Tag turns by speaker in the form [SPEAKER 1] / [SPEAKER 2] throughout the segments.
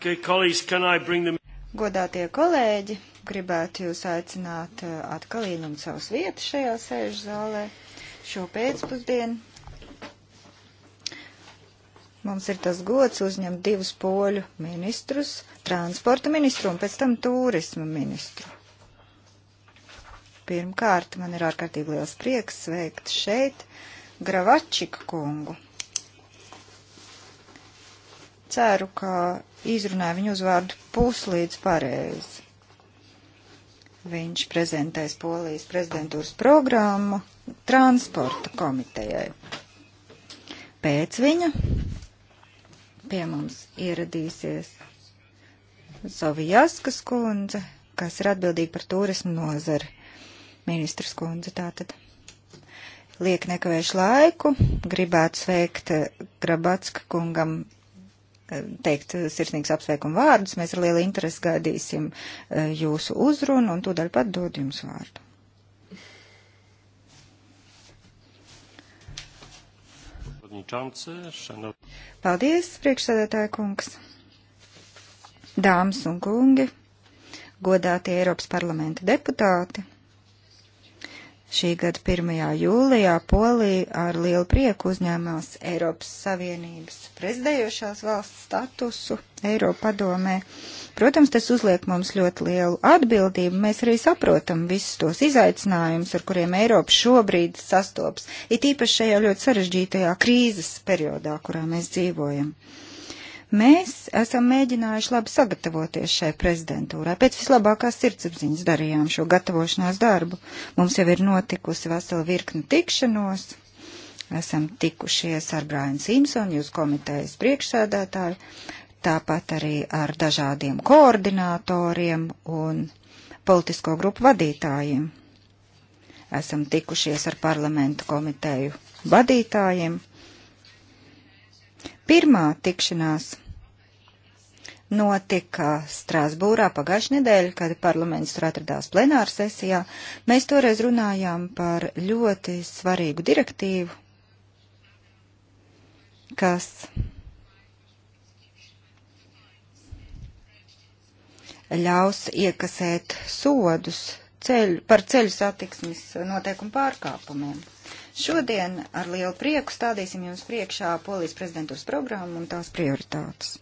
[SPEAKER 1] Godātie
[SPEAKER 2] kolēģi, gribētu jūs aicināt uh, atkal ieņemt savas vietas šajā sēžu zālē šo pēcpusdienu. Mums ir tas gods uzņemt divus poļu ministrus - transporta ministru un pēc tam turisma ministru. Pirmkārt, man ir ārkārtīgi liels prieks sveikt šeit Gravačika kungu Ceru, ka izrunāju viņu uzvārdu puslīdz pareizi. Viņš prezentēs Polijas prezidentūras programmu transporta komitejai. Pēc viņa pie mums ieradīsies Sovijaskas kundze, kas ir atbildīga par turismu nozari. Ministras kundze tātad. Liek nekavējuši laiku, gribētu sveikt Grabatska kungam teikt eh, sirsnīgs apsveikumu vārdus. Mēs ar lielu interesi gaidīsim eh, jūsu uzrunu un tūdaļ pat dod jums vārdu. Paldies, priekšsēdētāja kungs. Dāmas un kungi, godātie Eiropas parlamenta deputāti. Šī gada 1. jūlijā Polija ar lielu prieku uzņēmās Eiropas Savienības prezidējošās valsts statusu Eiropadomē. Protams, tas uzliek mums ļoti lielu atbildību. Mēs arī saprotam visus tos izaicinājumus, ar kuriem Eiropa šobrīd sastopas, it īpaši šajā ļoti sarežģītajā krīzes periodā, kurā mēs dzīvojam. Mēs esam mēģinājuši labi sagatavoties šai prezidentūrai. Pēc vislabākās sirdsapziņas darījām šo gatavošanās darbu. Mums jau ir notikusi vesela virkni tikšanos. Esam tikušies ar Brian Simpsonu, jūs komitejas priekšsēdētāju, tāpat arī ar dažādiem koordinatoriem un politisko grupu vadītājiem. Esam tikušies ar parlamentu komiteju vadītājiem Pirmā tikšanās notika Strāsbūrā pagājušajā nedēļā, kad parlaments tur atradās plenāra sesijā. Mēs toreiz runājām par ļoti svarīgu direktīvu, kas ļaus iekasēt sodus ceļu, par ceļu satiksmes noteikumu pārkāpumiem. Šodien ar lielu prieku stādīsim jums priekšā Polijas prezidentūras programmu un tās prioritātes.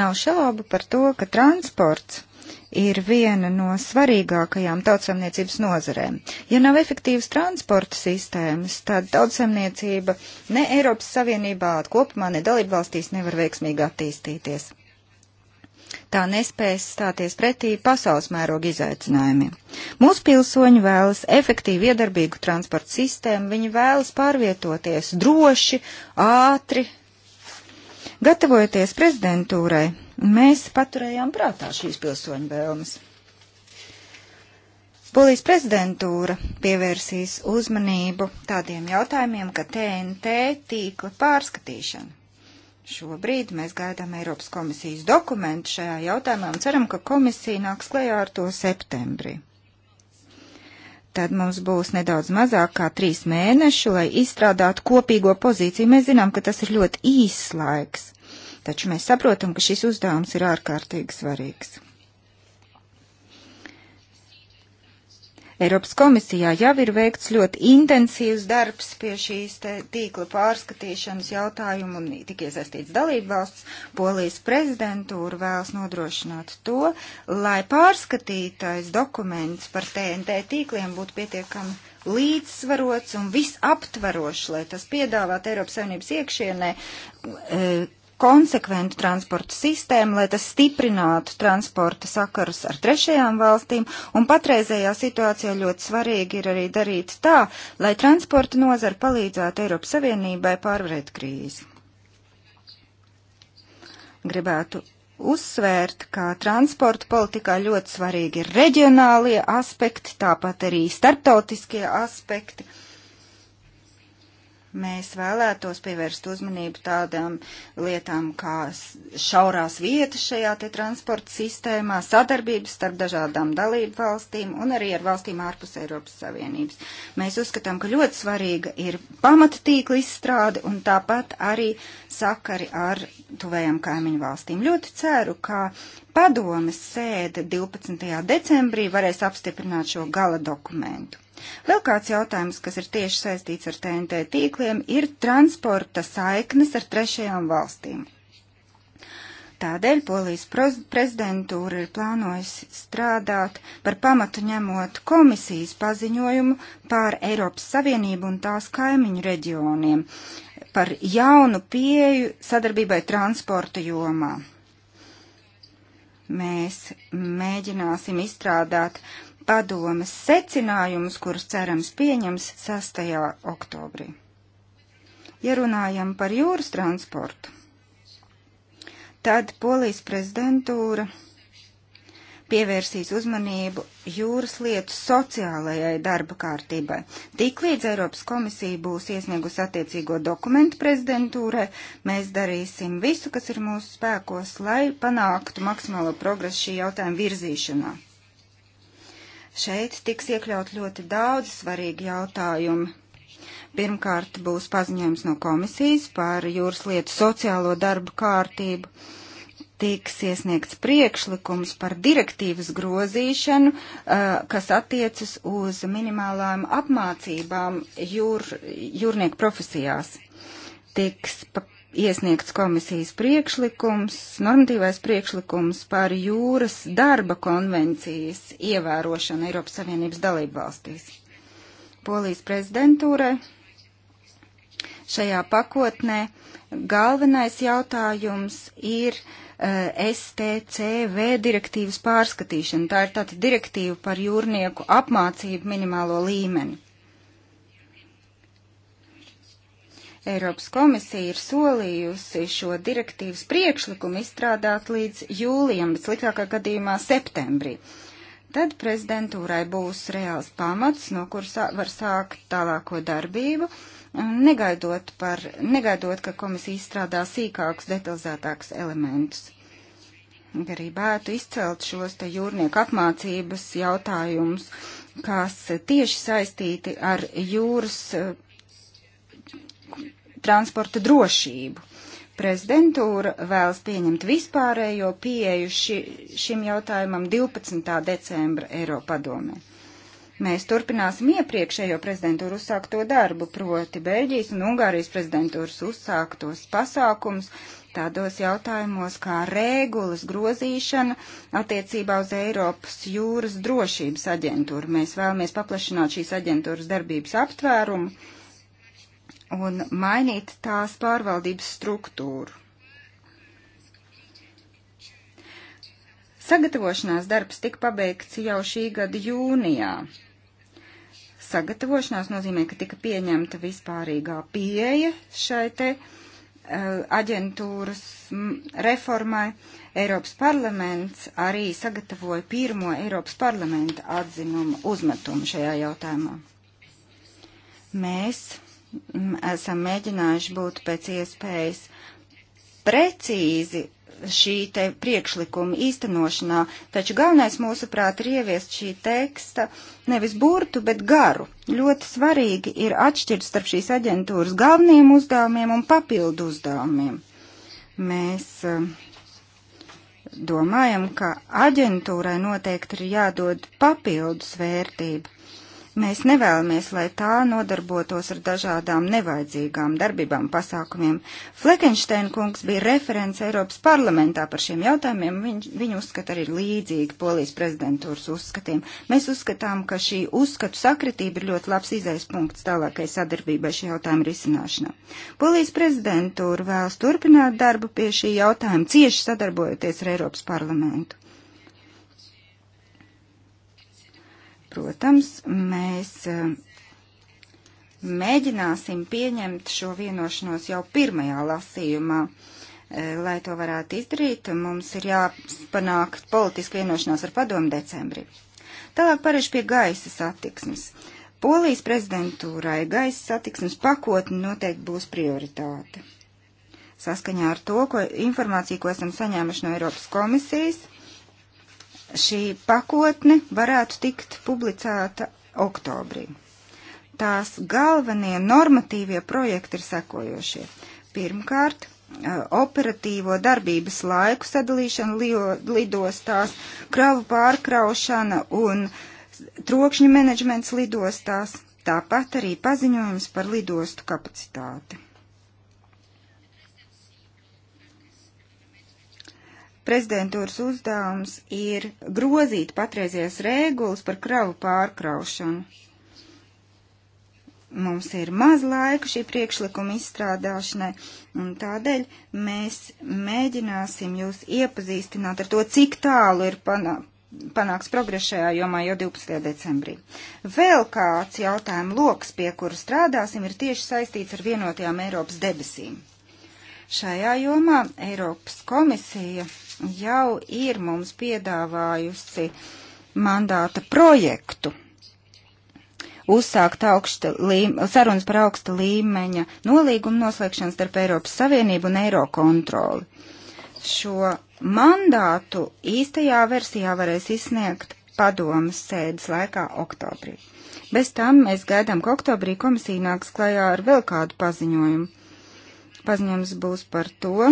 [SPEAKER 2] Nav šaubu par to, ka transports ir viena no svarīgākajām tautsamniecības nozarēm. Ja nav efektīvas transporta sistēmas, tad tautsamniecība ne Eiropas Savienībā kopumā, ne dalībvalstīs nevar veiksmīgi attīstīties tā nespēs stāties pretī pasaules mēroga izaicinājumiem. Mūsu pilsoņi vēlas efektīvu iedarbīgu transporta sistēmu, viņi vēlas pārvietoties droši, ātri. Gatavojoties prezidentūrai, mēs paturējām prātā šīs pilsoņu vēlmes. Polijas prezidentūra pievērsīs uzmanību tādiem jautājumiem, kā TNT tīkla pārskatīšana. Šobrīd mēs gaidām Eiropas komisijas dokumentu šajā jautājumā un ceram, ka komisija nāks klajā ar to septembrī. Tad mums būs nedaudz mazāk kā trīs mēneši, lai izstrādātu kopīgo pozīciju. Mēs zinām, ka tas ir ļoti īss laiks, taču mēs saprotam, ka šis uzdevums ir ārkārtīgi svarīgs. Eiropas komisijā jau ir veikts ļoti intensīvs darbs pie šīs tīkla pārskatīšanas jautājumu un tik iesaistīts dalību valsts. Polijas prezidentūra vēlas nodrošināt to, lai pārskatītais dokuments par TNT tīkliem būtu pietiekami līdzsvarots un visaptvarošs, lai tas piedāvātu Eiropas Savienības iekšienē e, konsekventu transporta sistēmu, lai tas stiprinātu transporta sakarus ar trešajām valstīm, un patreizējā situācijā ļoti svarīgi ir arī darīt tā, lai transporta nozara palīdzētu Eiropas Savienībai pārvarēt krīzi. Gribētu uzsvērt, ka transporta politikā ļoti svarīgi ir reģionālie aspekti, tāpat arī starptautiskie aspekti Mēs vēlētos pievērst uzmanību tādām lietām kā šaurās vietas šajā te transporta sistēmā, sadarbības starp dažādām dalību valstīm un arī ar valstīm ārpus Eiropas Savienības. Mēs uzskatām, ka ļoti svarīga ir pamatatīkla izstrāde un tāpat arī sakari ar tuvējām kaimiņu valstīm. Ļoti ceru, ka padomes sēde 12. decembrī varēs apstiprināt šo gala dokumentu. Vēl kāds jautājums, kas ir tieši saistīts ar TNT tīkliem, ir transporta saiknes ar trešajām valstīm. Tādēļ Polijas prezidentūra ir plānojusi strādāt par pamatu ņemot komisijas paziņojumu pār Eiropas Savienību un tās kaimiņu reģioniem par jaunu pieeju sadarbībai transporta jomā. Mēs mēģināsim izstrādāt uh, padomas secinājumus, kurus cerams pieņems 6. oktobrī. Ja runājam par jūras transportu, tad Polijas prezidentūra pievērsīs uzmanību jūras lietu sociālajai darba kārtībai. Tiklīdz Eiropas komisija būs iesniegusi attiecīgo dokumentu prezidentūrai, mēs darīsim visu, kas ir mūsu spēkos, lai panāktu maksimālo progresu šī jautājuma virzīšanā. Šeit tiks iekļaut ļoti daudz svarīgi jautājumi. Pirmkārt būs paziņojums no komisijas par jūras lietu sociālo darbu kārtību. Tiks iesniegts priekšlikums par direktīvas grozīšanu, kas attiecas uz minimālām apmācībām jūr, jūrnieku profesijās. Tiks iesniegts komisijas priekšlikums, normatīvais priekšlikums par jūras darba konvencijas ievērošanu Eiropas Savienības dalību valstīs. Polijas prezidentūrai šajā pakotnē galvenais jautājums ir uh, eh, STCV direktīvas pārskatīšana. Tā ir tāda direktīva par jūrnieku apmācību minimālo līmeni. Eiropas komisija ir solījusi šo direktīvas priekšlikumu izstrādāt līdz jūlijam, bet sliktākā gadījumā septembrī. Tad prezidentūrai būs reāls pamats, no kuras var sākt tālāko darbību, negaidot, par, negaidot ka komisija izstrādā sīkākus, detalizētākus elementus. Gribētu izcelt šos te jūrnieku apmācības jautājumus, kas tieši saistīti ar jūras transporta drošību. Prezidentūra vēlas pieņemt vispārējo pieeju ši, šim jautājumam 12. decembra Eiropadomē. Mēs turpināsim iepriekšējo prezidentūru uzsākto darbu, proti Beļģijas un Ungārijas prezidentūras uzsāktos pasākums tādos jautājumos kā regulas grozīšana attiecībā uz Eiropas jūras drošības aģentūru. Mēs vēlamies paplašināt šīs aģentūras darbības aptvērumu un mainīt tās pārvaldības struktūru. Sagatavošanās darbs tika pabeigts jau šī gada jūnijā. Sagatavošanās nozīmē, ka tika pieņemta vispārīgā pieeja šai te eh, aģentūras reformai. Eiropas parlaments arī sagatavoja pirmo Eiropas parlamenta atzinumu uzmetumu šajā jautājumā. Mēs esam mēģinājuši būt pēc iespējas precīzi šī te priekšlikuma īstenošanā, taču galvenais mūsuprāt ir ieviest šī teksta nevis burtu, bet garu. Ļoti svarīgi ir atšķirt starp šīs aģentūras galvenajiem uzdevumiem un papildu uzdevumiem. Mēs e, domājam, ka aģentūrai noteikti ir jādod papildus vērtība. Mēs nevēlamies, lai tā nodarbotos ar dažādām nevajadzīgām darbībām, pasākumiem. Flekenšteina kungs bija referents Eiropas parlamentā par šiem jautājumiem, viņ, viņa uzskata arī līdzīgi polijas prezidentūras uzskatiem. Mēs uzskatām, ka šī uzskatu sakritība ir ļoti labs izais punkts tālākai sadarbībai šī jautājuma risināšanā. Polijas prezidentūra vēlas turpināt darbu pie šī jautājuma, cieši sadarbojoties ar Eiropas parlamentu. Protams, mēs eh, mēģināsim pieņemt šo vienošanos jau pirmajā lasījumā. Eh, lai to varētu izdarīt, mums ir jāpanāk politiska vienošanās ar padomu decembrī. Tālāk parež pie gaisa satiksmes. Polijas prezidentūrai gaisa satiksmes pakotni noteikti būs prioritāte. Saskaņā ar to, ko informāciju, ko esam saņēmuši no Eiropas komisijas, uh, Šī pakotne varētu tikt publicēta oktobrī. Tās galvenie normatīvie projekti ir sekojošie. Pirmkārt, operatīvo darbības laiku sadalīšana lidostās, kravu pārkraušana un trokšņu menedžments lidostās, tāpat arī paziņojums par lidostu kapacitāti. prezidentūras uzdevums ir grozīt patreizies regulas par kravu pārkraušanu. Mums ir maz laika šī priekšlikuma izstrādāšanai, un tādēļ mēs mēģināsim jūs iepazīstināt ar to, cik tālu ir panā, panāks progress šajā jomā jau 12. decembrī. Vēl kāds jautājumu loks, pie kura strādāsim, ir tieši saistīts ar vienotajām Eiropas debesīm. Šajā jomā Eiropas komisija jau ir mums piedāvājusi mandāta projektu uzsākt augsta līme, sarunas par augsta līmeņa nolīgumu noslēgšanu starp Eiropas Savienību un Eiro kontroli. Šo mandātu īstajā versijā varēs izsniegt padomas sēdes laikā oktobrī. Bez tam mēs gaidām, ka oktobrī komisija nāks klajā ar vēl kādu paziņojumu. Paziņojums būs par to,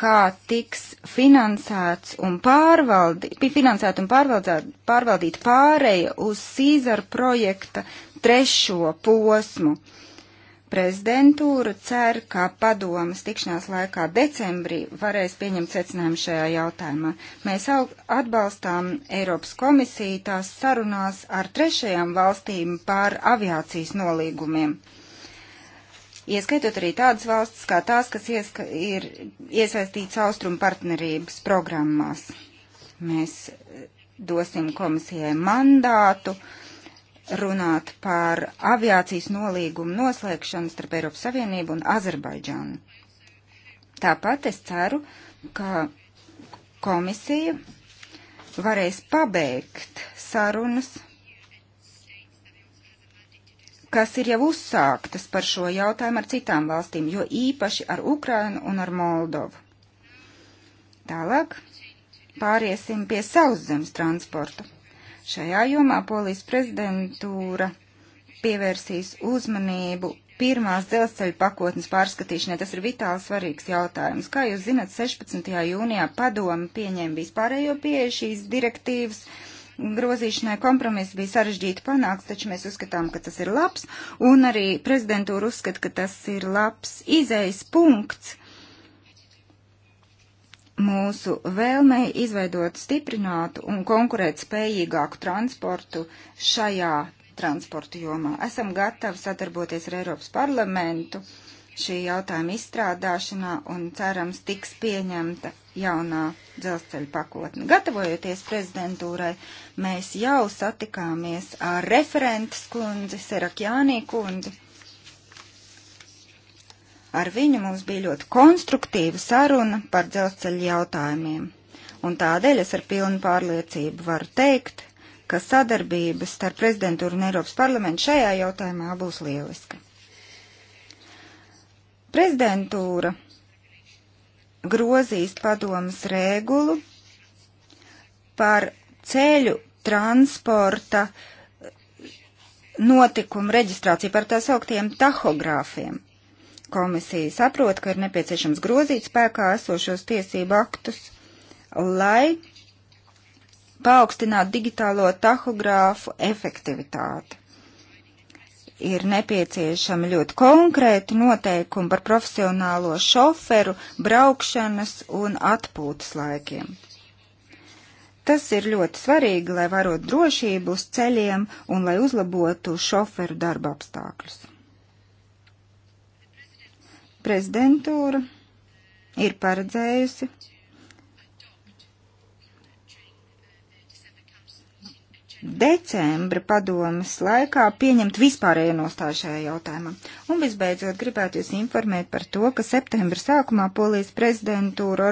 [SPEAKER 2] kā tiks finansēts un, pārvaldi, finansēt un pārvaldīt, pārvaldīt pāreja uz Cīzara projekta trešo posmu. Prezidentūra cer, ka padomas tikšanās laikā decembrī varēs pieņemt secinājumu šajā jautājumā. Mēs atbalstām Eiropas komisiju tās sarunās ar trešajām valstīm par aviācijas nolīgumiem ieskaitot arī tādas valstis kā tās, kas ieska, ir iesaistīts austrumu partnerības programmās. Mēs eh, dosim komisijai mandātu runāt par aviācijas nolīgumu noslēgšanu starp Eiropas Savienību un Azerbaidžānu. Tāpat es ceru, ka komisija varēs pabeigt sarunas kas ir jau uzsāktas par šo jautājumu ar citām valstīm, jo īpaši ar Ukrainu un ar Moldovu. Tālāk pāriesim pie sauszemes transporta. Šajā jomā polijas prezidentūra pievērsīs uzmanību pirmās dzelzceļa pakotnes pārskatīšanai. Tas ir vitāli svarīgs jautājums. Kā jūs zinat, 16. jūnijā padomi pieņēma vispārējo pieeju šīs direktīvas. Uh, grozīšanai kompromiss bija sarežģīti panāks, taču mēs uzskatām, ka tas ir labs, un arī prezidentūra uzskata, ka tas ir labs izējas punkts mūsu vēlmei izveidot stiprinātu un konkurēt spējīgāku transportu šajā transporta jomā. Esam gatavi sadarboties ar Eiropas parlamentu šī jautājuma izstrādāšanā un cerams tiks pieņemta jaunā dzelzceļa pakotne. Gatavojoties prezidentūrai, mēs jau satikāmies ar referentes kundzi, Serakjānī kundzi. Ar viņu mums bija ļoti konstruktīva saruna par dzelzceļa jautājumiem. Un tādēļ es ar pilnu pārliecību varu teikt, ka sadarbības starp prezidentūru un Eiropas parlamentu šajā jautājumā būs lieliska. Prezidentūra grozīs padomas regulu par ceļu transporta notikumu reģistrāciju par tā sauktiem tahogrāfiem. Komisija saprot, ka ir nepieciešams grozīt spēkā esošos tiesību aktus, lai paaugstinātu digitālo tahogrāfu efektivitāti ir nepieciešami ļoti konkrēti noteikumi par profesionālo šoferu braukšanas un atpūtas laikiem. Tas ir ļoti svarīgi, lai varot drošību uz ceļiem un lai uzlabotu šoferu darba apstākļus. Prezidentūra ir paredzējusi decembra padomas laikā pieņemt vispārējo nostāju šajā jautājumā. Un visbeidzot gribētu jūs informēt par to, ka septembra sākumā Polijas prezidentūra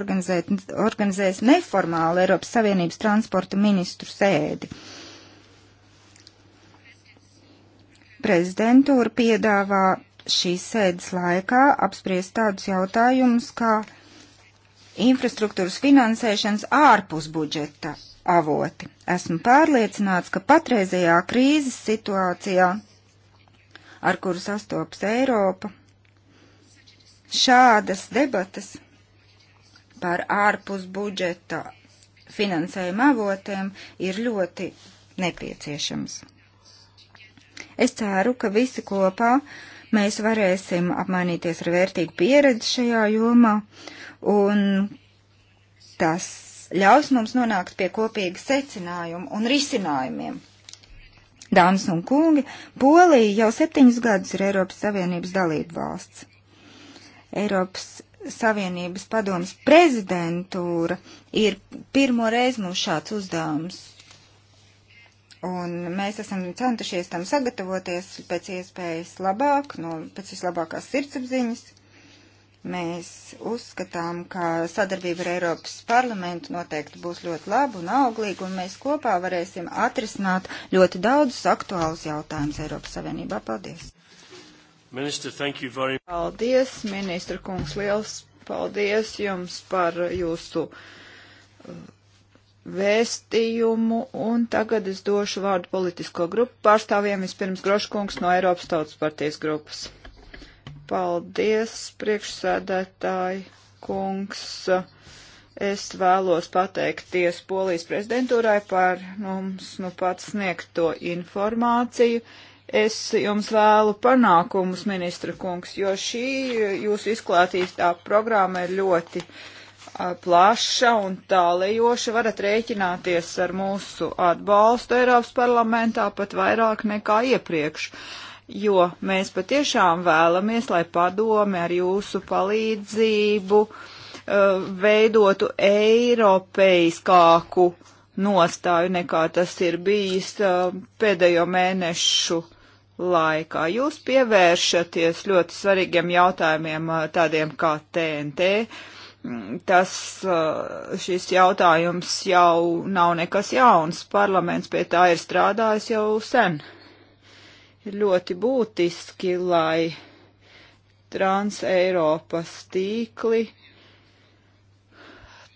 [SPEAKER 2] organizēs neformālu Eiropas Savienības transporta ministru sēdi. Prezidentūra piedāvā šīs sēdes laikā apspriest tādus jautājumus kā infrastruktūras finansēšanas ārpus budžeta avoti. Esmu pārliecināts, ka patreizajā krīzes situācijā, ar kuru sastopas Eiropa, šādas debatas par ārpus budžeta finansējuma avotiem ir ļoti nepieciešams. Es ceru, ka visi kopā mēs varēsim apmainīties ar vērtīgu pieredzi šajā jomā, un tas ļaus mums nonākt pie kopīga secinājuma un risinājumiem. Dāmas un kungi, Polija jau septiņus gadus ir Eiropas Savienības dalība valsts. Eiropas Savienības padomas prezidentūra ir pirmo reizi mums šāds uzdevums. Un mēs esam centušies tam sagatavoties pēc iespējas labāk, no pēc vislabākās sirdsapziņas. Mēs uzskatām, ka sadarbība ar Eiropas parlamentu noteikti būs ļoti laba un auglīga, un mēs kopā varēsim atrisināt ļoti daudzus aktuālus jautājumus Eiropas Savienībā. Paldies! Minister,
[SPEAKER 3] very... Paldies, ministra kungs, liels paldies jums par jūsu uh, vēstījumu, un tagad es došu vārdu politisko grupu pārstāvjiem, vispirms Groškungs no Eiropas Tautas partijas grupas. Paldies, priekšsēdētāji, kungs. Es vēlos pateikties Polijas prezidentūrai par mums nu pats sniegto informāciju. Es jums vēlu panākumus, ministra kungs, jo šī jūsu izklātītā programma ir ļoti a, plaša un tālējoša. Varat rēķināties ar mūsu atbalstu Eiropas parlamentā pat vairāk nekā iepriekš. Uh, jo mēs patiešām vēlamies, lai padome ar jūsu palīdzību uh, veidotu eiropeiskāku nostāju nekā tas ir bijis uh, pēdējo mēnešu laikā. Jūs pievēršaties ļoti svarīgiem jautājumiem uh, tādiem kā TNT. Mm, tas šis jautājums jau nav nekas jauns. Parlaments pie tā ir strādājis jau sen. Uh, ir ļoti būtiski, lai Trans-Eiropas tīkli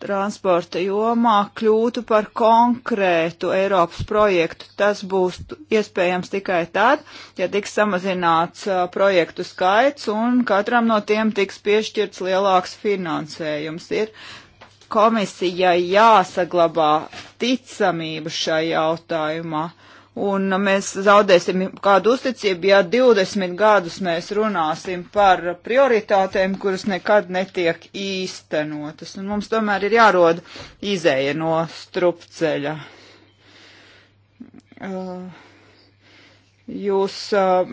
[SPEAKER 3] transporta jomā kļūtu par konkrētu Eiropas projektu. Tas būs iespējams tikai tad, ja tiks samazināts uh, projektu skaits un katram no tiem tiks piešķirts lielāks finansējums. Ir komisijai jāsaglabā ticamība šai jautājumā. Uh, Un mēs zaudēsim kādu uzticību, ja 20 gadus mēs runāsim par prioritātēm, kuras nekad netiek īstenotas. Un mums tomēr ir jāroda izēja no strupceļa. Uh, jūs uh,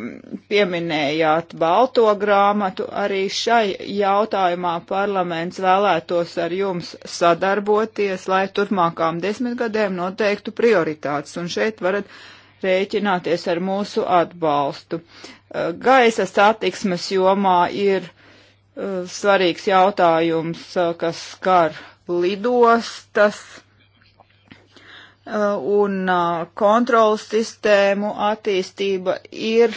[SPEAKER 3] pieminējāt balto grāmatu, arī šai jautājumā parlaments vēlētos ar jums sadarboties, lai turpmākām desmitgadēm noteiktu prioritātes. Un šeit varat rēķināties ar mūsu atbalstu. Gaisa satiksmes jomā ir svarīgs jautājums, kas skar lidostas un kontrolas sistēmu attīstība ir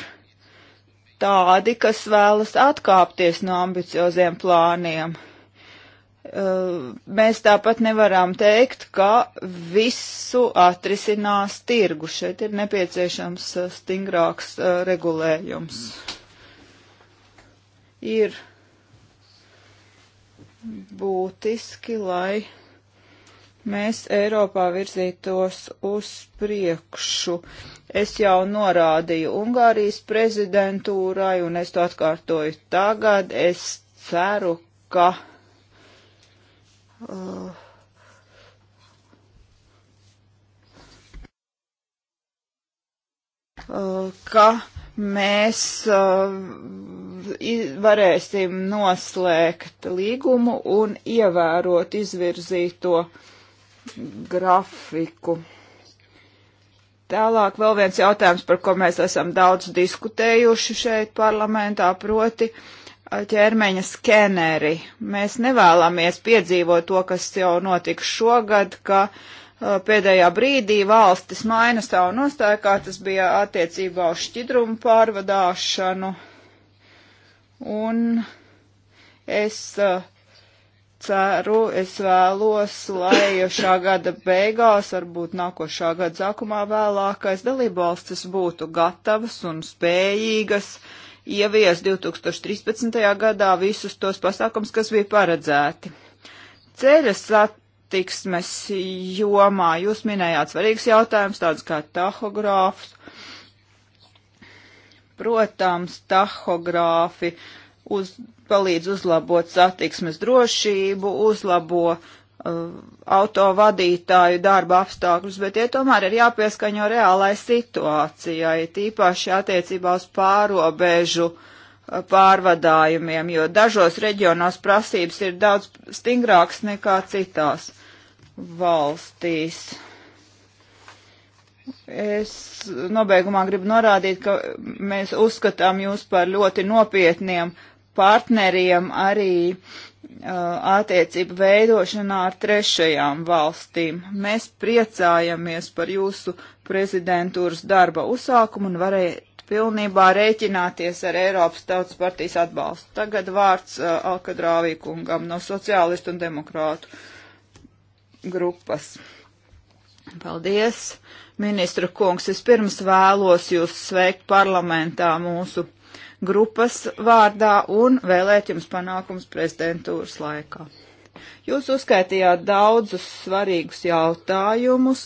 [SPEAKER 3] tādi, kas vēlas atkāpties no ambicioziem plāniem. Eh, mēs tāpat nevaram teikt, ka visu atrisinās tirgu. Šeit ir nepieciešams eh, stingrāks eh, regulējums. Ir būtiski, lai mēs Eiropā virzītos uz priekšu. Es jau norādīju Ungārijas prezidentūrai, un es to atkārtoju tagad. Es ceru, ka Uh, ka mēs uh, varēsim noslēgt līgumu un ievērot izvirzīto grafiku. Tālāk vēl viens jautājums, par ko mēs esam daudz diskutējuši šeit parlamentā, proti uh, ķermeņa skeneri. Mēs nevēlamies piedzīvot to, kas jau notika šogad, ka uh, pēdējā brīdī valstis maina savu nostāju, kā tas bija attiecībā uz šķidrumu pārvadāšanu. Un es uh, ceru, es vēlos, lai šā gada beigās, varbūt nākošā gada sākumā vēlākais dalībvalstis būtu gatavas un spējīgas uh, ievies 2013. gadā visus tos pasākums, kas bija paredzēti. Ceļa satiksmes jomā jūs minējāt svarīgs jautājums, tāds kā tahogrāfs. Protams, tahogrāfi uz, palīdz uzlabot satiksmes drošību, uzlabo uh, Uh, autovadītāju darba apstākļus, bet tie tomēr ir jāpieskaņo reālai situācijai, tīpaši attiecībā uz pārobežu uh, pārvadājumiem, jo dažos reģionos prasības ir daudz stingrākas nekā citās valstīs. Es nobeigumā gribu norādīt, ka mēs uzskatām jūs par ļoti nopietniem partneriem arī uh, Uh, attiecību veidošanā ar trešajām valstīm. Mēs priecājamies par jūsu prezidentūras darba uzsākumu un varētu pilnībā rēķināties ar Eiropas Tautas partijas atbalstu. Tagad vārds uh, Alkadrāvī kungam no sociālistu un demokrātu grupas. Paldies! Uh, ministra kungs. Es pirms vēlos jūs sveikt parlamentā mūsu grupas vārdā un vēlēt jums panākums prezidentūras laikā. Jūs uzskaitījāt daudzus svarīgus jautājumus,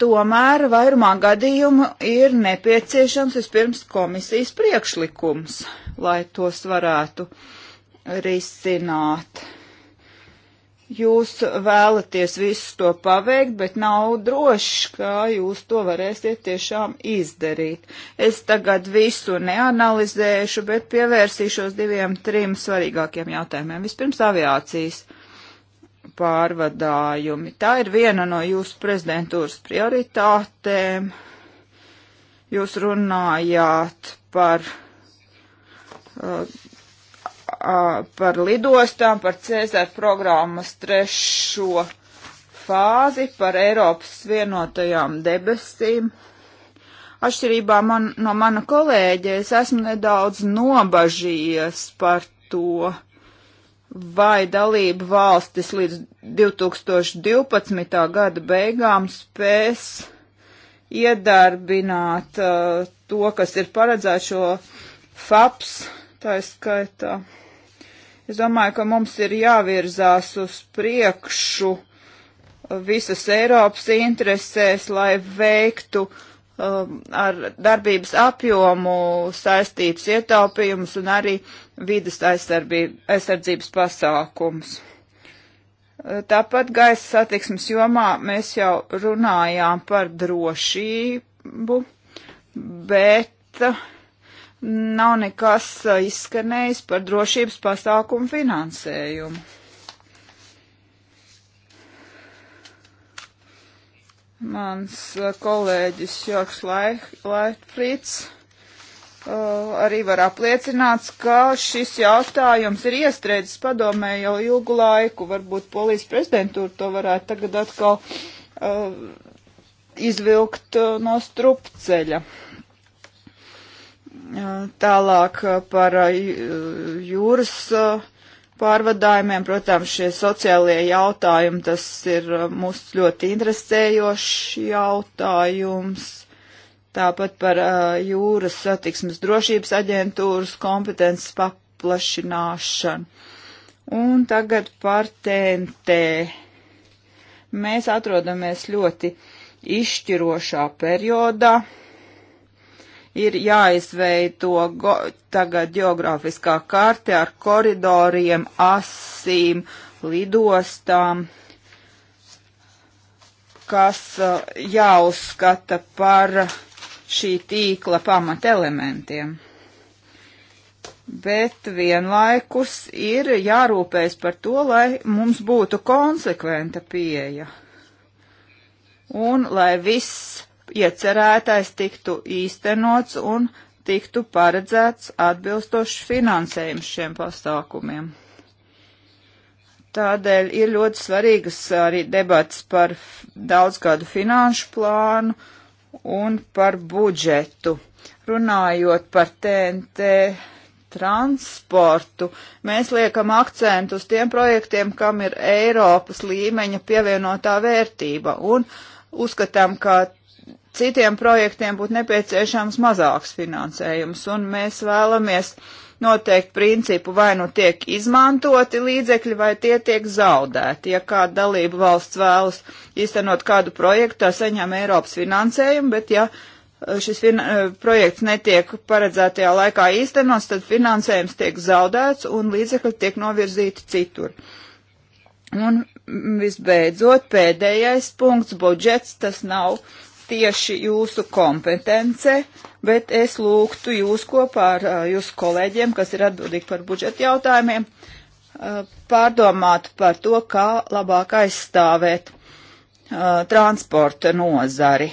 [SPEAKER 3] tomēr vairumā gadījumu ir nepieciešams vispirms komisijas priekšlikums, lai tos varētu risināt jūs vēlaties visu to paveikt, bet nav droši, kā jūs to varēsiet tiešām izdarīt. Es tagad visu neanalizēšu, bet pievērsīšos diviem, trim svarīgākiem jautājumiem. Vispirms aviācijas pārvadājumi. Tā ir viena no jūsu prezidentūras prioritātēm. Jūs runājāt par uh, par lidostām, par Cēzara programmas trešo fāzi, par Eiropas vienotajām debesīm. Atšķirībā man, no mana kolēģa, es esmu nedaudz nobažījies par to, vai dalība valstis līdz 2012. gada beigām spēs iedarbināt uh, to, kas ir paredzēts šo FAPS, tā ir skaitā. Uh, Es domāju, ka mums ir jāvirzās uz priekšu visas Eiropas interesēs, lai veiktu um, ar darbības apjomu saistītas ietaupījumus un arī vidas aizsardzības pasākums. Tāpat gaisa satiksmes jomā mēs jau runājām par drošību, bet uh, nav nekas uh, izskanējis par drošības pasākumu finansējumu. Mans uh, kolēģis Jorgs Laitfrīds uh, arī var apliecināt, ka šis jautājums ir iestrēdzis padomē jau ilgu laiku. Varbūt polijas prezidentūra to varētu tagad atkal uh, izvilkt no strupceļa. Uh, Tālāk uh, par uh, uh, jūras pārvadājumiem, protams, šie sociālie jautājumi, tas ir mūs ļoti interesējošs jautājums. Tāpat par jūras satiksmes drošības aģentūras kompetences paplašināšanu. Un tagad par TNT. Mēs atrodamies ļoti izšķirošā periodā ir jāizveido go, tagad geogrāfiskā karte ar koridoriem, asīm, lidostām, kas eh, jāuzskata par šī tīkla pamatelementiem. Bet vienlaikus ir jārūpējas par to, lai mums būtu konsekventa pieeja un lai viss iecerētais tiktu īstenots un tiktu paredzēts atbilstošs finansējums šiem pasākumiem. Tādēļ ir ļoti svarīgas arī debats par daudzgadu finanšu plānu un par budžetu. Runājot par TNT transportu, mēs liekam akcentu uz tiem projektiem, kam ir Eiropas līmeņa pievienotā vērtība un uzskatām, ka citiem projektiem būtu nepieciešams mazāks finansējums, un mēs vēlamies noteikt principu, vai nu tiek izmantoti līdzekļi, vai tie tiek zaudēti. Ja kāda dalība valsts vēlas īstenot kādu projektu, tā saņem Eiropas finansējumu, bet ja uh, šis uh, projekts netiek paredzētajā laikā īstenots, tad finansējums tiek zaudēts un līdzekļi tiek novirzīti citur. Un visbeidzot, pēdējais punkts - budžets, tas nav tieši jūsu kompetence, bet es lūgtu jūs kopā ar jūsu kolēģiem, kas ir atbildīgi par budžeta jautājumiem, pārdomāt par to, kā labāk aizstāvēt transporta nozari.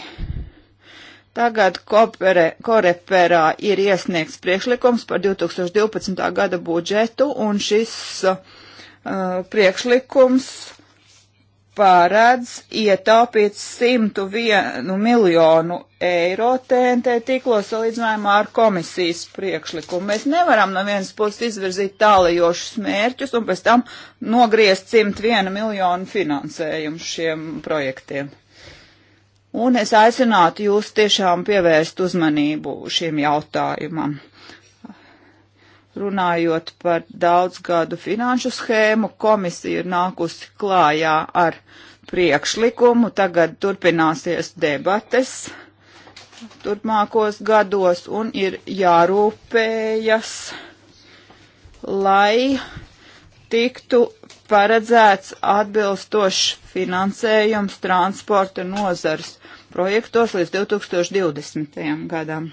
[SPEAKER 3] Tagad kopere, Koreperā ir iesniegts priekšlikums par 2012. gada budžetu, un šis uh, priekšlikums paredz ietaupīt 101 miljonu eiro TNT tiklo salīdzinājumā ar komisijas priekšlikumu. Mēs nevaram no vienas puses izvirzīt tālajošus mērķus un pēc tam nogriezt 101 miljonu finansējumu šiem projektiem. Un es aicinātu jūs tiešām pievērst uzmanību šiem jautājumam. Runājot par daudzgadu finanšu schēmu, komisija ir nākusi klājā ar priekšlikumu. Tagad turpināsies debates turpmākos gados un ir jārūpējas, lai tiktu paredzēts atbilstošs finansējums transporta nozars projektos līdz 2020. gadam.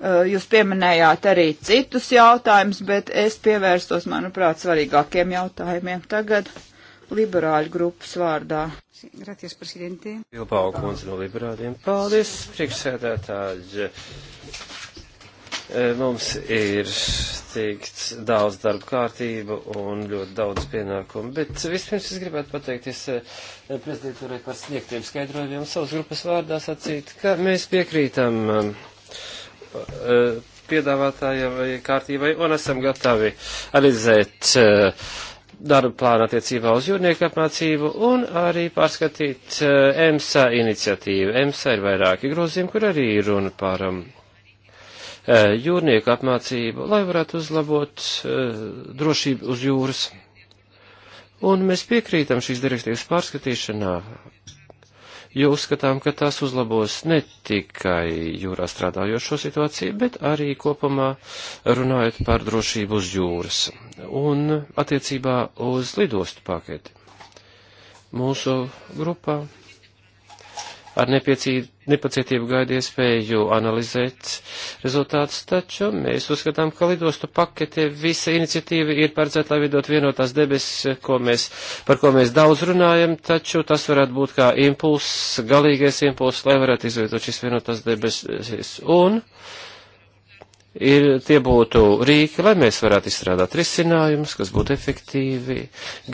[SPEAKER 3] Eh, jūs pieminējāt arī citus jautājumus, bet es pievērstos, manuprāt, svarīgākiem jautājumiem tagad liberāļu grupas vārdā. Gracias, prezidente.
[SPEAKER 1] Bilbao kundze no liberāļiem. Paldies, priekšsēdētāji. Eh, mums ir teikts daudz darba kārtību un ļoti daudz pienākumu, bet vispirms es gribētu pateikties eh, prezidentūrai par sniegtiem skaidrojumiem savas grupas vārdā sacīt, ka mēs piekrītam Eh, piedāvātājai kārtībai un esam gatavi analizēt eh, darba plānu attiecībā uz jūrnieku apmācību un arī pārskatīt eh, EMSA iniciatīvu. EMSA ir vairāki grozījumi, kur arī runa par um, jūrnieku apmācību, lai varētu uzlabot drošību uz jūras. Un mēs piekrītam šīs direktīvas pārskatīšanā jo uzskatām, ka tās uzlabos ne tikai jūrā strādājošo situāciju, bet arī kopumā runājot par drošību uz jūras un attiecībā uz lidostu paketi. Mūsu grupā ar nepiecību nepacietību gaida iespēju analizēt rezultātus, taču mēs uzskatām, ka lidostu pakete visa iniciatīva ir paredzēta, lai vidot vienotās debesis, ko mēs, par ko mēs daudz runājam, taču tas varētu būt kā impulss, galīgais impulss, lai varētu izveidot šis vienotās debesis. Un ir, tie būtu rīki, lai mēs varētu izstrādāt risinājumus, kas būtu efektīvi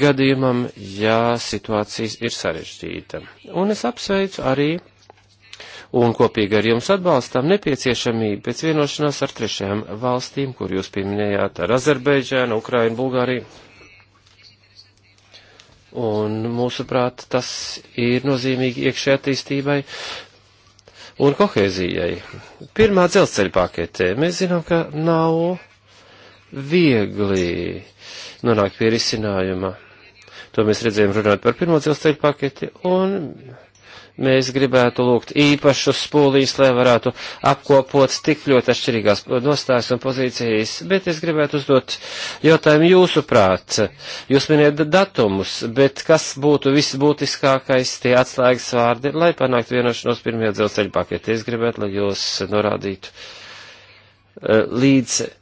[SPEAKER 1] gadījumam, ja situācijas ir sarežģīta. Un es apsveicu arī un kopīgi ar jums atbalstām nepieciešamību pēc vienošanās ar trešajām valstīm, kur jūs pieminējāt ar Azerbaidžānu, Ukrainu, Bulgāriju. Un mūsuprāt, tas ir nozīmīgi iekšē attīstībai un kohēzijai. Pirmā dzelzceļa paketē mēs zinām, ka nav viegli nonākt pie risinājuma. To mēs redzējām runāt par pirmo dzelzceļa paketi, un mēs gribētu lūgt īpašus spūlīs, lai varētu apkopot tik ļoti atšķirīgās nostājas un pozīcijas, bet es gribētu uzdot jautājumu jūsu prāt. Jūs miniet datumus, bet kas būtu visbūtiskākais tie atslēgas vārdi, lai panāktu vienošanos pirmajā dzelzceļa paketē? Es gribētu, lai jūs norādītu eh, līdz eh,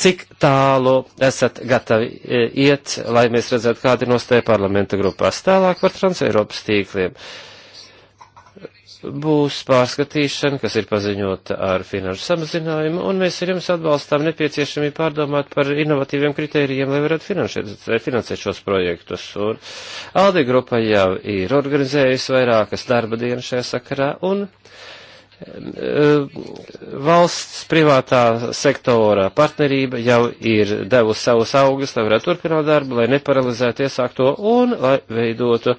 [SPEAKER 1] cik tālu esat gatavi eh, iet, lai mēs redzētu, kāda ir nostāja parlamenta grupās. Tālāk par transeiropas tīkliem. Uh, būs pārskatīšana, kas ir paziņota ar finanšu samazinājumu, un mēs ar jums atbalstām nepieciešamību pārdomāt par inovatīviem kritērijiem, lai varētu finansēt, finansēt šos projektus. Un Aldi grupa jau ir organizējusi vairākas darba dienas šajā sakarā, un eh, valsts privātā sektora partnerība jau ir devusi savus augus, lai varētu turpināt darbu, lai neparalizētu iesākto un lai veidotu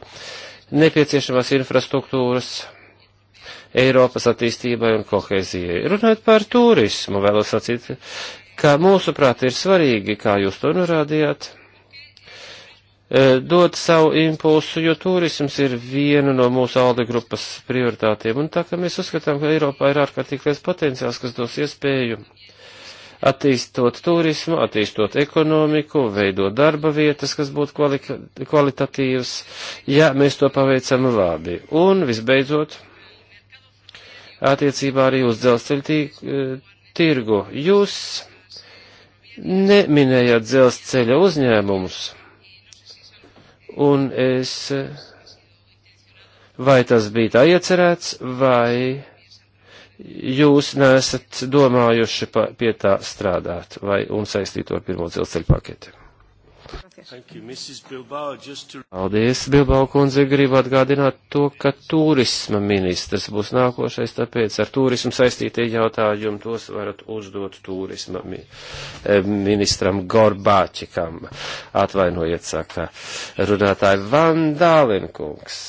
[SPEAKER 1] nepieciešamās infrastruktūras Eiropas attīstībai un kohēzijai. Runājot par turismu, vēlos sacīt, ka mūsuprāt ir svarīgi, kā jūs to norādījāt, e, dot savu impulsu, jo turisms ir viena no mūsu alde grupas prioritātiem. Un tā kā mēs uzskatām, ka Eiropā ir ārkārtīgi liels potenciāls, kas dos iespēju attīstot turismu, attīstot ekonomiku, veidot darba vietas, kas būtu kvalitatīvas, ja mēs to paveicam labi. Un visbeidzot, attiecībā arī uz dzelzceļu eh, tirgu. Jūs neminējāt dzelzceļa uzņēmumus, un es, eh, vai tas bija tā iecerēts, vai jūs nesat domājuši pa, pie tā strādāt, vai un saistīt to ar pirmo dzelzceļa paketi? Paldies, Bilbao kundze, gribu atgādināt to, ka turisma ministrs būs nākošais, tāpēc ar turismu saistītie jautājumi tos varat uzdot turisma mi eh, ministram Gorbāčikam. Atvainojiet, saka runātāji Vandālinkungs.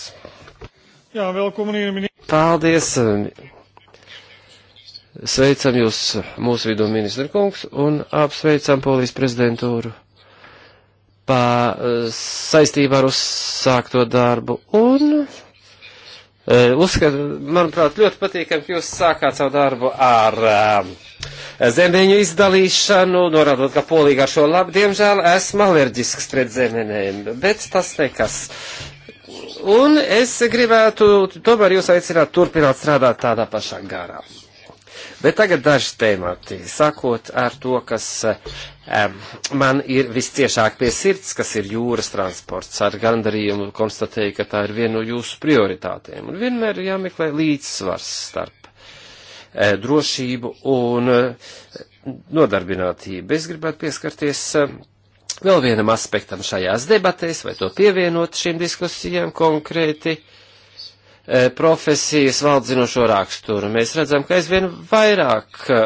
[SPEAKER 1] Jā, vēl komunīna ministrs. Paldies. Sveicam jūs mūsu vidū, ministra kungs, un apsveicam polijas prezidentūru pa, eh, saistībā ar uzsākto darbu. Un eh, uzskatu, manuprāt, ļoti patīkami, ka jūs sākāt savu darbu ar um, zemeņu izdalīšanu, norādot, ka polīgā šo labu, diemžēl, esmu alerģisks pret zemenēm, bet tas nekas. Un es gribētu tomēr jūs aicināt turpināt strādāt tādā pašā garā. Bet tagad daži tēmati, sakot ar to, kas um, man ir visciešāk pie sirds, kas ir jūras transports. Ar gandarījumu konstatēju, ka tā ir viena no jūsu prioritātēm. Un vienmēr ir jāmeklē līdzsvars starp uh, drošību un uh, nodarbinātību. Es gribētu pieskarties. Uh, Vēl vienam aspektam šajās debatēs, vai to pievienot šīm diskusijām konkrēti, uh, E, profesijas valdzinošo raksturu. Mēs redzam, ka aizvien vairāk e,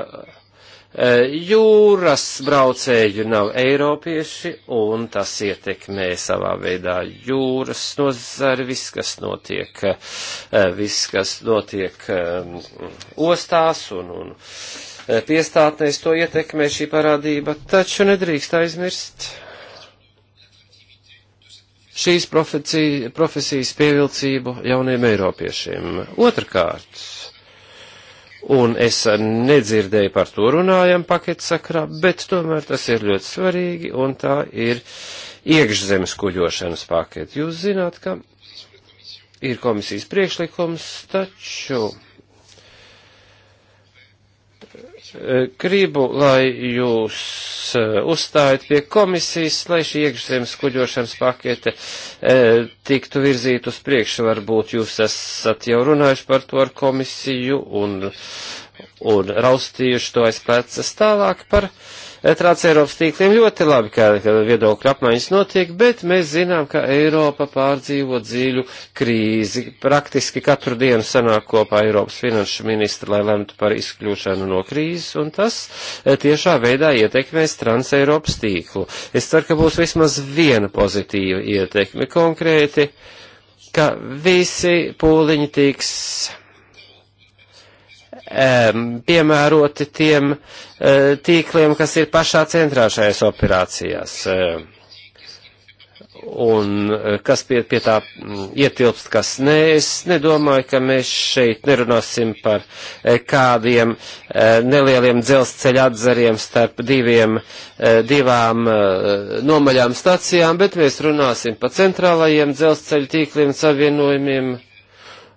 [SPEAKER 1] jūras braucēju nav eiropieši, un tas ietekmē savā veidā jūras nozari, viss, kas notiek, e, viss, kas notiek ostās un, un piestātnēs, to ietekmē šī parādība, taču nedrīkst aizmirst šīs profesijas pievilcību jauniem eiropiešiem. Otrakārt, un es nedzirdēju par to runājam paketu sakrā, bet tomēr tas ir ļoti svarīgi, un tā ir iekšzemes kuģošanas paketi. Jūs zināt, ka ir komisijas priekšlikums, taču Eh, gribu, lai jūs eh, uzstājat pie komisijas, lai šī iekšzemes kuģošanas pakete e, tiktu virzīt uz priekšu. Varbūt jūs esat jau runājuši par to ar komisiju un, un raustījuši to aiz plecas tālāk par. E, Transeiropas tīkliem ļoti labi, ka viedokļu apmaiņas notiek, bet mēs zinām, ka Eiropa pārdzīvo dziļu krīzi. Praktiski katru dienu sanāk kopā Eiropas finanšu ministri, lai lemtu par izkļūšanu no krīzes, un tas eh, tiešā veidā ietekmēs Transeiropas tīklu. Es ceru, ka būs vismaz viena pozitīva ietekme konkrēti, ka visi pūliņi tiks piemēroti tiem eh, tīkliem, kas ir pašā centrā šajās operācijās un eh, kas pie, pie tā mm, ietilpst, kas nē. Es nedomāju, ka mēs šeit nerunāsim par eh, kādiem nelieliem dzelzceļa atzariem starp diviem, divām nomaļām stacijām, bet mēs runāsim par centrālajiem dzelzceļa tīkliem savienojumiem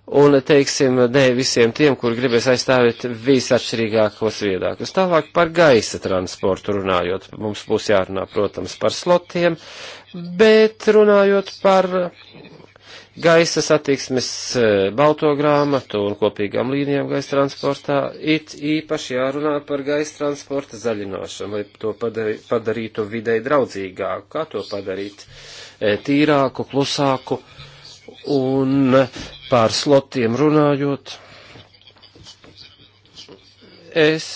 [SPEAKER 1] un, teiksim, ne visiem tiem, kur gribēs aizstāvēt visatšķirīgākos viedākus. Tālāk par gaisa transportu runājot, mums būs jārunā, protams, par slotiem, bet runājot par gaisa satiksmes eh, balto grāmatu un kopīgām līnijām gaisa transportā, it īpaši jārunā par gaisa transporta zaļināšanu, lai to padarītu videi draudzīgāku, kā to padarīt eh, tīrāku, klusāku Un pār slotiem runājot, es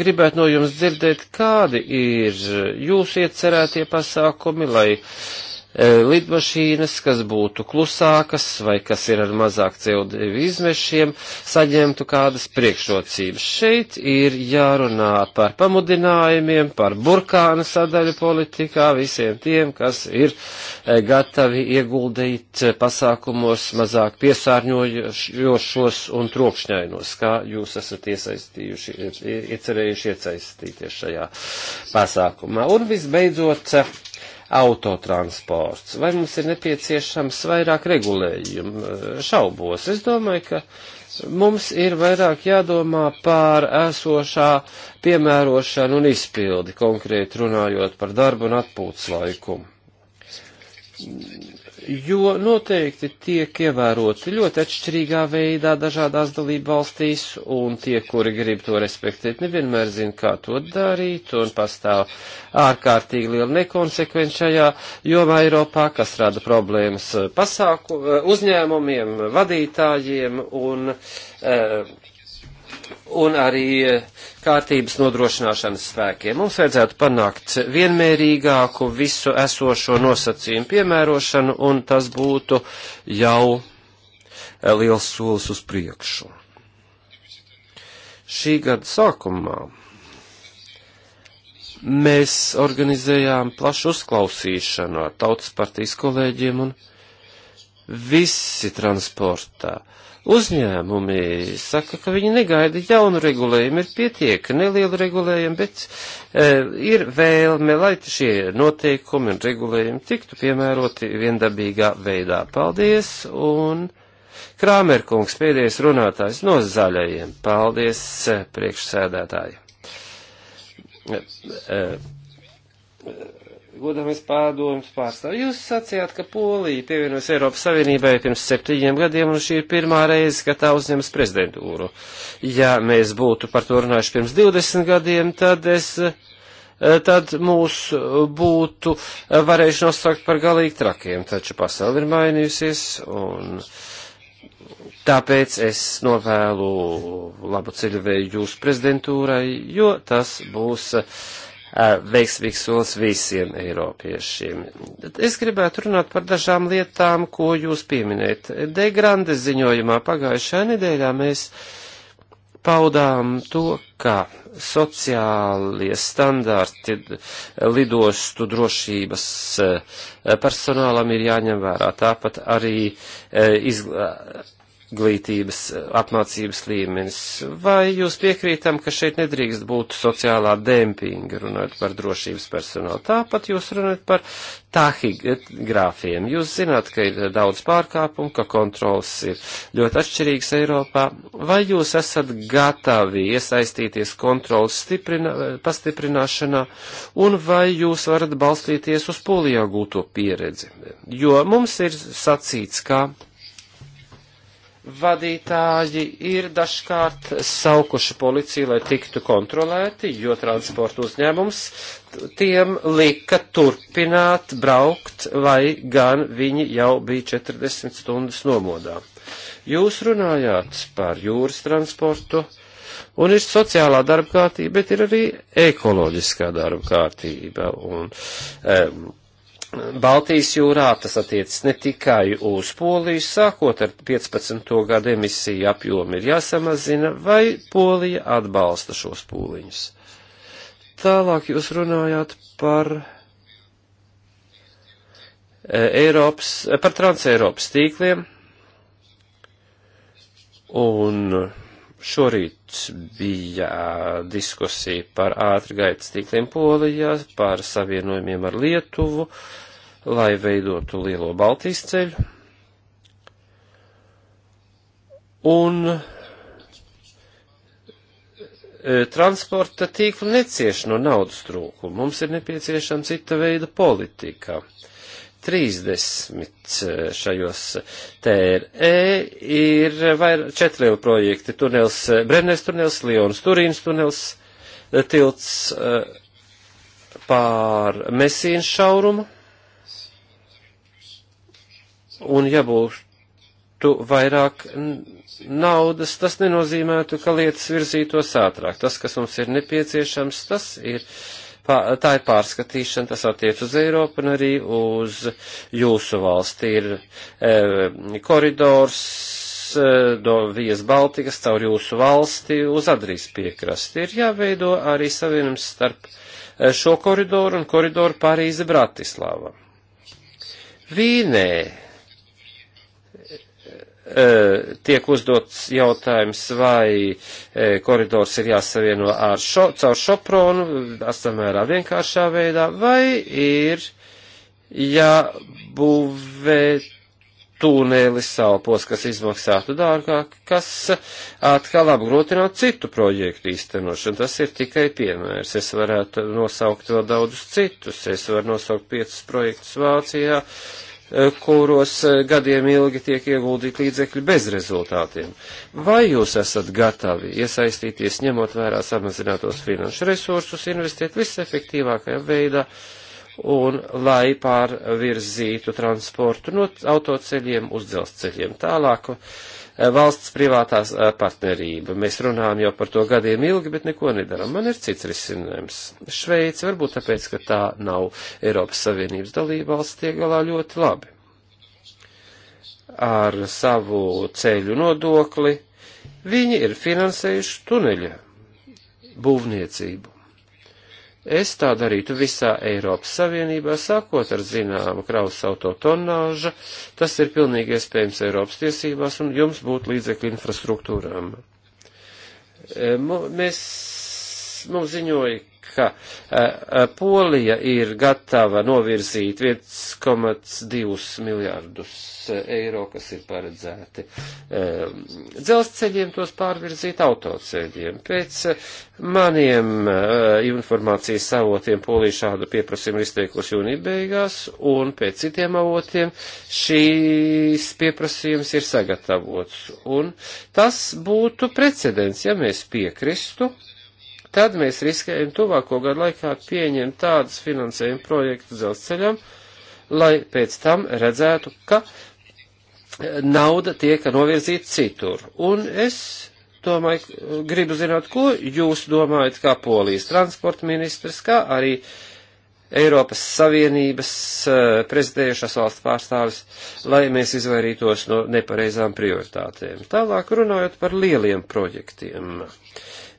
[SPEAKER 1] gribētu no jums dzirdēt, kādi ir jūsu iecerētie pasākumi, lai E, lidmašīnas, kas būtu klusākas vai kas ir ar mazāk CO2 izmešiem, saņemtu kādas priekšrocības. Šeit ir jārunā par pamudinājumiem, par burkāna sadaļu politikā visiem tiem, kas ir e, gatavi ieguldīt pasākumos mazāk piesārņojošos un trokšņainos, kā jūs esat iesaistījuši, e, iecerējuši iesaistīties šajā pasākumā. Un visbeidzot, autotransports. Vai mums ir nepieciešams vairāk regulējumu? Šaubos. Es domāju, ka mums ir vairāk jādomā pār esošā piemērošanu un izpildi, konkrēti runājot par darbu un atpūtas laiku jo noteikti tiek ievēroti ļoti atšķirīgā veidā dažādās dalību valstīs, un tie, kuri grib to respektēt, nevienmēr zina, kā to darīt, un pastāv ārkārtīgi liela nekonsekvenci šajā jomā Eiropā, kas rada problēmas eh, pasāku, eh, uzņēmumiem, vadītājiem un. Uh, un arī eh, kārtības nodrošināšanas spēkiem. Mums vajadzētu panākt vienmērīgāku visu esošo nosacījumu piemērošanu, un tas būtu jau eh, liels solis uz priekšu. Šī gada sākumā mēs organizējām plašu uzklausīšanu ar tautas partijas kolēģiem un visi transportā Uzņēmumi saka, ka viņi negaida jaunu regulējumu, ir pietiek nelielu regulējumu, bet e, ir vēlme, lai šie noteikumi un regulējumi tiktu piemēroti viendabīgā veidā. Paldies! Un Krāmerkungs pēdējais runātājs no zaļajiem. Paldies, e, priekšsēdētāji! E, e, e godāmies pārdomas pārstāvji. Jūs sacījāt, ka Polija pievienojas Eiropas Savienībai pirms septiņiem gadiem, un šī ir pirmā reize, kad tā uzņemas prezidentūru. Ja mēs būtu par to runājuši pirms 20 gadiem, tad es eh, tad mūs būtu eh, varējuši nosaukt par galīgi trakiem, taču pasauli ir mainījusies, un tāpēc es novēlu labu ceļu vēju jūsu prezidentūrai, jo tas būs uh, veiksmīgs solis visiem eiropiešiem. Es gribētu runāt par dažām lietām, ko jūs pieminējat. Degrande ziņojumā pagājušajā nedēļā mēs paudām to, ka sociālie standarti lidostu drošības personālam ir jāņem vērā. Tāpat arī izglītība izglītības eh, apmācības līmenis. Vai jūs piekrītam, ka šeit nedrīkst būt sociālā dempinga, runājot par drošības personālu? Tāpat jūs runājat par tahigrāfiem. Jūs zināt, ka ir daudz pārkāpumu, ka kontrols ir ļoti atšķirīgs Eiropā. Vai jūs esat gatavi iesaistīties kontrols pastiprināšanā, un vai jūs varat balstīties uz polijā gūto pieredzi? Jo mums ir sacīts, ka vadītāji ir dažkārt saukuši policiju, lai tiktu kontrolēti, jo transporta uzņēmums tiem lika turpināt braukt, lai gan viņi jau bija 40 stundas nomodā. Jūs runājāt par jūras transportu, un ir sociālā darba kārtība, bet ir arī ekoloģiskā darba kārtība. Un, um, Baltijas jūrā tas attiecas ne tikai uz Poliju, sākot ar 15. gadu emisiju apjomu ir jāsamazina, vai Polija atbalsta šos pūliņus. Tālāk jūs runājāt par e, Eiropas, e, par transeiropas tīkliem un Šorīt bija diskusija par ātrgaitas tīkliem Polijā, par savienojumiem ar Lietuvu, lai veidotu lielo Baltijas ceļu. Un transporta tīkli necieš no naudas trūkuma. Mums ir nepieciešama cita veida politika. Uh, 30 eh, šajos TRE ir vairāk četri lieli projekti. Tunels, eh, Brenners tunels, Lions Turīns tunels, eh, tilts pār Mesīnas šaurumu. Un ja būtu vairāk naudas, tas nenozīmētu, ka lietas virzītos ātrāk. Tas, kas mums ir nepieciešams, tas ir uh, tā ir pārskatīšana, tas attiec uz Eiropu un arī uz jūsu valsti. Ir e, koridors no eh, Vijas Baltikas caur jūsu valsti uz Adrijas piekrasti. Ir jāveido arī savienums starp eh, šo koridoru un koridoru Parīze Bratislava. Vīnē E, tiek uzdots jautājums, vai e, koridors ir jāsavieno ar šo, caur šopronu, astamērā vienkāršā veidā, vai ir jābūvē tūnelis salpos, kas izmaksātu dārgāk, kas atkal apgrūtinātu citu projektu īstenošanu. Tas ir tikai piemērs. Es varētu nosaukt vēl daudzus citus. Es varu nosaukt piecus projektus Vācijā. Uh, Eh, kuros eh, gadiem ilgi tiek ieguldīti līdzekļi bez rezultātiem. Vai jūs esat gatavi iesaistīties, ņemot vērā samazinātos finanšu resursus, investēt visefektīvākajā veidā un lai pārvirzītu transportu no autoceļiem uz dzelzceļiem tālāk? Uh, Eh, valsts privātās eh, partnerība. Mēs runājam jau par to gadiem ilgi, bet neko nedaram. Man ir cits risinājums. Šveica varbūt tāpēc, ka tā nav Eiropas Savienības dalība valsts, tiek galā ļoti labi. Ar savu ceļu nodokli viņi ir finansējuši tuneļa būvniecību. Es tā darītu visā Eiropas Savienībā, sākot ar zināmu kravas autotonnāža, tas ir pilnīgi iespējams Eiropas tiesībās, un jums būtu līdzekļu infrastruktūrām. E, mēs, mums ziņoja, ka eh, eh, Polija ir gatava novirzīt 1,2 miljārdus eh, eiro, kas ir paredzēti dzelzceļiem, tos pārvirzīt autoceļiem. Pēc maniem informācijas avotiem Polija šādu pieprasījumu ir izteikusi jūnija beigās, un pēc citiem avotiem šīs pieprasījums ir sagatavots. Un tas būtu precedents, ja mēs piekristu tad mēs riskējam tuvāko gadu laikā pieņemt tādus finansējumu projektu dzelzceļam, lai pēc tam redzētu, ka nauda tiek novirzīta citur. Un es domāju, gribu zināt, ko jūs domājat kā polijas transporta ministrs, kā arī Eiropas Savienības eh, prezidējušās valsts pārstāvis, lai mēs izvairītos no nepareizām prioritātēm. Tālāk runājot par lieliem projektiem. Uh,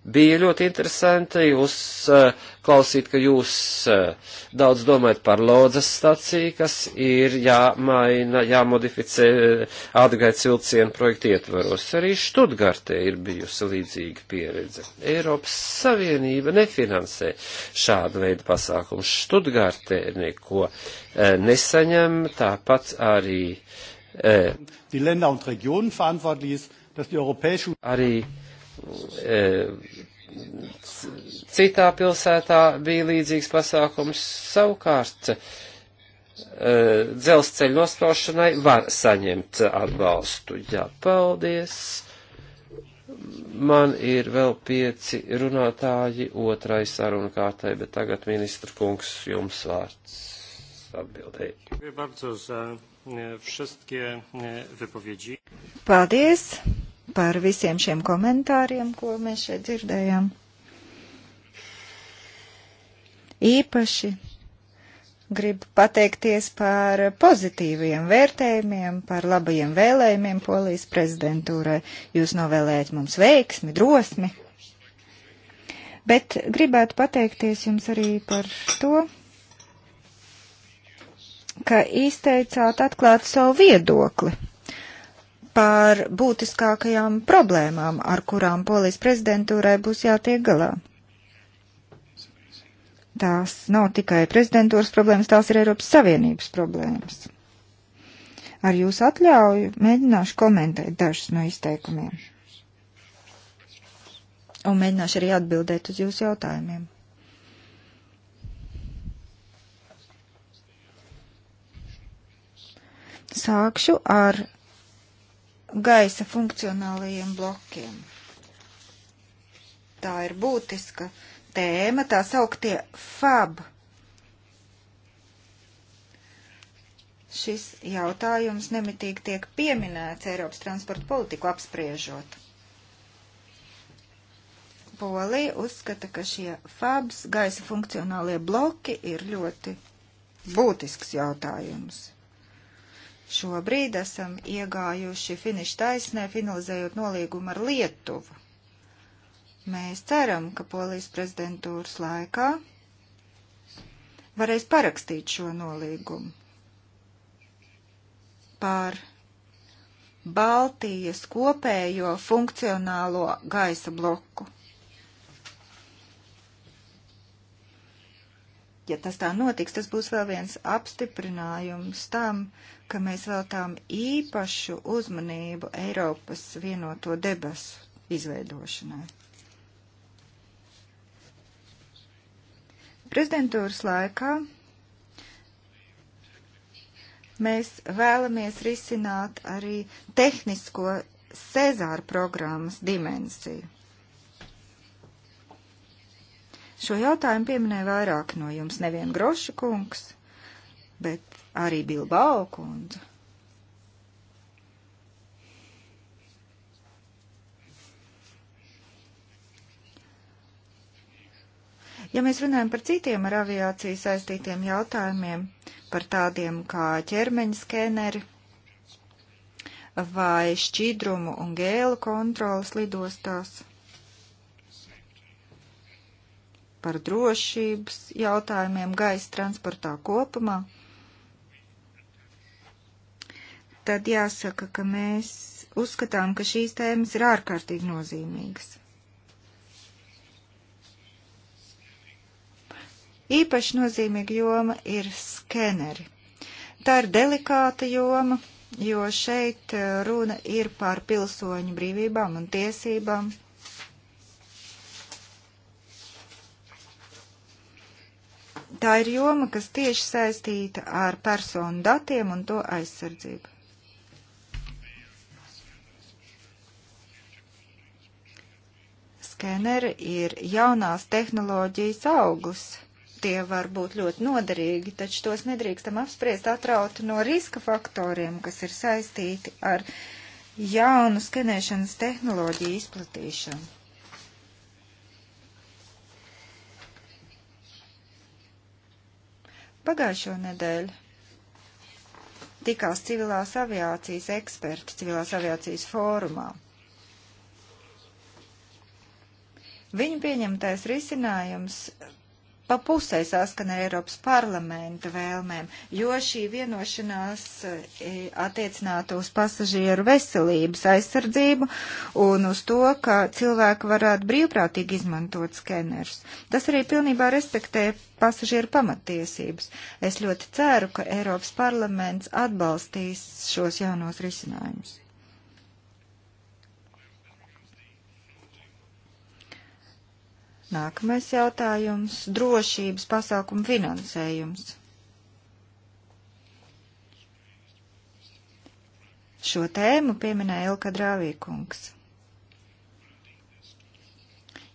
[SPEAKER 1] Bija ļoti interesanti jūs eh, klausīt, ka jūs eh, daudz domājat par lodzas staciju, kas ir jāmaina, jāmodificē eh, atgai cilcienu projektu ietvaros. Arī Študgartē ir bijusi līdzīga pieredze. Eiropas Savienība nefinansē šādu veidu pasākumu. Študgartē neko nesaņem, tāpat arī. Die Länder und Regionen verantwortlich ist, dass die europäische Arī E, citā pilsētā bija līdzīgs pasākums savukārt e, dzelzceļa nospaušanai var saņemt atbalstu. Jā, paldies. Man ir vēl pieci runātāji otrai sarunu kārtai, bet tagad ministra kungs jums vārds atbildēja. E,
[SPEAKER 2] paldies par visiem šiem komentāriem, ko mēs šeit dzirdējām. Īpaši gribu pateikties par pozitīviem vērtējumiem, par labajiem vēlējumiem Polijas prezidentūrai. Jūs novēlējat mums veiksmi, drosmi. Bet gribētu pateikties jums arī par to, ka izteicāt atklāt savu viedokli par būtiskākajām problēmām, ar kurām polijas prezidentūrai būs jātiek galā. Tās nav tikai prezidentūras problēmas, tās ir Eiropas Savienības problēmas. Ar jūsu atļauju mēģināšu komentēt dažus no izteikumiem. Un mēģināšu arī atbildēt uz jūsu jautājumiem. Sākšu ar gaisa funkcionālajiem blokiem. Tā ir būtiska tēma, tā sauktie FAB. Šis jautājums nemitīgi tiek pieminēts Eiropas transporta politiku apspriežot. Polija uzskata, ka šie FABs gaisa funkcionālie bloki ir ļoti būtisks jautājums. Šobrīd esam iegājuši finiša taisnē, finalizējot nolīgumu ar Lietuvu. Mēs ceram, ka polijas prezidentūras laikā varēs parakstīt šo nolīgumu par Baltijas kopējo funkcionālo gaisa bloku. ja tas tā notiks, tas būs vēl viens apstiprinājums tam, ka mēs veltām īpašu uzmanību Eiropas vienoto debesu izveidošanai. Prezidentūras laikā mēs vēlamies risināt arī tehnisko Cezāra programmas dimensiju. Šo jautājumu pieminēja vairāk no jums, nevien Groša kungs bet arī Bilbao kundze. Ja mēs runājam par citiem ar aviāciju saistītiem jautājumiem, par tādiem kā ķermeņa skeneri vai šķidrumu un gēlu kontrolas lidostās, par drošības jautājumiem gaisa transportā kopumā tad jāsaka, ka mēs uzskatām, ka šīs tēmas ir ārkārtīgi nozīmīgas. Īpaši nozīmīga joma ir skeneri. Tā ir delikāta joma, jo šeit eh, runa ir par pilsoņu brīvībām un tiesībām. Tā ir joma, kas tieši saistīta ar personu datiem un to aizsardzību. skeneri ir jaunās tehnoloģijas augus. Tie var būt ļoti noderīgi, taču tos nedrīkstam apspriest atrauti no riska faktoriem, kas ir saistīti ar jaunu skenēšanas tehnoloģiju izplatīšanu. Pagājušo nedēļu tikās civilās aviācijas eksperti civilās aviācijas fórumā. Viņu pieņemtais risinājums pa pusē saskan ar Eiropas parlamenta vēlmēm, jo šī vienošanās e, attiecinātu uz pasažieru veselības aizsardzību un uz to, ka cilvēki varētu brīvprātīgi izmantot skenerus. Tas arī pilnībā respektē pasažieru pamatiesības. Es ļoti ceru, ka Eiropas parlaments atbalstīs šos jaunos risinājumus. Nākamais jautājums - drošības pasākumu finansējums. Šo tēmu pieminēja Ilka Drāvīkungs.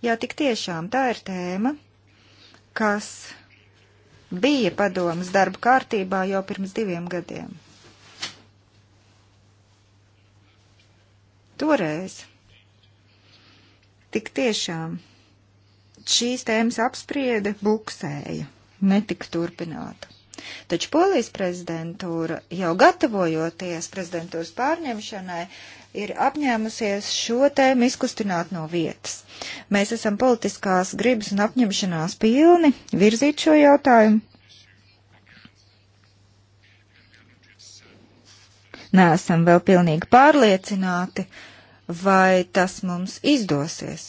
[SPEAKER 2] Jā, tik tiešām tā ir tēma, kas bija padomas darba kārtībā jau pirms diviem gadiem. Toreiz tik tiešām šīs tēmas apspriede buksēja, netika turpināta. Taču Polijas prezidentūra jau gatavojoties prezidentūras pārņemšanai, ir apņēmusies šo tēmu izkustināt no vietas. Mēs esam politiskās gribas un apņemšanās pilni virzīt šo jautājumu. Nesam vēl pilnīgi pārliecināti, vai tas mums izdosies.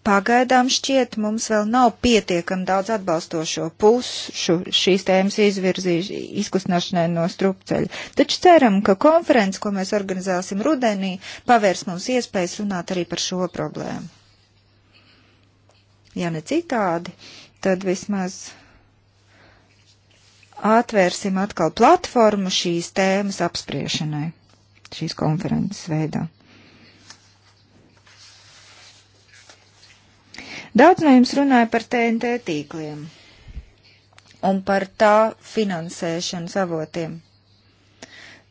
[SPEAKER 2] Pagaidām šķiet, mums vēl nav pietiekami daudz atbalstošo pušu šīs tēmas izvirzīšanai, izkustināšanai no strupceļa. Taču ceram, ka konference, ko mēs organizēsim rudenī, pavērs mums iespējas runāt arī par šo problēmu. Ja ne citādi, tad vismaz atvērsim atkal platformu šīs tēmas apspriešanai, šīs konferences veidā. Daudz no jums runāja par TNT tīkliem un par tā finansēšanu savotiem.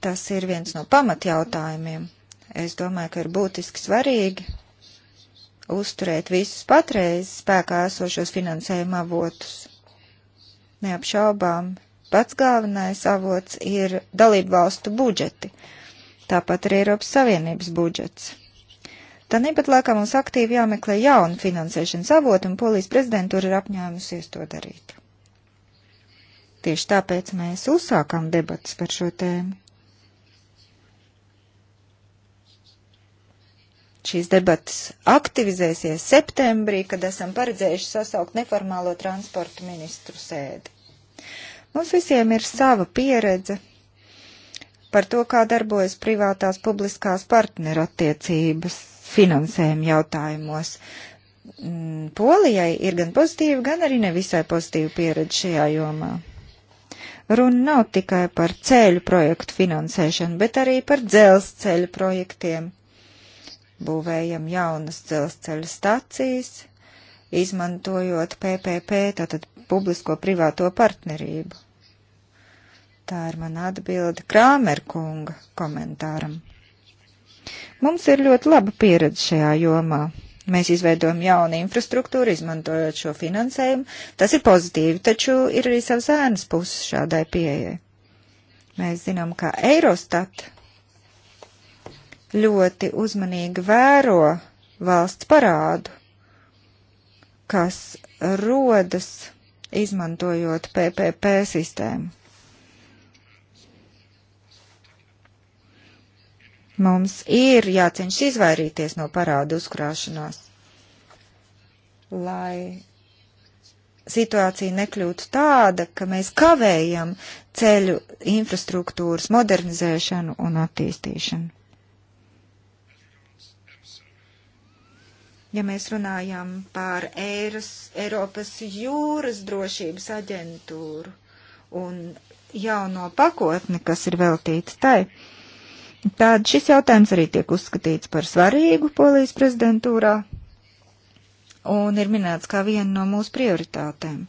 [SPEAKER 2] Tas ir viens no pamatjautājumiem. Es domāju, ka ir būtiski svarīgi uzturēt visus patreiz spēkā esošos finansējuma avotus. Neapšaubām, pats galvenais avots ir dalību valstu budžeti, tāpat arī Eiropas Savienības budžets. Tāpat laikā mums aktīvi jāmeklē jauna finansēšanas avota, un polijas prezidentūra ir apņēmusies to darīt. Tieši tāpēc mēs uzsākām debatas par šo tēmu. Šīs debatas aktivizēsies septembrī, kad esam paredzējuši sasaukt neformālo transportu ministru sēdi. Mums visiem ir sava pieredze par to, kā darbojas privātās publiskās partnerattiecības finansējuma jautājumos. Mm, Polijai ir gan pozitīva, gan arī nevisai pozitīva pieredze šajā jomā. Runa nav tikai par ceļu projektu finansēšanu, bet arī par dzelzceļu projektiem. Būvējam jaunas dzelzceļa stacijas, izmantojot PPP, tātad publisko-privāto partnerību. Tā ir mana atbilde Krāmerkunga komentāram. Mums ir ļoti laba pieredze šajā jomā. Mēs izveidojam jaunu infrastruktūru, izmantojot šo finansējumu. Tas ir pozitīvi, taču ir arī savs ēnas puses šādai pieejai. Mēs zinām, ka Eirostat ļoti uzmanīgi vēro valsts parādu, kas rodas izmantojot PPP sistēmu. Mums ir jāceņš izvairīties no parādu uzkrāšanās, lai situācija nekļūtu tāda, ka mēs kavējam ceļu infrastruktūras modernizēšanu un attīstīšanu. Ja mēs runājam par Eiras, Eiropas jūras drošības aģentūru un jauno pakotni, kas ir veltīta tai, Tad šis jautājums arī tiek uzskatīts par svarīgu Polijas prezidentūrā un ir minēts kā viena no mūsu prioritātēm.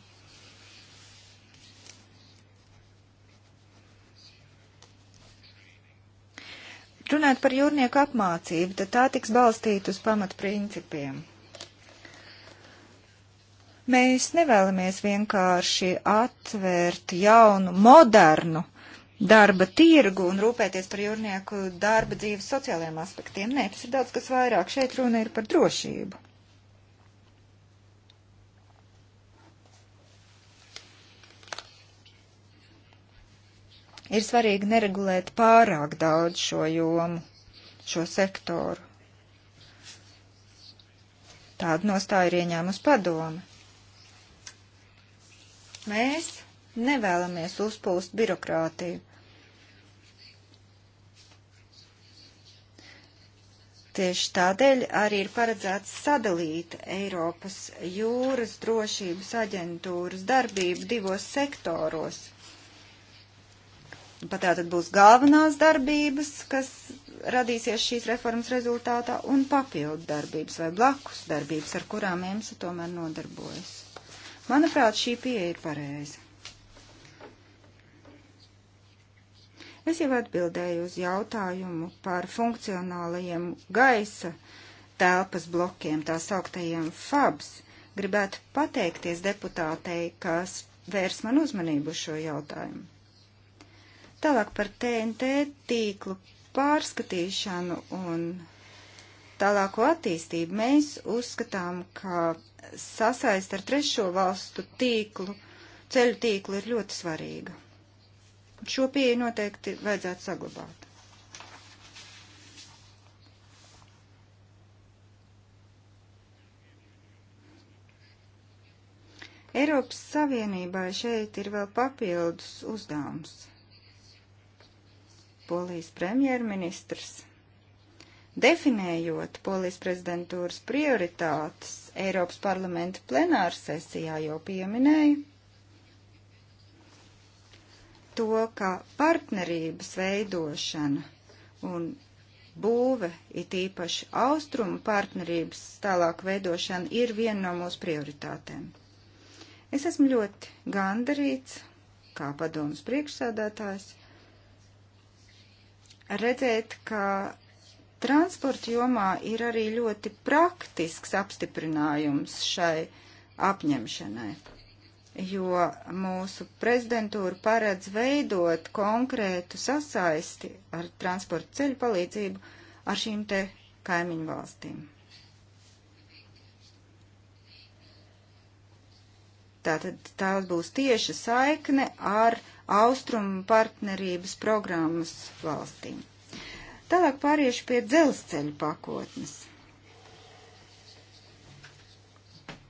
[SPEAKER 2] Runāt par jūrnieku apmācību, tad tā tiks balstīta uz pamatprincipiem. Mēs nevēlamies vienkārši atvērt jaunu, modernu darba tirgu un rūpēties par jūrnieku darba dzīves sociālajiem aspektiem. Nē, tas ir daudz kas vairāk. Šeit runa ir par drošību. Ir svarīgi neregulēt pārāk daudz šo jomu, šo sektoru. Tādu nostāju ir ieņēmusi padome. Mēs nevēlamies uzpūst birokrātiju Tieši tādēļ arī ir paredzēts sadalīt Eiropas jūras drošības aģentūras darbību divos sektoros. Pat tātad būs galvenās darbības, kas radīsies šīs reformas rezultātā, un papildu darbības vai blakus darbības, ar kurām EMSA tomēr nodarbojas. Manuprāt, šī pieeja ir pareiza. Es jau atbildēju uz jautājumu par funkcionālajiem gaisa telpas blokiem, tā sauktajiem FABS. Gribētu pateikties deputātei, kas vērs man uzmanību uz šo jautājumu. Tālāk par TNT tīklu pārskatīšanu un tālāko attīstību mēs uzskatām, ka sasaist ar trešo valstu tīklu, ceļu tīklu ir ļoti svarīga. Šo pieeju noteikti vajadzētu saglabāt. Eiropas Savienībai šeit ir vēl papildus uzdevums. Polijas premjerministrs, definējot Polijas prezidentūras prioritātes Eiropas parlamenta plenāra sesijā, jau pieminēja, to, ka partnerības veidošana un būve, it īpaši austrumu partnerības tālāk veidošana, ir viena no mūsu prioritātēm. Es esmu ļoti gandarīts, kā padomas priekšsādātājs, redzēt, ka transporta jomā ir arī ļoti praktisks apstiprinājums šai apņemšanai jo mūsu prezidentūra paredz veidot konkrētu sasaisti ar transporta ceļu palīdzību ar šīm te kaimiņu valstīm. Tātad tās būs tieša saikne ar austrumu partnerības programmas valstīm. Tālāk pāriešu pie dzelzceļa pakotnes.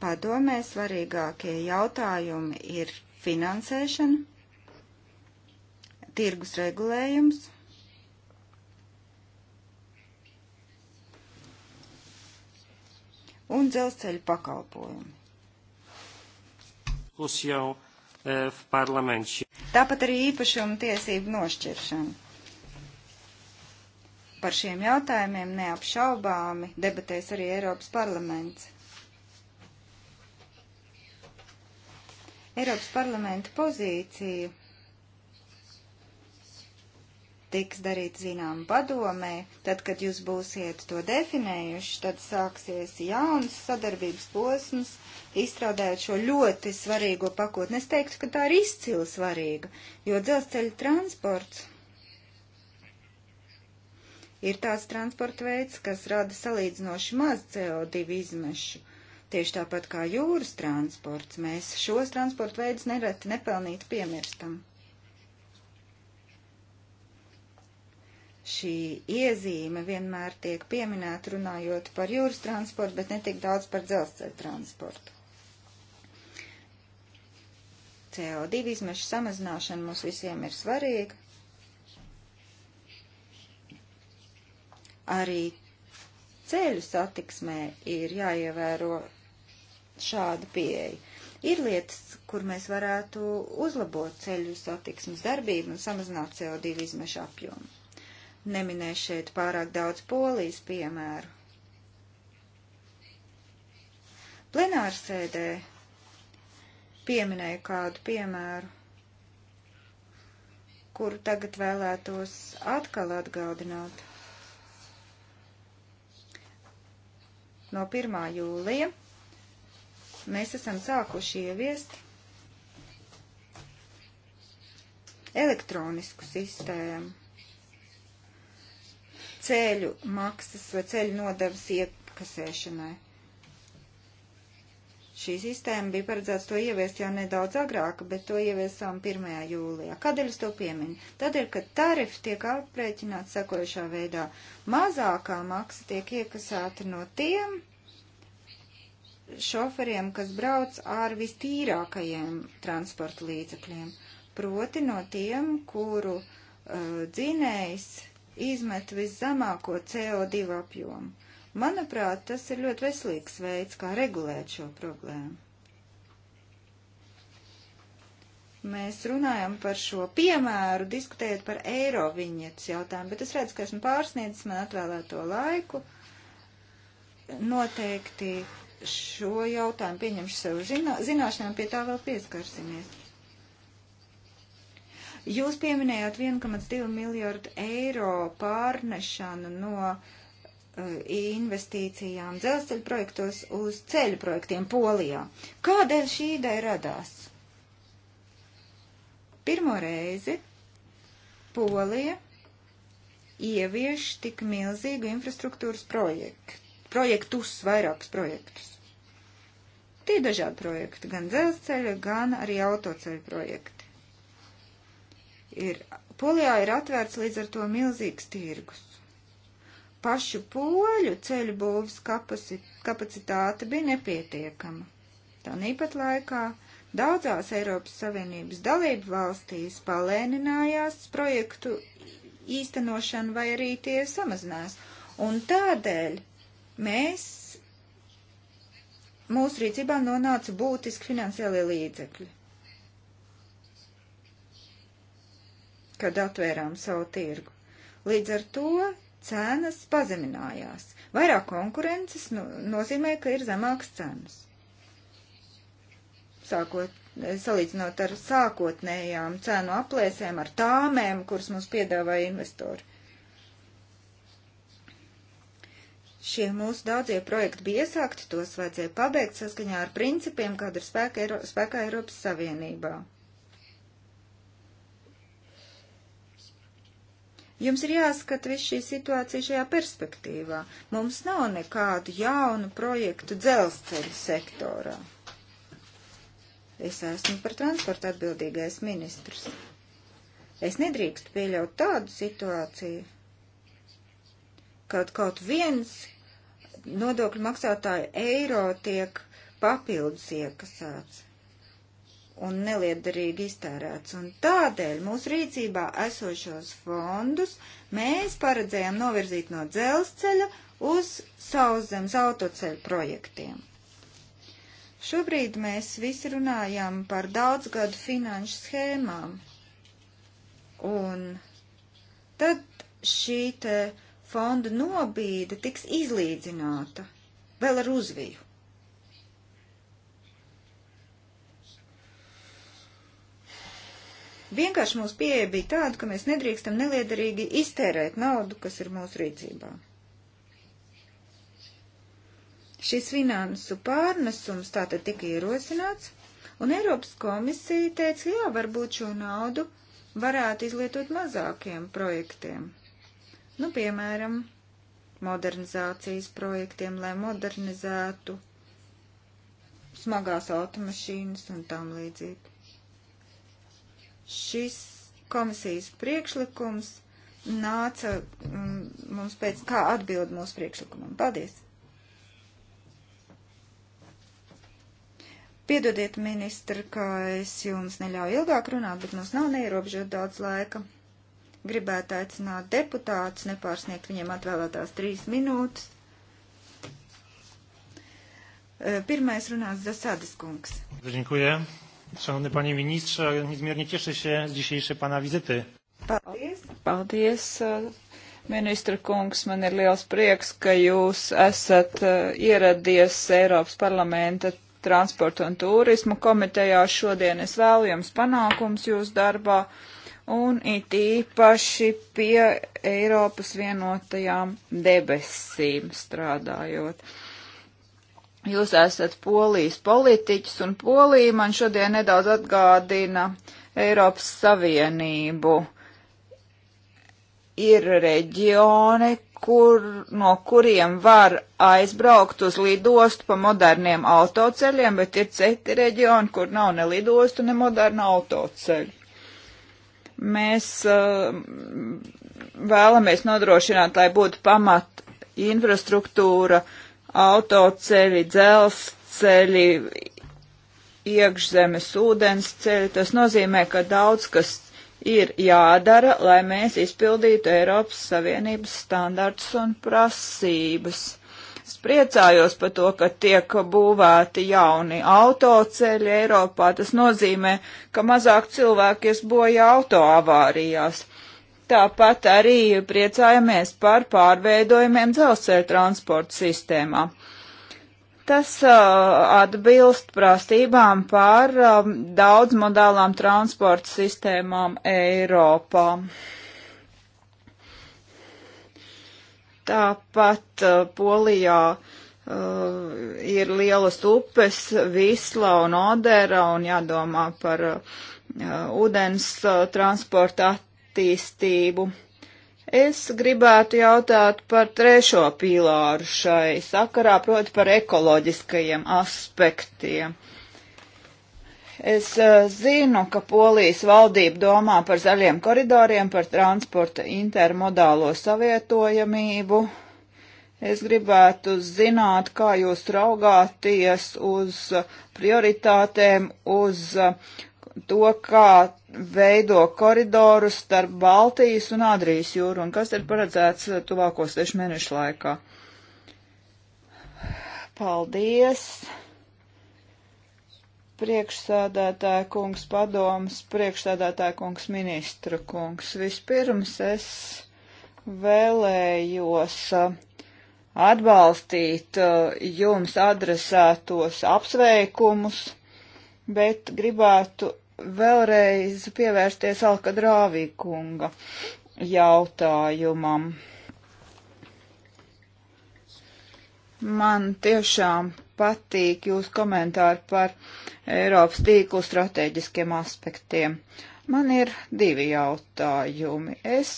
[SPEAKER 2] Padomē svarīgākie jautājumi ir finansēšana, tirgus regulējums, un dzelzceļa pakalpojumi.
[SPEAKER 1] Jau, e,
[SPEAKER 2] Tāpat arī īpašuma tiesību nošķiršana. Par šiem jautājumiem neapšaubāmi debatēs arī Eiropas parlaments. Eiropas parlamenta pozīcija tiks darīt zinām padomē, tad, kad jūs būsiet to definējuši, tad sāksies jauns sadarbības posms, izstrādājot šo ļoti svarīgo pakotni. Es teiktu, ka tā ir izcila svarīga, jo dzelzceļa transports ir tāds transporta veids, kas rada salīdzinoši maz CO2 izmešu. Tieši tāpat kā jūras transports, mēs šos transporta veidus nereti nepelnīt piemirstam. Šī iezīme vienmēr tiek pieminēta runājot par jūras transportu, bet netik daudz par dzelzceļa transportu. CO2 izmešu samazināšana mums visiem ir svarīga. Arī ceļu satiksmē ir jāievēro šādu pieeju. Ir lietas, kur mēs varētu uzlabot ceļu satiksmes darbību un samazināt CO2 izmešu apjomu. Neminēšu šeit pārāk daudz polijas piemēru. Plenārsēdē pieminēju kādu piemēru, kuru tagad vēlētos atkal atgādināt. No 1. jūlija mēs esam sākuši ieviest elektronisku sistēmu ceļu maksas vai ceļu nodevas iekasēšanai. Šī sistēma bija paredzēts to ieviest jau nedaudz agrāk, bet to ieviesām 1. jūlijā. Kādēļ es to pieminu? Tādēļ, ka tarifi tiek aprēķināti sekojušā veidā. Mazākā maksa tiek iekasēta no tiem, šoferiem, kas brauc ar vistīrākajiem transporta līdzekļiem, proti no tiem, kuru uh, dzinējs izmet viszemāko CO2 apjomu. Manuprāt, tas ir ļoti veselīgs veids, kā regulēt šo problēmu. Mēs runājam par šo piemēru, diskutējot par eiro viņietas jautājumu, bet es redzu, ka esmu pārsniedzis man atvēlēto laiku. Noteikti uh, šo jautājumu pieņemšu sev zinā, zināšanām, pie tā vēl pieskarsimies. Jūs pieminējāt 1,2 miljardu eiro pārnešanu no uh, investīcijām dzelzceļa projektos uz ceļu projektiem Polijā. Kādēļ šī ideja radās? Pirmo reizi Polija ievieš tik milzīgu infrastruktūras projektu projektus, vairākus projektus. Tie ir dažādi projekti, gan dzelzceļa, gan arī autoceļa projekti. Ir, Polijā ir atvērts līdz ar to milzīgs tirgus. Pašu poļu ceļu būvas kapacitāte bija nepietiekama. Tā nīpat laikā daudzās Eiropas Savienības dalību valstīs palēninājās projektu īstenošana vai arī tie samazinās. Un tādēļ Mēs, mūsu rīcībā nonāca būtiski finansiālie līdzekļi, kad atvērām savu tirgu. Līdz ar to cenas pazeminājās. Vairāk konkurences no, nozīmē, ka ir zemāks cenas. Sākot, salīdzinot ar sākotnējām cenu aplēsēm, ar tāmēm, kuras mums piedāvāja investori. Šie mūsu daudzie projekti bija iesākti, tos vajadzēja pabeigt saskaņā ar principiem, kāda ir spēka Eiro, spēkā Eiropas Savienībā. Jums ir jāskata viss šī situācija šajā perspektīvā. Mums nav nekādu jaunu projektu dzelzceļa sektorā. Es esmu par transportu atbildīgais ministrs. Es nedrīkstu pieļaut tādu situāciju, kad kaut viens nodokļu maksātāju eiro tiek papildus iekasēts un neliederīgi iztērēts. Un tādēļ mūsu rīcībā esošos fondus mēs paredzējām novirzīt no dzelzceļa uz sauszemes autoceļu projektiem. Šobrīd mēs visi runājam par daudzgadu finanšu schēmām. Un tad šī te uh, fonda nobīde tiks izlīdzināta vēl ar uzviju. Vienkārši mūsu pieeja bija tāda, ka mēs nedrīkstam neliederīgi iztērēt naudu, kas ir mūsu rīcībā. Šis finansu pārnesums tātad tika ierosināts, un Eiropas komisija teica, jā, varbūt šo naudu varētu izlietot mazākiem projektiem. Nu, piemēram, modernizācijas projektiem, lai modernizētu smagās automašīnas un tam līdzīgi. Šis komisijas priekšlikums nāca mm, mums pēc kā atbild mūsu priekšlikumam. Paldies! Piedodiet, ministra, ka es jums neļauju ilgāk runāt, bet mums nav neierobežot daudz laika. Gribētu aicināt deputātus nepārsniegt viņiem atvēlētās trīs minūtes. E, pirmais runās Zasādas kungs.
[SPEAKER 1] Dziękuję. Szanowny panie ministrze, niezmiernie cieszę się z dzisiejszej pana wizyty.
[SPEAKER 3] Paldies. Paldies. E, ministra kungs, man ir liels prieks, ka jūs esat e, ieradies Eiropas parlamenta transporta un turismu komitejā šodien. Es vēlu jums panākums jūsu darbā un it īpaši pie Eiropas vienotajām debesīm strādājot. Jūs esat polijas politiķis, un polija man šodien nedaudz atgādina Eiropas Savienību. Ir reģioni, kur, no kuriem var aizbraukt uz lidostu pa moderniem autoceļiem, bet ir citi reģioni, kur nav ne lidostu, ne modernu autoceļu. Mēs uh, vēlamies nodrošināt, lai būtu pamat infrastruktūra, autoceļi, dzelzceļi, iekšzemes ūdens ceļi. Tas nozīmē, ka daudz kas ir jādara, lai mēs izpildītu Eiropas Savienības standartus un prasības. Es priecājos par to, ka tiek būvēti jauni autoceļi Eiropā. Tas nozīmē, ka mazāk cilvēki ies bojā autoavārijās. Tāpat arī priecājamies par pārveidojumiem dzelzceļa transporta sistēmā. Tas uh, atbilst prasībām par um, daudzmodālām transporta sistēmām Eiropā. Tāpat uh, Polijā uh, ir lielas upes, Visla un Odera, un jādomā par uh, ūdens uh, transporta attīstību. Es gribētu jautāt par trešo pīlāru šai sakarā, proti par ekoloģiskajiem aspektiem. Uh, Es eh, zinu, ka Polijas valdība domā par zaļiem koridoriem, par transporta intermodālo savietojamību. Es gribētu zināt, kā jūs raugāties uz eh, prioritātēm, uz eh, to, kā veido koridorus starp Baltijas un Adrijas jūru, un kas ir paredzēts tuvāko sešu mēnešu laikā. Paldies! priekšsādātāja kungs, padomas priekšsādātāja kungs, ministra kungs. Vispirms es vēlējos uh, atbalstīt uh, jums adresētos apsveikumus, bet gribētu vēlreiz pievērsties Alkadrāvī kunga jautājumam. Man tiešām patīk jūs komentāri par Eiropas tīklu strateģiskiem aspektiem. Man ir divi jautājumi. Es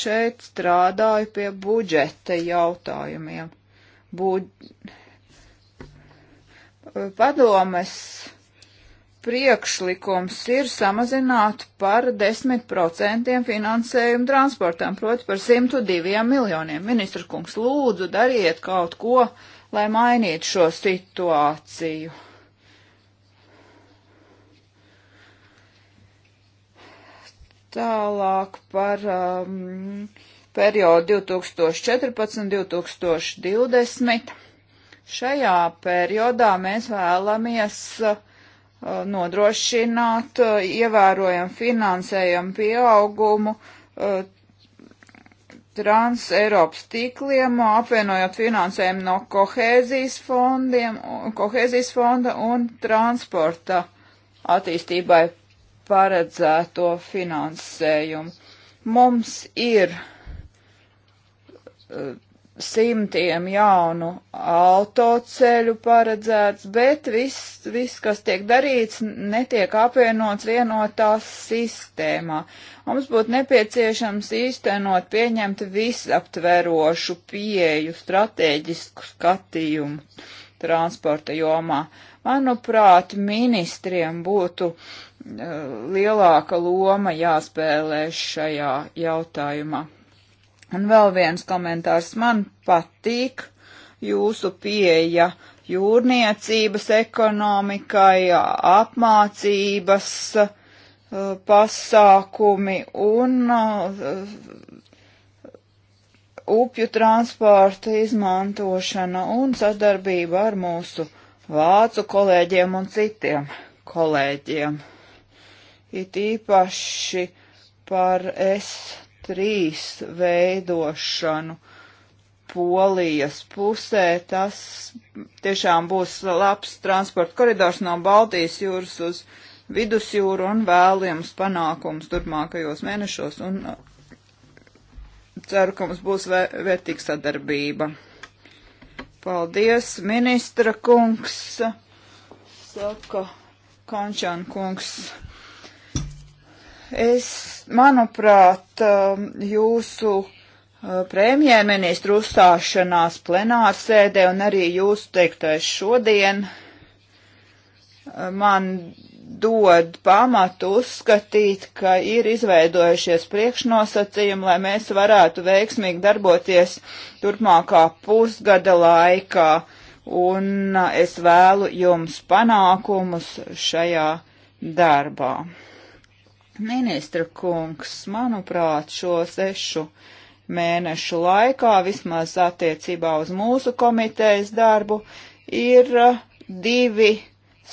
[SPEAKER 3] šeit strādāju pie budžeta jautājumiem. Bud... Padomes priekšlikums ir samazināt par 10% finansējumu transportam, proti par 102 miljoniem. Ministra kungs, lūdzu, dariet kaut ko lai mainītu šo situāciju. Tālāk par um, periodu 2014-2020. Šajā periodā mēs vēlamies uh, nodrošināt uh, ievērojumu finansējumu pieaugumu uh, trans Eiropas tīkliem, apvienojot finansējumu no kohēzijas, fondiem, kohēzijas fonda un transporta attīstībai paredzēto finansējumu. Mums ir uh, simtiem jaunu autoceļu paredzēts, bet viss, vis, kas tiek darīts, netiek apvienots vienotā sistēmā. Mums būtu nepieciešams īstenot pieņemt visaptverošu pieju, strateģisku skatījumu transporta jomā. Manuprāt, ministriem būtu uh, lielāka loma jāspēlē šajā jautājumā. Un vēl viens komentārs. Man patīk jūsu pieeja jūrniecības ekonomikai, apmācības uh, pasākumi un uh, upju transporta izmantošana un sadarbība ar mūsu vācu kolēģiem un citiem kolēģiem. It īpaši par S trīs veidošanu Polijas pusē. Tas tiešām būs labs transporta koridors no Baltijas jūras uz vidusjūru un vēlams panākums turpmākajos mēnešos. Un uh, ceru, ka mums būs vērtīga sadarbība. Paldies, ministra kungs, saka Kančāna kungs. Es, manuprāt, um, jūsu uh, premjerministru uzstāšanās plenārsēdē un arī jūsu teiktais šodien uh, man dod pamatu uzskatīt, ka ir izveidojušies priekšnosacījumi, lai mēs varētu veiksmīgi darboties turpmākā pusgada laikā, un uh, es vēlu jums panākumus šajā darbā. Ministra kungs, manuprāt, šo sešu mēnešu laikā, vismaz attiecībā uz mūsu komitejas darbu, ir eh, divi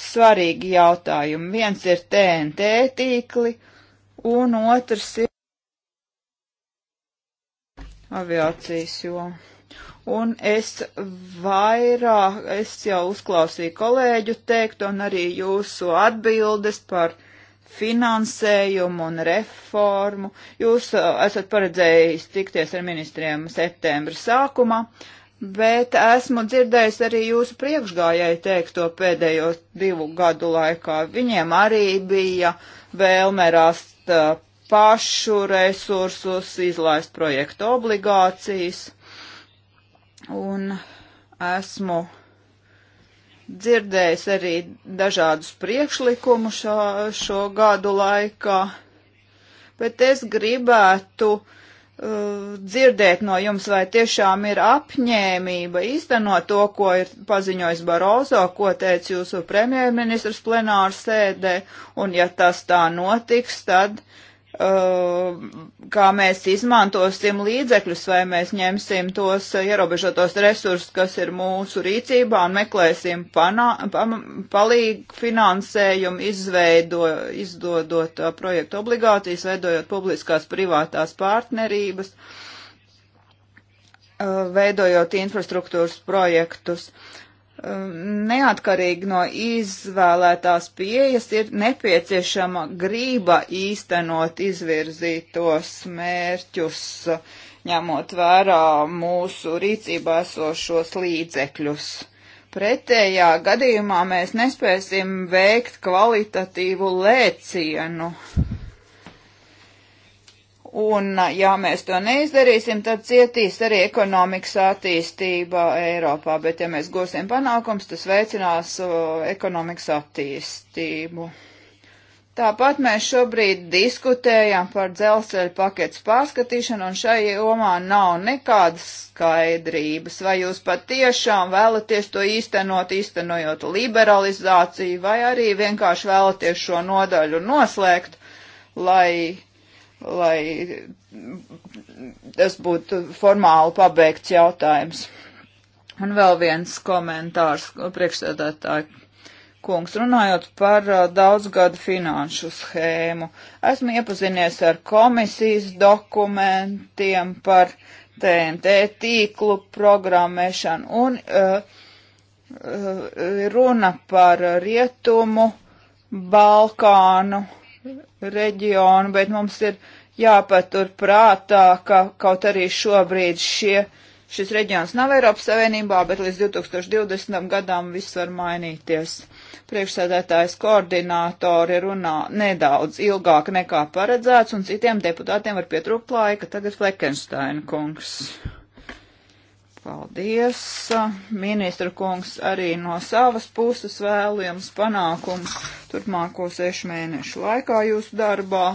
[SPEAKER 3] svarīgi jautājumi. Viens ir TNT tīkli, un otrs ir aviācijas joma. Un es vairāk, es jau uzklausīju kolēģu teikt, un arī jūsu atbildes par finansējumu un reformu. Jūs uh, esat paredzējis tikties ar ministriem septembra sākumā, bet esmu dzirdējis arī jūsu priekšgājēju teikto pēdējo divu gadu laikā. Viņiem arī bija vēlme rast uh, pašu resursus, izlaist projektu obligācijas. Un esmu dzirdējis arī dažādus priekšlikumus šo, šo gadu laikā, bet es gribētu uh, dzirdēt no jums, vai tiešām ir apņēmība īstenot to, ko ir paziņojis Barozo, ko teica jūsu premjerministrs plenāru sēdē, un ja tas tā notiks, tad uh, Uh, kā mēs izmantosim līdzekļus, vai mēs ņemsim tos ierobežotos resursus, kas ir mūsu rīcībā un meklēsim panā, pam, palīgu finansējumu, izveido, izdodot uh, projektu obligācijas, veidojot publiskās privātās partnerības, uh, veidojot infrastruktūras projektus. Uh, Um, neatkarīgi no izvēlētās pieejas ir nepieciešama grība īstenot izvirzītos mērķus, ņemot vērā mūsu rīcībā esošos līdzekļus. Pretējā gadījumā mēs nespēsim veikt kvalitatīvu lēcienu. Un, ja mēs to neizdarīsim, tad cietīs arī ekonomikas attīstība Eiropā, bet, ja mēs gūsim panākums, tas veicinās uh, ekonomikas attīstību. Tāpat mēs šobrīd diskutējam par dzelzceļa paketes pārskatīšanu, un šai jomā nav nekādas skaidrības, vai jūs patiešām vēlaties to īstenot, īstenojot liberalizāciju, vai arī vienkārši vēlaties šo nodaļu noslēgt, lai lai tas būtu formāli pabeigts jautājums. Un vēl viens komentārs priekšsēdētāji. Kungs, runājot par uh, daudzgadu finanšu schēmu, esmu iepazinies ar komisijas dokumentiem par TNT tīklu programmēšanu un uh, uh, runa par rietumu, Balkānu reģionu, bet mums ir jāpatur prātā, ka kaut arī šobrīd šie, šis reģions nav Eiropas Savienībā, bet līdz 2020. gadam viss var mainīties. Priekšsēdētājs koordinātori runā nedaudz ilgāk nekā paredzēts, un citiem deputātiem var pietrūkt laika. Tagad Fleckensteina kungs. Paldies! Ministra kungs arī no savas puses vēlu jums panākums turpmāko sešu mēnešu laikā jūsu darbā.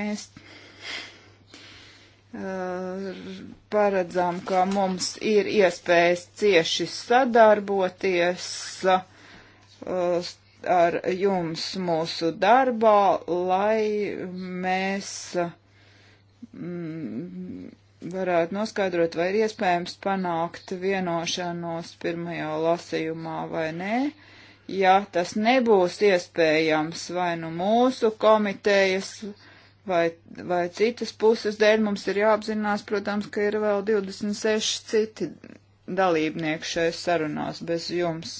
[SPEAKER 3] Mēs uh, paredzam, ka mums ir iespējas cieši sadarboties uh, ar jums mūsu darbā, lai mēs mm, varētu noskaidrot, vai ir iespējams panākt vienošanos pirmajā lasījumā vai nē. Ja tas nebūs iespējams vai nu mūsu komitejas vai, vai citas puses dēļ, mums ir jāapzinās, protams, ka ir vēl 26 citi dalībnieki šai sarunās bez jums.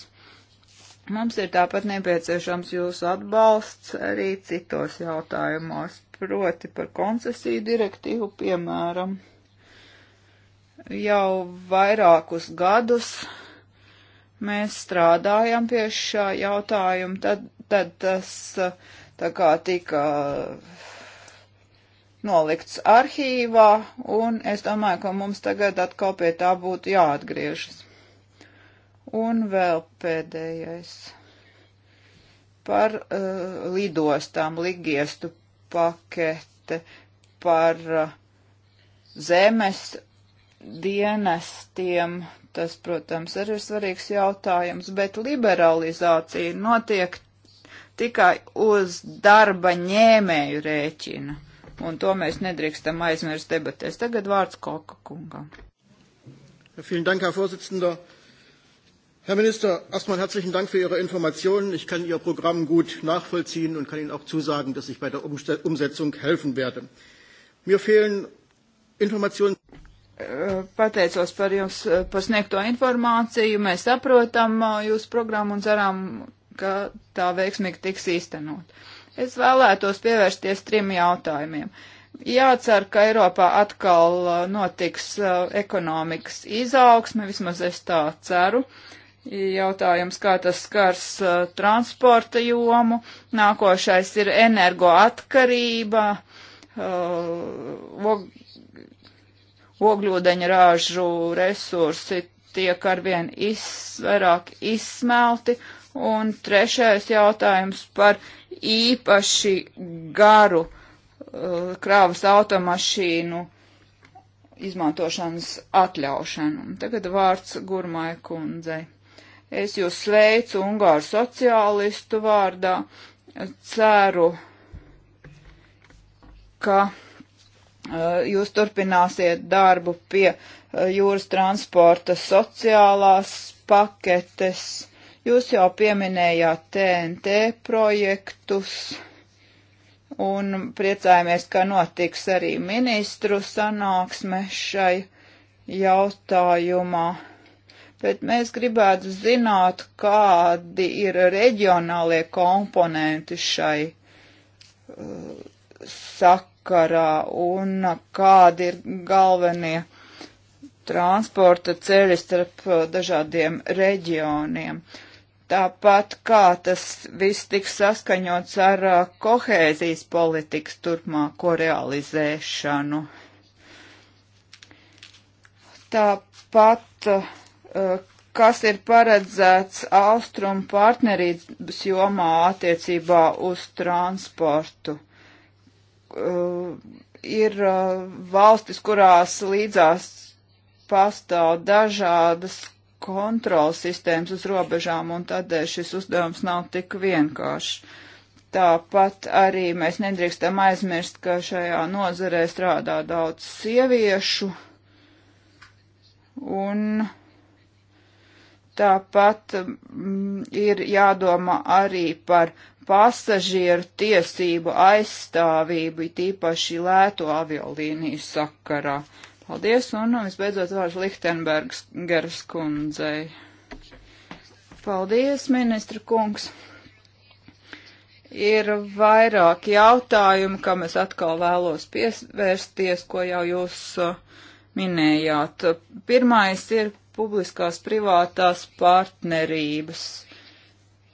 [SPEAKER 3] Mums ir tāpat nepieciešams jūsu atbalsts arī citos jautājumos, proti par koncesiju direktīvu, piemēram, jau vairākus gadus mēs strādājam pie šā jautājuma, tad, tad tas tā kā tika nolikts arhīvā, un es domāju, ka mums tagad atkal pie tā būtu jāatgriežas. Un vēl pēdējais par uh, lidostām ligiestu pakete, par uh, zemes dienestiem. Tas, protams, arī ir svarīgs jautājums, bet liberalizācija notiek tikai uz darba ņēmēju rēķina. Un to mēs nedrīkstam aizmirst debatēs. Tagad vārds Koka kungam. Vielen Dank, Herr Vorsitzender.
[SPEAKER 1] Herr Minister, erstmal herzlichen Dank für Ihre Informationen. Ich kann Ihr Programm gut nachvollziehen und
[SPEAKER 3] kann Ihnen auch zusagen, dass ich bei der Umsetzung helfen werde. Mir fehlen Informationen. Äh, pateicos par jums äh, pasniegto informāciju. Mēs saprotam uh, jūsu programmu un ceram, ka tā veiksmīgi tiks īstenot. Es vēlētos pievērsties trim jautājumiem. Jācer, ka Eiropā atkal uh, notiks uh, ekonomikas izaugsme, vismaz es tā ceru. Uh, Jautājums, kā tas skars uh, transporta jomu. Nākošais ir energoatkarība, uh, og, ogļūdeņa rāžu resursi tiek arvien iz, vairāk izsmelti. Un trešais jautājums par īpaši garu uh, krāvas automašīnu izmantošanas atļaušanu. Tagad vārds Gurmai kundzei. Es jūs sveicu Ungāru sociālistu vārdā. Ceru, ka uh, jūs turpināsiet darbu pie uh, jūras transporta sociālās paketes. Jūs jau pieminējāt TNT projektus un priecājamies, ka notiks arī ministru sanāksme šai jautājumā bet mēs gribētu zināt, kādi ir reģionālie komponenti šai uh, sakarā un kādi ir galvenie transporta ceļi starp uh, dažādiem reģioniem. Tāpat kā tas viss tiks saskaņots ar uh, kohēzijas politikas turpmāko realizēšanu. Tāpat uh, Eh, kas ir paredzēts austrumu partnerības jomā attiecībā uz transportu. Eh, ir eh, valstis, kurās līdzās pastāv dažādas kontrols sistēmas uz robežām, un tādēļ šis uzdevums nav tik vienkāršs. Tāpat arī mēs nedrīkstam aizmirst, ka šajā nozarē strādā daudz sieviešu, un uh, Tāpat mm, ir jādomā arī par pasažieru tiesību aizstāvību, tīpaši lēto aviolīniju sakarā. Paldies, un visbeidzot vārds Lichtenbergs Geras kundzei. Paldies, ministra kungs. Ir vairāk jautājumu, kam es atkal vēlos piesvērsties, ko jau jūs uh, minējāt. Pirmais ir publiskās privātās partnerības.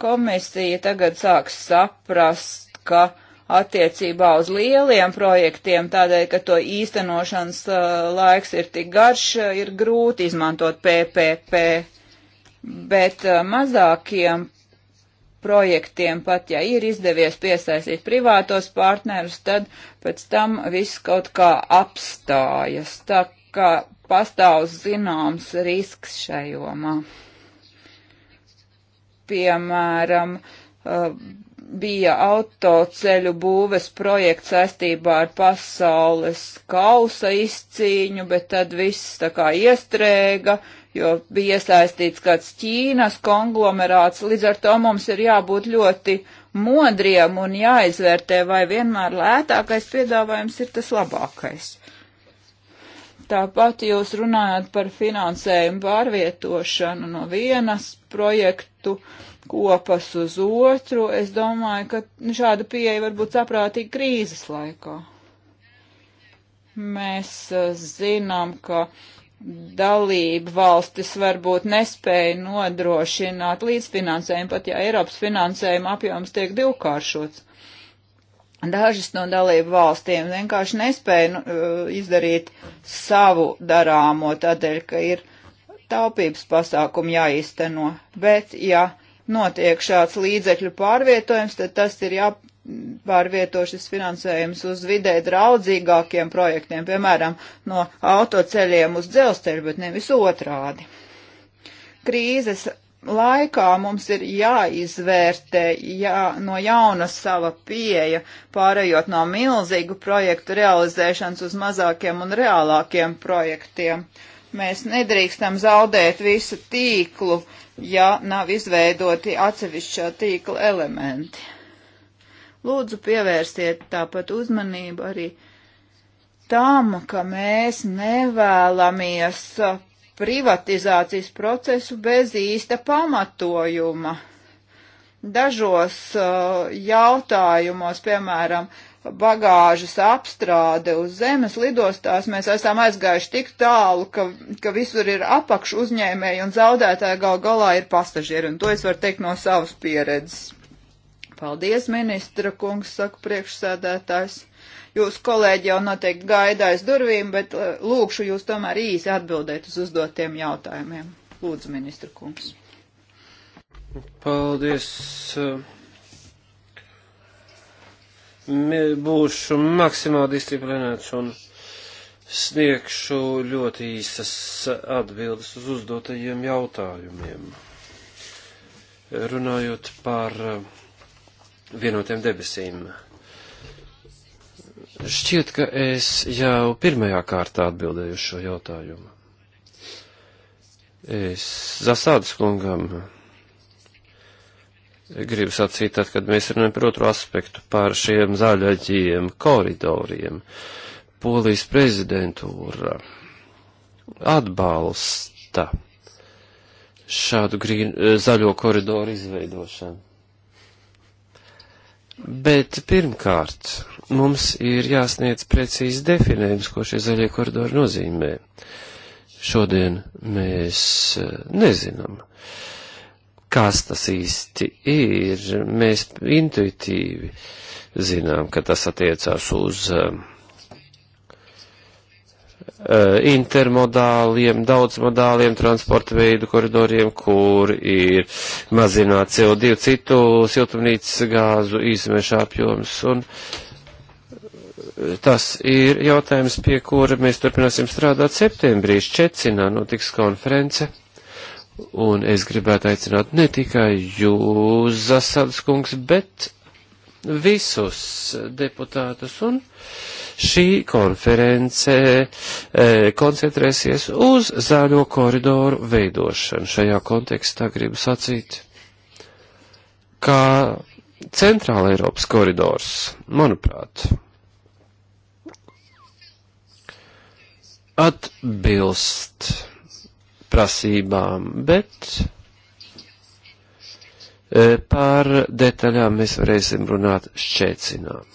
[SPEAKER 3] Komisija tagad sāks saprast, ka attiecībā uz lieliem projektiem, tādēļ, ka to īstenošanas uh, laiks ir tik garš, uh, ir grūti izmantot PPP, bet uh, mazākiem projektiem, pat ja ir izdevies piesaistīt privātos partnerus, tad pēc tam viss kaut kā apstājas. Tā kā pastāv zināms risks šajomā. Piemēram, uh, bija autoceļu būves projekts saistībā ar pasaules kausa izcīņu, bet tad viss tā kā iestrēga, jo bija iesaistīts kāds Ķīnas konglomerāts. Līdz ar to mums ir jābūt ļoti modriem un jāizvērtē, vai vienmēr lētākais piedāvājums ir tas labākais. Uh, Tāpat jūs runājat par finansējumu pārvietošanu no vienas projektu kopas uz otru. Es domāju, ka šāda pieeja var būt saprātīga krīzes laikā. Mēs zinām, ka dalība valstis varbūt nespēja nodrošināt līdzfinansējumu, pat ja Eiropas finansējuma apjoms tiek divkāršots. Dažas no dalību valstīm vienkārši nespēja nu, eh, izdarīt savu darāmo, tādēļ, ka ir taupības pasākumu jāīsteno. Bet, ja notiek šāds līdzekļu pārvietojums, tad tas ir jāpārvieto šis finansējums uz vidē draudzīgākiem projektiem, piemēram, no autoceļiem uz dzelzceļu, bet nevis otrādi. Krīzes laikā mums ir jāizvērtē jā, no jauna sava pieeja, pārējot no milzīgu projektu realizēšanas uz mazākiem un reālākiem projektiem. Mēs nedrīkstam zaudēt visu tīklu, ja nav izveidoti atsevišķā tīkla elementi. Lūdzu, pievērsiet tāpat uzmanību arī tam, ka mēs nevēlamies privatizācijas procesu bez īsta pamatojuma. Dažos uh, jautājumos, piemēram, bagāžas apstrāde uz zemes lidostās, mēs esam aizgājuši tik tālu, ka, ka visur ir apakš uzņēmēji un zaudētāji gal galā ir pasažieri, un to es varu teikt no savas pieredzes. Paldies, ministra kungs, saka priekšsēdētājs. Jūs kolēģi jau noteikti gaida aiz durvīm, bet eh, lūkšu jūs tomēr īsi atbildēt uz uzdotiem jautājumiem. Lūdzu, ministra kungs.
[SPEAKER 1] Paldies. Būšu maksimāli disciplinēts un sniegšu ļoti īsas atbildes uz uzdotajiem jautājumiem. Runājot par eh, vienotiem debesīm. Šķiet, ka es jau pirmajā kārtā atbildēju šo jautājumu. Es Zasādas kungam gribu sacīt, tad, kad mēs runājam par otru aspektu, par šiem zaļaģiem koridoriem, Polijas prezidentūra atbalsta šādu grīn, zaļo koridoru izveidošanu. Bet pirmkārt, mums ir jāsniedz precīzi definējums, ko šie zaļie koridori nozīmē. Šodien mēs eh, nezinām, kas tas īsti ir. Mēs intuitīvi zinām, ka tas attiecās uz uh, Eh, intermodāliem, daudzmodāliem transporta veidu koridoriem, kur ir mazināt CO2 citu siltumnīcas gāzu izmešu apjoms. Un eh, tas ir jautājums, pie kura mēs turpināsim strādāt septembrī. Šķecinā notiks konference. Un es gribētu aicināt ne tikai jūs, Zasads kungs, bet visus deputātus un uh, Šī konference eh, koncentrēsies uz zaļo koridoru veidošanu. Šajā kontekstā gribu sacīt, ka Centrāla Eiropas koridors, manuprāt, atbilst prasībām, bet eh, par detaļām mēs varēsim runāt šķēcinām.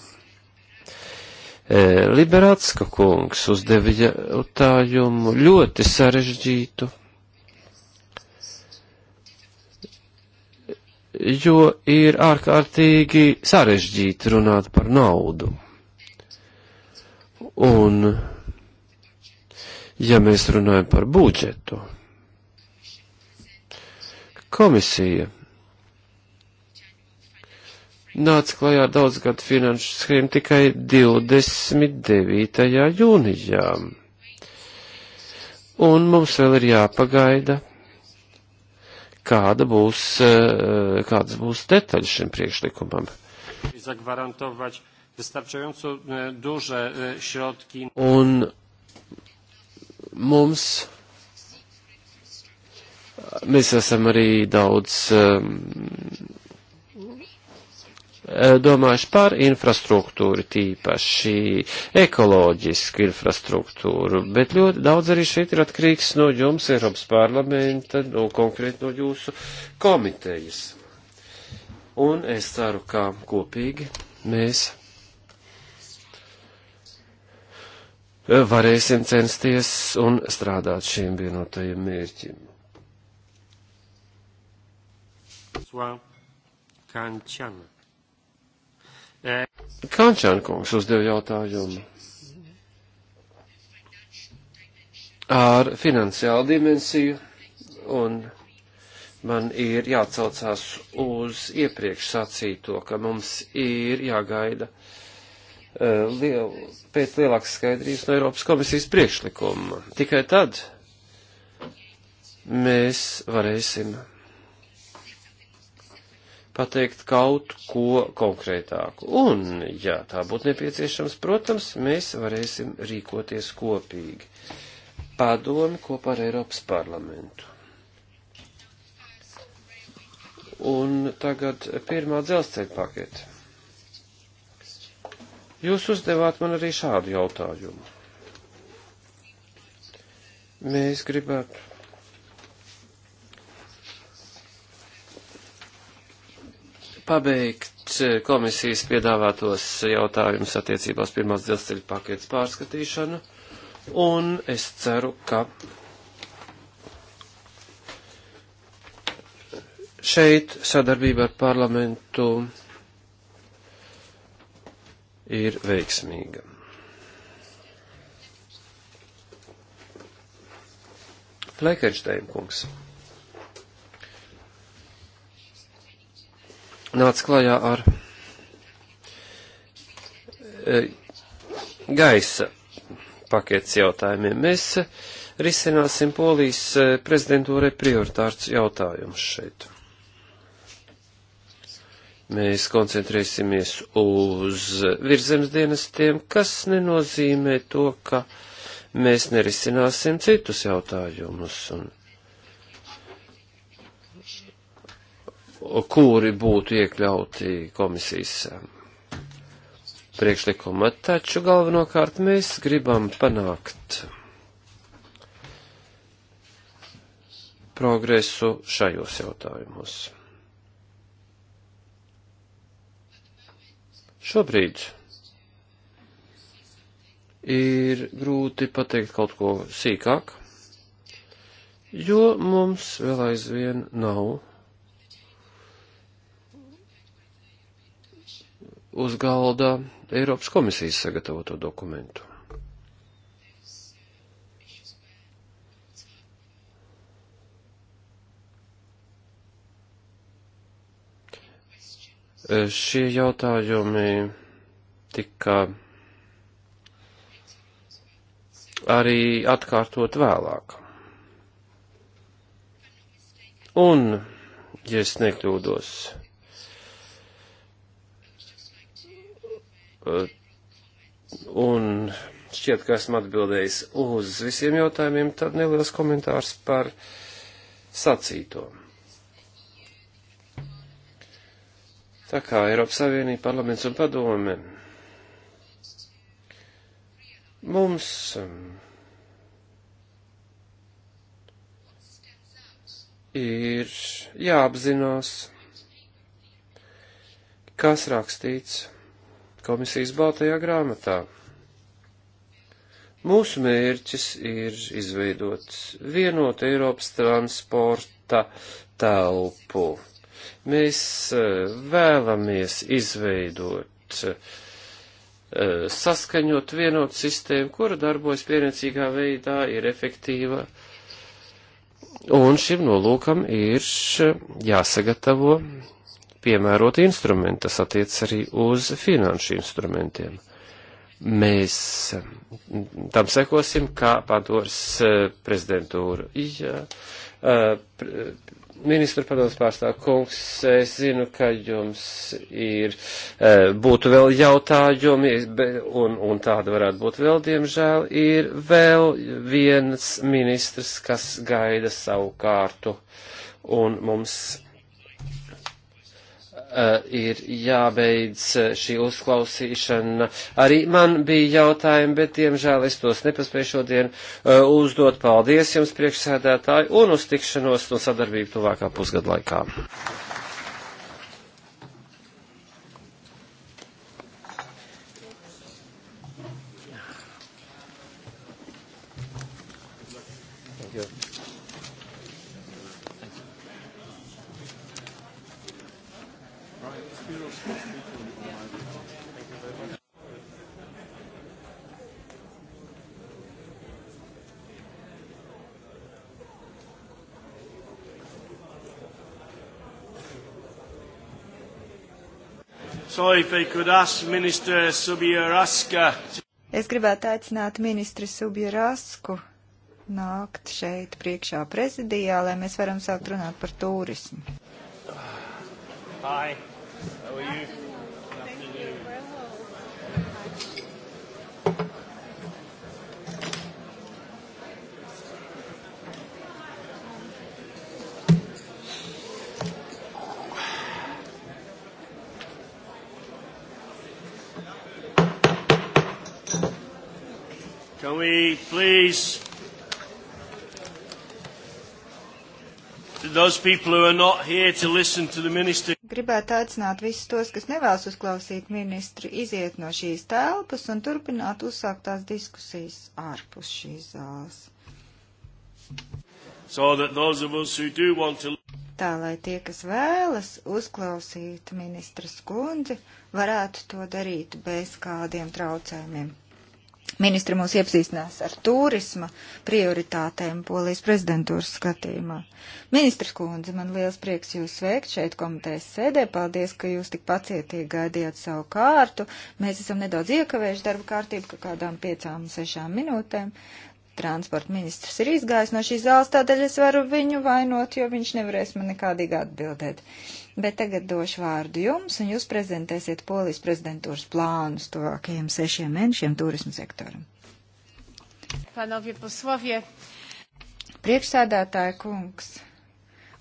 [SPEAKER 1] E, Liberācka kungs uzdeva jautājumu ļoti sarežģītu, jo ir ārkārtīgi sarežģīti runāt par naudu. Un, ja mēs runājam par budžetu, komisija nāca klajā daudzgadu finanšu schēmu tikai 29. jūnijā. Un mums vēl ir jāpagaida, kāda būs, eh, kādas būs detaļas šim priekšlikumam. E, e, Un mums mēs esam arī daudz um, Eh, domājuši par infrastruktūru tīpaši, ekoloģisku infrastruktūru, bet ļoti daudz arī šeit ir atkarīgs no jums, Eiropas parlamenta, no konkrēti no jūsu komitejas. Un es ceru, ka kopīgi mēs varēsim censties un strādāt šiem vienotajiem mērķim. Kančana. Kančāna kungs uzdeva jautājumu ar finansiālu dimensiju, un man ir jāatcaucās uz iepriekš sacīto, ka mums ir jāgaida uh, liel, pēc lielākas skaidrības no Eiropas komisijas priekšlikuma. Tikai tad mēs varēsim pateikt kaut ko konkrētāku. Un, ja tā būtu nepieciešams, protams, mēs varēsim rīkoties kopīgi. Padomi kopā ar Eiropas parlamentu. Un tagad pirmā dzelzceļa pakete. Jūs uzdevāt man arī šādu jautājumu. Mēs gribētu pabeigt eh, komisijas piedāvātos jautājumus attiecībā uz pirmās dzelzceļa paketes pārskatīšanu, un es ceru, ka šeit sadarbība ar parlamentu ir veiksmīga. Flekenšteina kungs. nāca klajā ar e, gaisa paketes jautājumiem. Mēs risināsim polijas e, prezidentūrē prioritārs jautājums šeit. Mēs koncentrēsimies uz virzemes dienestiem, kas nenozīmē to, ka mēs nerisināsim citus jautājumus. Un kuri būtu iekļauti komisijas um, priekšlikuma. Taču galvenokārt mēs gribam panākt progresu šajos jautājumos. Šobrīd ir grūti pateikt kaut ko sīkāk, jo mums vēl aizvien nav uz galda Eiropas komisijas sagatavoto dokumentu. Šie jautājumi tika arī atkārtot vēlāk. Un, ja es nekļūdos, un šķiet, ka esmu atbildējis uz visiem jautājumiem, tad neliels komentārs par sacīto. Tā kā Eiropas Savienība, parlaments un padome mums um, ir jāapzinās, kas rakstīts komisijas baltajā grāmatā. Mūsu mērķis ir izveidot vienotu Eiropas transporta telpu. Mēs eh, vēlamies izveidot eh, saskaņot vienotu sistēmu, kura darbojas pienācīgā veidā, ir efektīva. Un šim nolūkam ir jāsagatavo piemēroti instrumenti, tas attiec arī uz finanšu instrumentiem. Mēs tam sekosim, kā padoras e, prezidentūra. Ja, e, ministra padomas pārstāv kungs, es zinu, ka jums ir, e, būtu vēl jautājumi, un, un tāda varētu būt vēl, diemžēl, ir vēl viens ministrs, kas gaida savu kārtu, un mums Eh, ir jābeidz eh, šī uzklausīšana. Arī man bija jautājumi, bet, diemžēl, es tos nepaspēju šodien eh, uzdot. Paldies jums, priekšsēdētāji, un uz tikšanos un sadarbību tuvākā pusgada laikā.
[SPEAKER 2] Es gribētu aicināt ministri Subjerasku nākt šeit priekšā prezidijā, lai mēs varam sākt runāt par turismu. Bye. Shall we please? Those people who are not here to listen to the minister. Gribētu aicināt visus tos, kas nevēlas uzklausīt ministru, iziet no šīs telpas un turpināt uzsāktās diskusijas ārpus šīs zāles. So that those of us who do want to tā, lai tie, kas vēlas uzklausīt ministra skundzi, varētu to darīt bez kādiem traucējumiem. Ministri mūs iepazīstinās ar turisma prioritātēm Polijas prezidentūras skatījumā. Ministrs kundze, man liels prieks jūs sveikt šeit komitejas sēdē. Paldies, ka jūs tik pacietīgi gaidījāt savu kārtu. Mēs esam nedaudz iekavējuši darba kārtību, ka kādām piecām, sešām minūtēm. Transporta ministrs ir izgājis no šīs zāles, tādēļ es varu viņu vainot, jo viņš nevarēs man nekādīgi atbildēt. Uh, bet tagad došu vārdu jums, un jūs prezentēsiet polijas prezidentūras plānus tuvākajiem sešiem mēnešiem turismu sektoram. Panovie poslovie. Priekšsēdētāja kungs,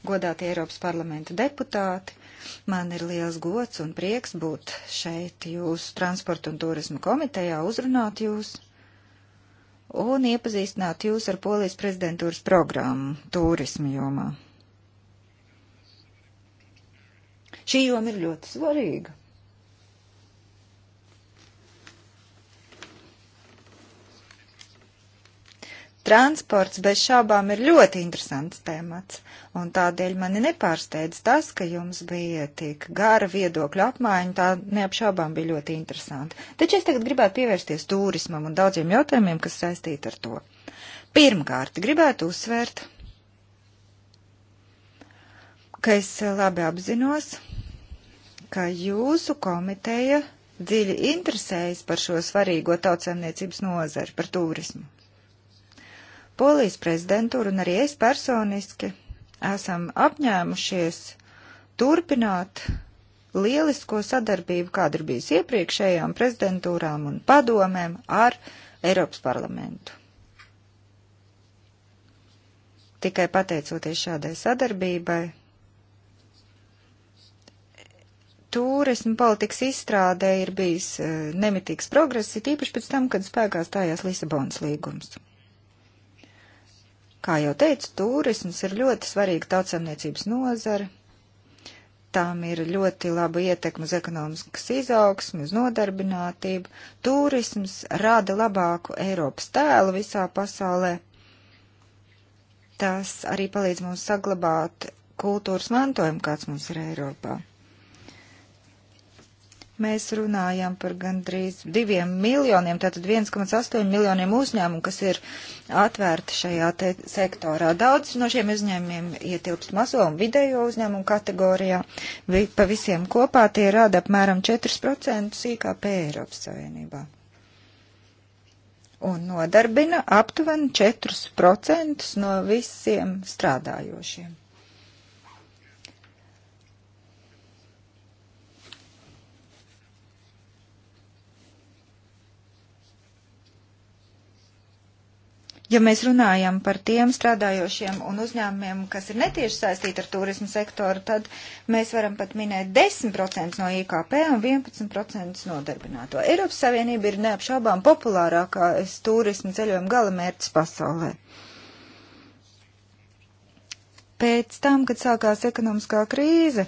[SPEAKER 2] godātie Eiropas parlamenta deputāti, man ir liels gods un prieks būt šeit jūsu transporta un turisma komitejā, uzrunāt jūs un iepazīstināt jūs ar polijas prezidentūras programmu turismu jomā. Šī joma ir ļoti svarīga. Transports bez šābām ir ļoti interesants temats, un tādēļ mani nepārsteidz tas, ka jums bija tik gara viedokļa apmaiņa, tā neapšābām bija ļoti interesanti. Taču es tagad gribētu pievērsties turismam un daudziem jautājumiem, kas saistīti ar to. Pirmkārt, gribētu uzsvērt, ka es labi apzinos, ka jūsu komiteja dziļi interesējas par šo svarīgo tautsēmniecības nozari, par turismu. Polijas prezidentūra un arī es personiski esam apņēmušies turpināt lielisko sadarbību, kāda ir bijusi iepriekšējām prezidentūrām un padomēm ar Eiropas parlamentu. Tikai pateicoties šādai sadarbībai, turismu politikas izstrādē ir bijis eh, nemitīgs progress, ir īpaši pēc tam, kad spēkā stājās Lisabonas līgums. Kā jau teicu, turisms ir ļoti svarīga tautsamniecības nozara. Tām ir ļoti laba ietekme uz ekonomiskas izaugsmu, uz nodarbinātību. Turisms rada labāku Eiropas tēlu visā pasaulē. Tas arī palīdz mums saglabāt kultūras mantojumu, kāds mums ir Eiropā. Mēs runājam par gandrīz diviem miljoniem, tātad 1,8 miljoniem uzņēmumu, kas ir atvērti šajā sektorā. Daudz no šiem uzņēmumiem ietilpst mazo un vidējo uzņēmumu kategorijā. Vi, pa visiem kopā tie rada apmēram 4% IKP Eiropas Savienībā un nodarbina aptuveni 4% no visiem strādājošiem. ja mēs runājam par tiem strādājošiem un uzņēmumiem, kas ir netieši saistīti ar turismu sektoru, tad mēs varam pat minēt 10% no IKP un 11% nodarbināto. Eiropas Savienība ir neapšaubām populārākais turismu ceļojuma galamērķis pasaulē. Pēc tam, kad sākās ekonomiskā krīze,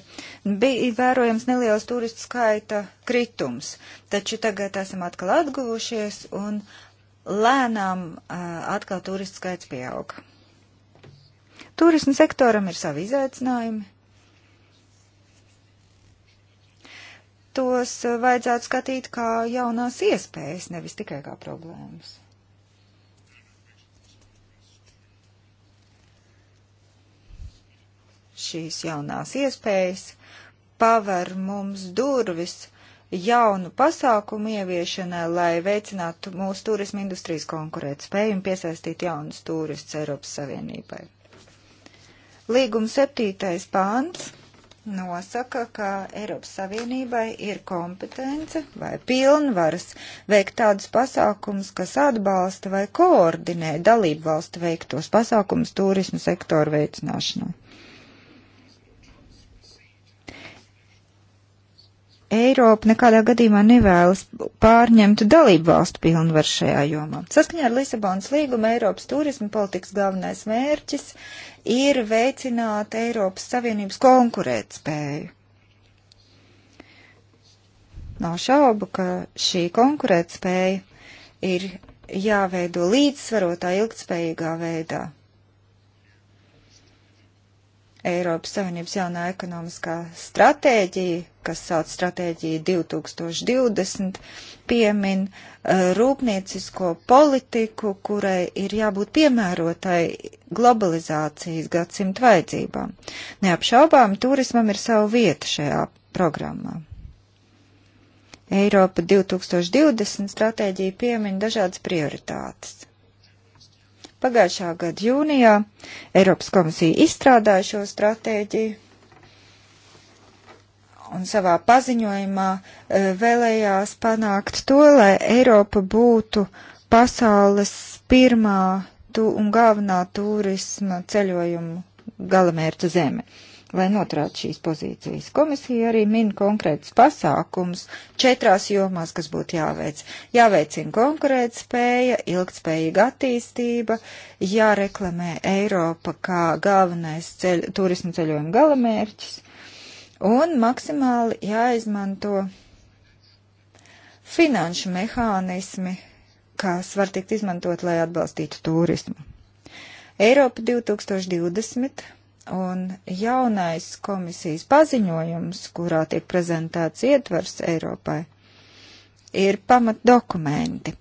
[SPEAKER 2] bija vērojams neliels turistu skaita kritums, taču tagad esam atkal atguvušies un lēnām atkal turistu skaits pieaug. Turismu sektoram ir savi izaicinājumi. Tos vajadzētu skatīt kā jaunās iespējas, nevis tikai kā problēmas. Šīs jaunās iespējas paver mums durvis uh, jaunu pasākumu ieviešanai, lai veicinātu mūsu turismu industrijas konkurētspēju un piesaistītu jaunus turistus Eiropas Savienībai. Līguma septītais pāns nosaka, ka Eiropas Savienībai ir kompetence vai pilnvaras veikt tādus pasākumus, kas atbalsta vai koordinē dalību valstu veiktos pasākumus turismu sektoru veicināšanai. Eiropa nekādā gadījumā nevēlas pārņemt dalību valstu pilnvaru šajā jomā. Saskaņā ar Lisabonas līgumu Eiropas turisma politikas galvenais mērķis ir veicināt Eiropas Savienības konkurētspēju. Nav šaubu, ka šī konkurētspēja ir jāveido līdzsvarotā ilgtspējīgā veidā. Eiropas Savienības jaunā ekonomiskā stratēģija, kas sauc stratēģiju 2020, piemin uh, rūpniecisko politiku, kurai ir jābūt piemērotai globalizācijas gadsimta vajadzībām. Neapšaubām, turismam ir sava vieta šajā programmā. Eiropa 2020 stratēģija piemin dažādas prioritātes Pagājušā gada jūnijā Eiropas komisija izstrādāja šo stratēģiju un savā paziņojumā e, vēlējās panākt to, lai Eiropa būtu pasaules pirmā un galvenā turisma ceļojumu galamērķa zeme lai notrāt šīs pozīcijas. Komisija arī min konkrētus pasākums četrās jomās, kas būtu jāveic. Jāveicina konkurētspēja, ilgtspējīga attīstība, jāreklamē Eiropa kā galvenais ceļ, turismu ceļojuma galamērķis un maksimāli jāizmanto finanšu mehānismi, kas var tikt izmantot, lai atbalstītu turismu. Eiropa 2020 Un jaunais komisijas paziņojums, kurā tiek prezentēts ietvars Eiropai, ir pamatdokumenti.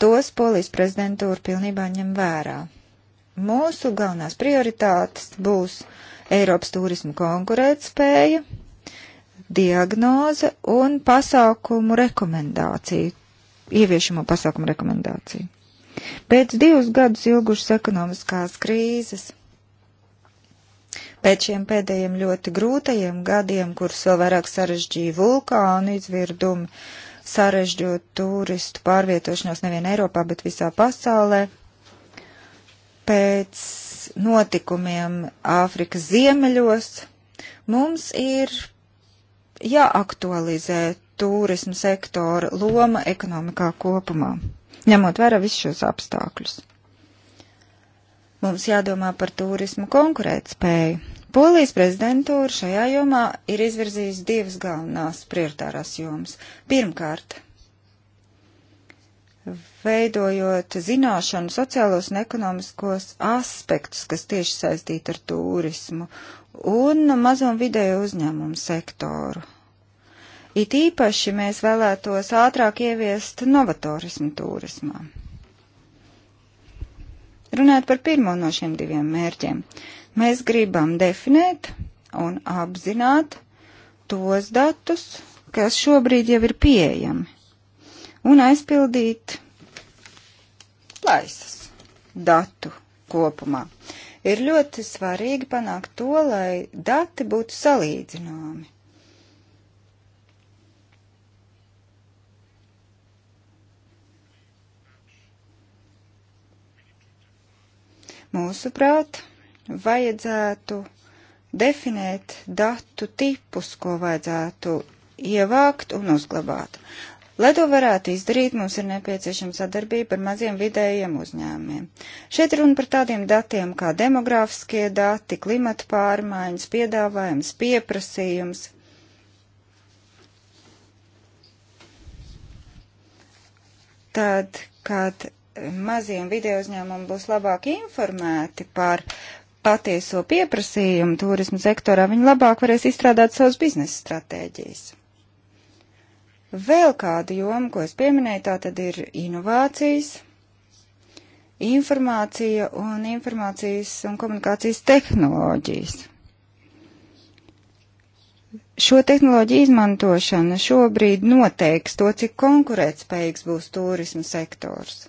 [SPEAKER 2] Tos polijas prezidentūra pilnībā ņem vērā. Mūsu galvenās prioritātes būs Eiropas turismu konkurētspēja, diagnoze un pasākumu rekomendācija, ieviešamo pasākumu rekomendāciju. Pēc divus gadus ilgušas ekonomiskās krīzes Pēc šiem pēdējiem ļoti grūtajiem gadiem, kurus vēl vairāk sarežģīja vulkānu izvirdumi, sarežģot turistu pārvietošanos nevien Eiropā, bet visā pasaulē, pēc notikumiem Āfrikas ziemeļos mums ir jāaktualizē turismu sektora loma ekonomikā kopumā, ņemot vērā visus šos apstākļus. Mums jādomā par turismu konkurētspēju. Polijas prezidentūra šajā jomā ir izvirzījusi divas galvenās prioritārās jomas. Pirmkārt, veidojot zināšanu sociālos un ekonomiskos aspektus, kas tieši saistīti ar turismu un mazo un vidēju uzņēmumu sektoru. It īpaši mēs vēlētos ātrāk ieviest novatorismu turismā. Runāt par pirmo no šiem diviem mērķiem. Mēs gribam definēt un apzināt tos datus, kas šobrīd jau ir pieejami, un aizpildīt plaisas datu kopumā. Ir ļoti svarīgi panākt to, lai dati būtu salīdzināmi Mūsuprāt, vajadzētu definēt datu tipus, ko vajadzētu ievākt un uzglabāt. Lai to varētu izdarīt, mums ir nepieciešama sadarbība ar maziem vidējiem uzņēmumiem. Šeit runa par tādiem datiem kā demografiskie dati, klimata pārmaiņas, piedāvājums, pieprasījums. Tad, kad maziem video uzņēmumi būs labāk informēti par patieso pieprasījumu turismu sektorā, viņi labāk varēs izstrādāt savus biznesa stratēģijas. Vēl kāda joma, ko es pieminēju, tā tad ir inovācijas, informācija un informācijas un komunikācijas tehnoloģijas. Šo tehnoloģiju izmantošana šobrīd noteiks to, cik konkurētspējīgs būs turismu sektors.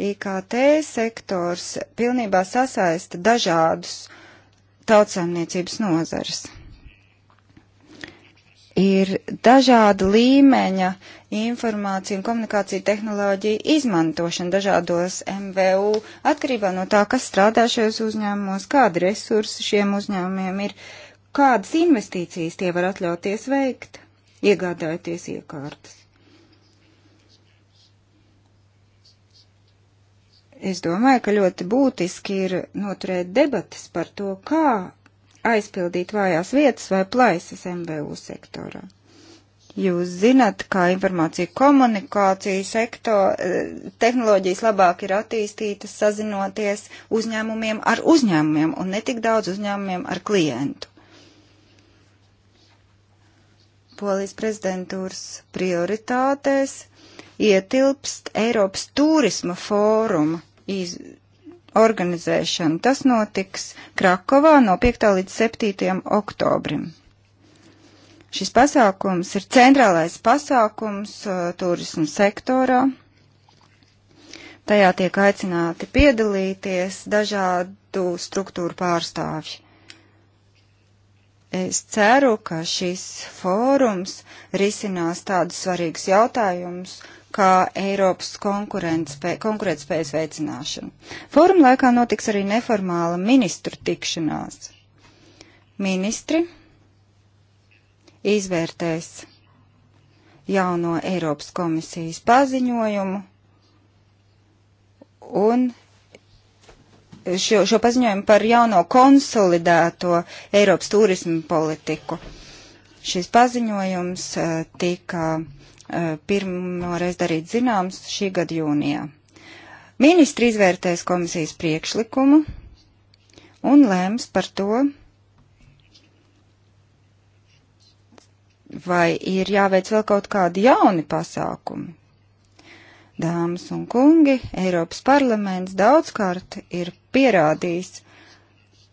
[SPEAKER 2] IKT sektors pilnībā sasaista dažādus tautsaimniecības nozares. Ir dažāda līmeņa informācija un komunikācija tehnoloģija izmantošana dažādos MVU atkarībā no tā, kas strādā šajos uzņēmumos, kādi resursi šiem uzņēmumiem ir, kādas investīcijas tie var atļauties veikt, iegādājoties iekārtas. Es domāju, ka ļoti būtiski ir noturēt debatas par to, kā aizpildīt vājās vietas vai plaisas MVU sektorā. Jūs zināt, kā informācija komunikācija sektor, eh, tehnoloģijas labāk ir attīstītas sazinoties uzņēmumiem ar uzņēmumiem un netik daudz uzņēmumiem ar klientu. Polijas prezidentūras prioritātēs ietilpst Eiropas turisma fóruma iz, organizēšanu. Tas notiks Krakovā no 5. līdz 7. oktobrim. Šis pasākums ir centrālais pasākums uh, turismu sektorā. Tajā tiek aicināti piedalīties dažādu struktūru pārstāvji. Es ceru, ka šis fórums risinās tādus svarīgus jautājumus, kā Eiropas konkurētspējas veicināšanu. Fóruma laikā notiks arī neformāla ministru tikšanās. Ministri izvērtēs jauno Eiropas komisijas paziņojumu un šo, šo paziņojumu par jauno konsolidēto Eiropas turismu politiku. Šis paziņojums eh, tika pirmoreiz darīt zināms šī gada jūnijā. Ministri izvērtēs komisijas priekšlikumu un lēms par to, vai ir jāveic vēl kaut kādi jauni pasākumi. Dāmas un kungi, Eiropas parlaments daudzkārt ir pierādījis,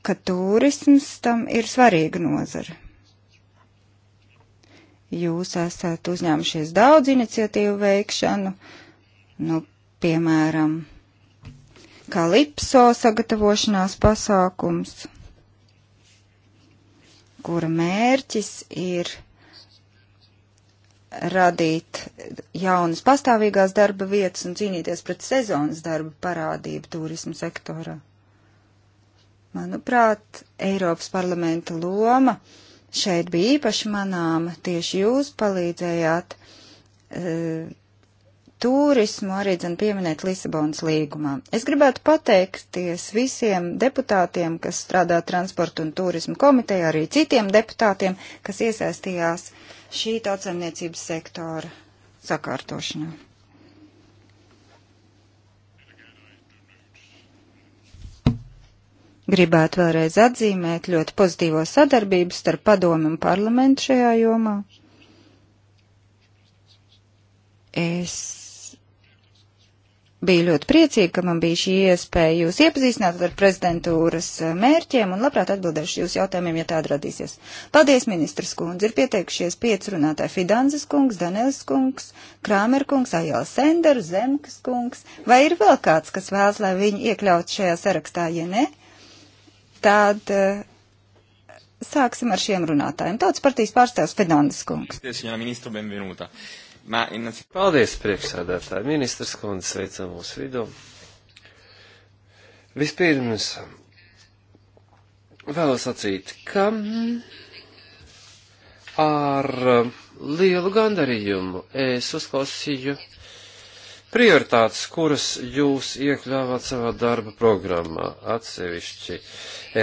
[SPEAKER 2] ka turisms tam ir svarīga nozara. Jūs esat uzņēmušies daudz iniciatīvu veikšanu, nu, piemēram, kalipso sagatavošanās pasākums, kura mērķis ir radīt jaunas pastāvīgās darba vietas un cīnīties pret sezonas darba parādību turismu sektorā. Manuprāt, Eiropas parlamenta loma šeit bija īpaši manām, tieši jūs palīdzējāt e, turismu arī dzen pieminēt Lisabonas līgumā. Es gribētu pateikties visiem deputātiem, kas strādā transportu un turismu komiteja, arī citiem deputātiem, kas iesaistījās šī tautsaimniecības sektora sakārtošanā. Gribētu vēlreiz atzīmēt ļoti pozitīvo sadarbību starp padomu un parlamentu šajā jomā. Es biju ļoti priecīga, ka man bija šī iespēja jūs iepazīstināt ar prezidentūras eh, mērķiem un labprāt atbildēšu jūs jautājumiem, ja tāda radīsies. Paldies, ministrs kundze, ir pieteikušies pieci runātāji Fidanzas kungs, Danelis kungs, Krāmer kungs, Ajala Sender, Zemkas kungs. Vai ir vēl kāds, kas vēlas, lai viņi iekļaut šajā sarakstā, ja ne? Tad eh, sāksim ar šiem runātājiem. Tautas partijas pārstāvs Fernandes kungs.
[SPEAKER 1] Paldies, priekšsādātāji. Ministrs kundze sveicam mūsu vidū. Vispirms vēlos sacīt, ka ar lielu gandarījumu es uzklausīju prioritātes, kuras jūs iekļāvāt savā darba programmā. Atsevišķi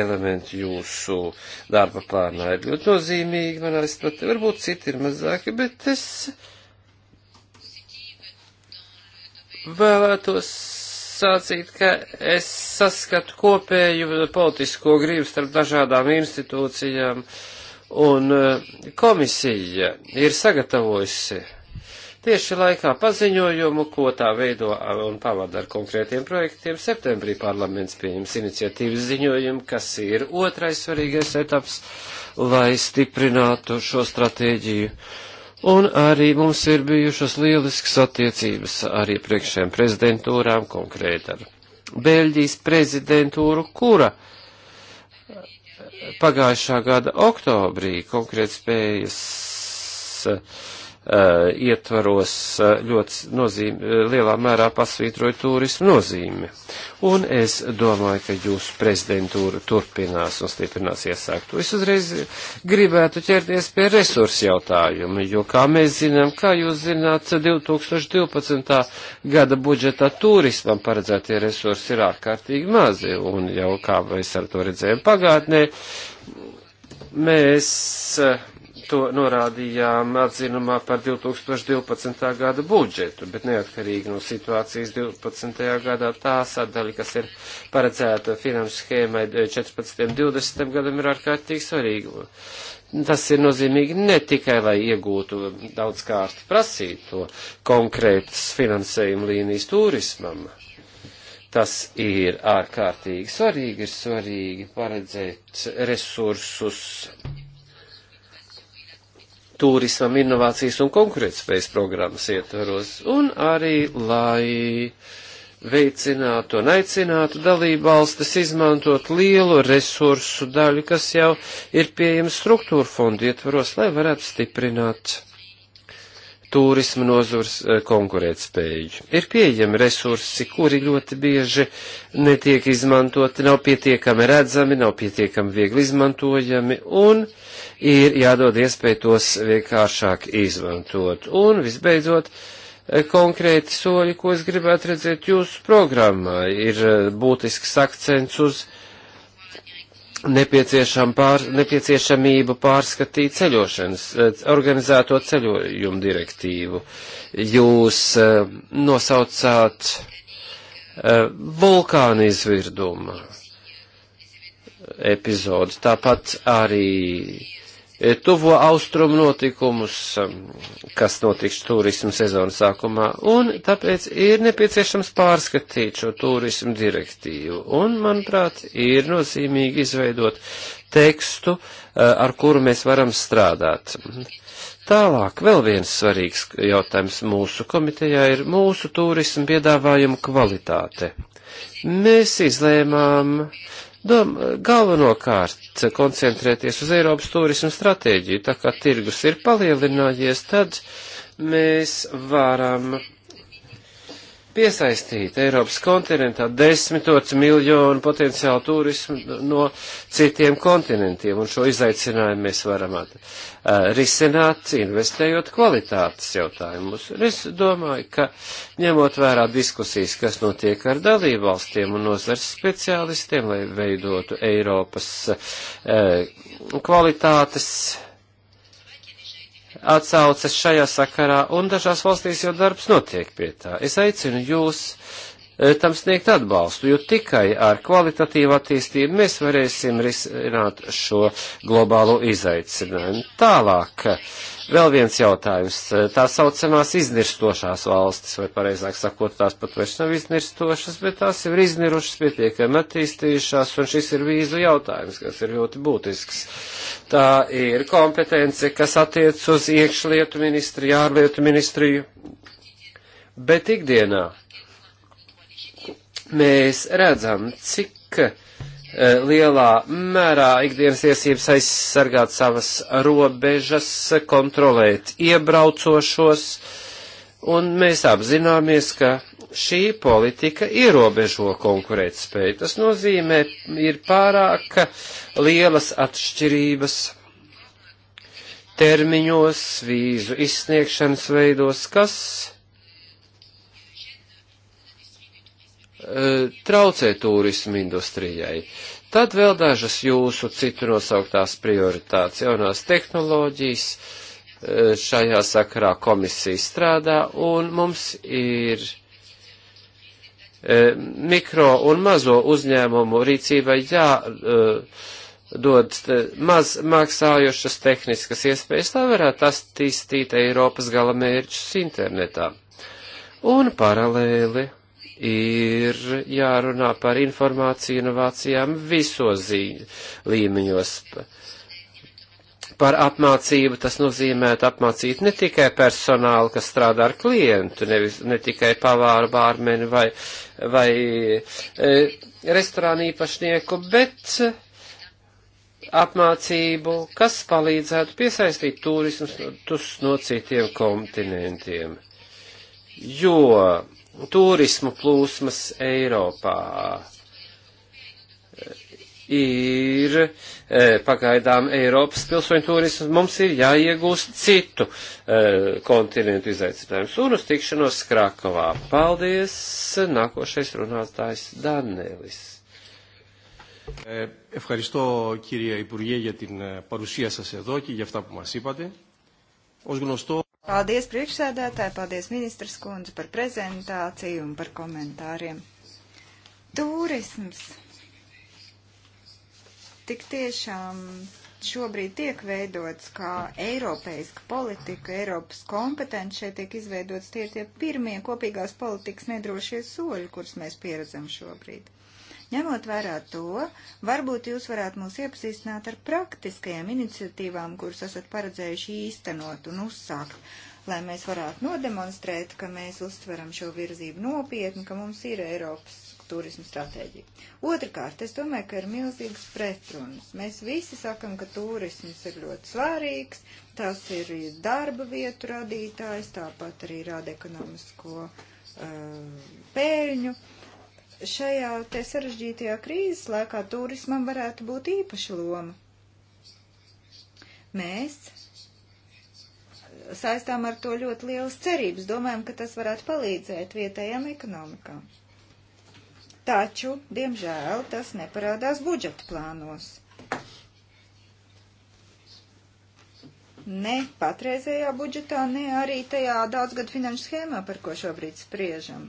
[SPEAKER 1] elementi jūsu darba plānā ir ļoti nozīmīgi, manā izpratē, varbūt citi ir mazāki, bet es vēlētos sacīt, ka es saskatu kopēju politisko gribu starp dažādām institūcijām, un eh, komisija ir sagatavojusi tieši laikā paziņojumu, ko tā veido un pavada ar konkrētiem projektiem. Septembrī parlaments pieņems iniciatīvas ziņojumu, kas ir otrais svarīgais etaps, lai stiprinātu šo stratēģiju. Un arī mums ir bijušas lieliskas attiecības ar iepriekšējām prezidentūrām, konkrēti ar Beļģijas prezidentūru, kura pagājušā gada oktobrī konkrēt spējas uh, Uh, ietvaros uh, ļoti nozīm, uh, lielā mērā pasvītroja turismu nozīmi. Un es domāju, ka jūsu prezidentūra turpinās un stiprinās iesāktu. Es uzreiz gribētu ķerties pie resursu jautājumu, jo, kā mēs zinām, kā jūs zināt, 2012. gada budžetā turismam paredzētie resursi ir ārkārtīgi mazi, un jau kā mēs ar to redzējām pagātnē, mēs uh, to norādījām atzinumā par 2012. gada budžetu, bet neatkarīgi no situācijas 12. gadā tā sadaļa, kas ir paredzēta finanšu schēmai 14. un 20. gadam, ir ārkārtīgi svarīga. Tas ir nozīmīgi ne tikai, lai iegūtu daudzkārt prasīto konkrētas finansējuma līnijas turismam. Tas ir ārkārtīgi svarīgi, ir svarīgi paredzēt resursus turismam, inovācijas un konkurētspējas programmas ietvaros, un arī, lai veicinātu un aicinātu dalību valstis izmantot lielu resursu daļu, kas jau ir pieejama struktūra fondu ietvaros, lai varētu stiprināt turisma nozars eh, konkurētspēju. Ir pieejami resursi, kuri ļoti bieži netiek izmantoti, nav pietiekami redzami, nav pietiekami viegli izmantojami, un uh, ir jādod iespēju tos vienkāršāk izmantot. Un visbeidzot, e, konkrēti soļi, ko es gribētu redzēt jūsu programmā, ir e, būtisks akcents uz nepieciešam pār, nepieciešamību pārskatīt ceļošanas, e, organizēto ceļojumu direktīvu. Jūs nosaucāt vulkāna izvirduma epizodu, tāpat arī E, tuvo austrumu notikumus, um, kas notiks turismu sezonu sākumā, un tāpēc ir nepieciešams pārskatīt šo turismu direktīvu. Un, manuprāt, ir nozīmīgi izveidot tekstu, uh, ar kuru mēs varam strādāt. Tālāk, vēl viens svarīgs jautājums mūsu komitejā ir mūsu turismu piedāvājumu kvalitāte. Mēs izlēmām dom, galvenokārt koncentrēties uz Eiropas turismu stratēģiju, tā kā tirgus ir palielinājies, tad mēs varam piesaistīt Eiropas kontinentā desmitots miljonu potenciālu turismu no citiem kontinentiem, un šo izaicinājumu mēs varam at, uh, risināt, investējot kvalitātes jautājumus. Un es domāju, ka ņemot vērā diskusijas, kas notiek ar dalībvalstiem un nozars speciālistiem, lai veidotu Eiropas uh, kvalitātes atsauces šajā sakarā, un dažās valstīs jau darbs notiek pie tā. Es aicinu jūs e, tam sniegt atbalstu, jo tikai ar kvalitatīvu attīstību mēs varēsim risināt šo globālo izaicinājumu. Tālāk. Uh, Vēl viens jautājums. Tā saucamās iznirstošās valstis, vai pareizāk sakot, tās pat vairs nav iznirstošas, bet tās jau ir iznirušas, pietiekami attīstījušās, un šis ir vīzu jautājums, kas ir ļoti būtisks. Tā ir kompetence, kas attiec uz iekšlietu ministriju, ārlietu ministriju, bet ikdienā mēs redzam, cik Eh, lielā mērā ikdienas tiesības aizsargāt savas robežas, kontrolēt iebraucošos, un mēs apzināmies, ka šī politika ierobežo konkurētspēju. Tas nozīmē, ir pārāk lielas atšķirības termiņos, vīzu izsniegšanas veidos, kas Eh, traucē turismu industrijai. Tad vēl dažas jūsu citu nosauktās prioritātes jaunās tehnoloģijas. Eh, šajā sakarā komisija strādā un mums ir eh, mikro un mazo uzņēmumu rīcībai jādod maz maksājošas tehniskas iespējas, tā varētu attīstīt Eiropas galamērķus internetā. Un paralēli ir jārunā par informāciju inovācijām visos līmeņos. Par apmācību tas nozīmē apmācīt ne tikai personālu, kas strādā ar klientu, nevis, ne tikai pavāru bārmeni vai, vai e, restorānu īpašnieku, bet apmācību, kas palīdzētu piesaistīt turismus no citiem kontinentiem. Jo turismu plūsmas Eiropā. Ir e, pagaidām Eiropas pilsoņu turismas, mums ir jāiegūst citu e, kontinentu izaicinājumus. Un uz tikšanos Krakovā. Paldies! Nākošais runātājs Danēlis. Ε, e, ευχαριστώ κύριε Υπουργέ για την παρουσία σας εδώ και για αυτά που μας είπατε. Ως γνωστό...
[SPEAKER 2] Paldies priekšsēdētāji, paldies ministras kundze par prezentāciju un par komentāriem. Turisms tik tiešām šobrīd tiek veidots kā eiropeiska politika, Eiropas kompetenci šeit tiek izveidots tie ir tie pirmie kopīgās politikas nedrošie soļi, kurus mēs pieredzam šobrīd. Ņemot vērā to, varbūt jūs varētu mūs iepazīstināt ar praktiskajām iniciatīvām, kuras esat paredzējuši īstenot un uzsākt, lai mēs varētu nodemonstrēt, ka mēs uztveram šo virzību nopietni, ka mums ir Eiropas turismu stratēģija. Otrakārt, es domāju, ka ir milzīgas pretrunas. Mēs visi sakam, ka turisms ir ļoti svarīgs, tas ir darba vietu radītājs, tāpat arī rāda ekonomisko uh, pēļņu. Uh, šajā te sarežģītajā krīzes laikā turismam varētu būt īpaša loma. Mēs saistām ar to ļoti lielas cerības, domājam, ka tas varētu palīdzēt vietējām ekonomikām. Taču, diemžēl, tas neparādās budžeta plānos. Ne patreizējā budžetā, ne arī tajā daudzgad finanšu schēmā, par ko šobrīd spriežam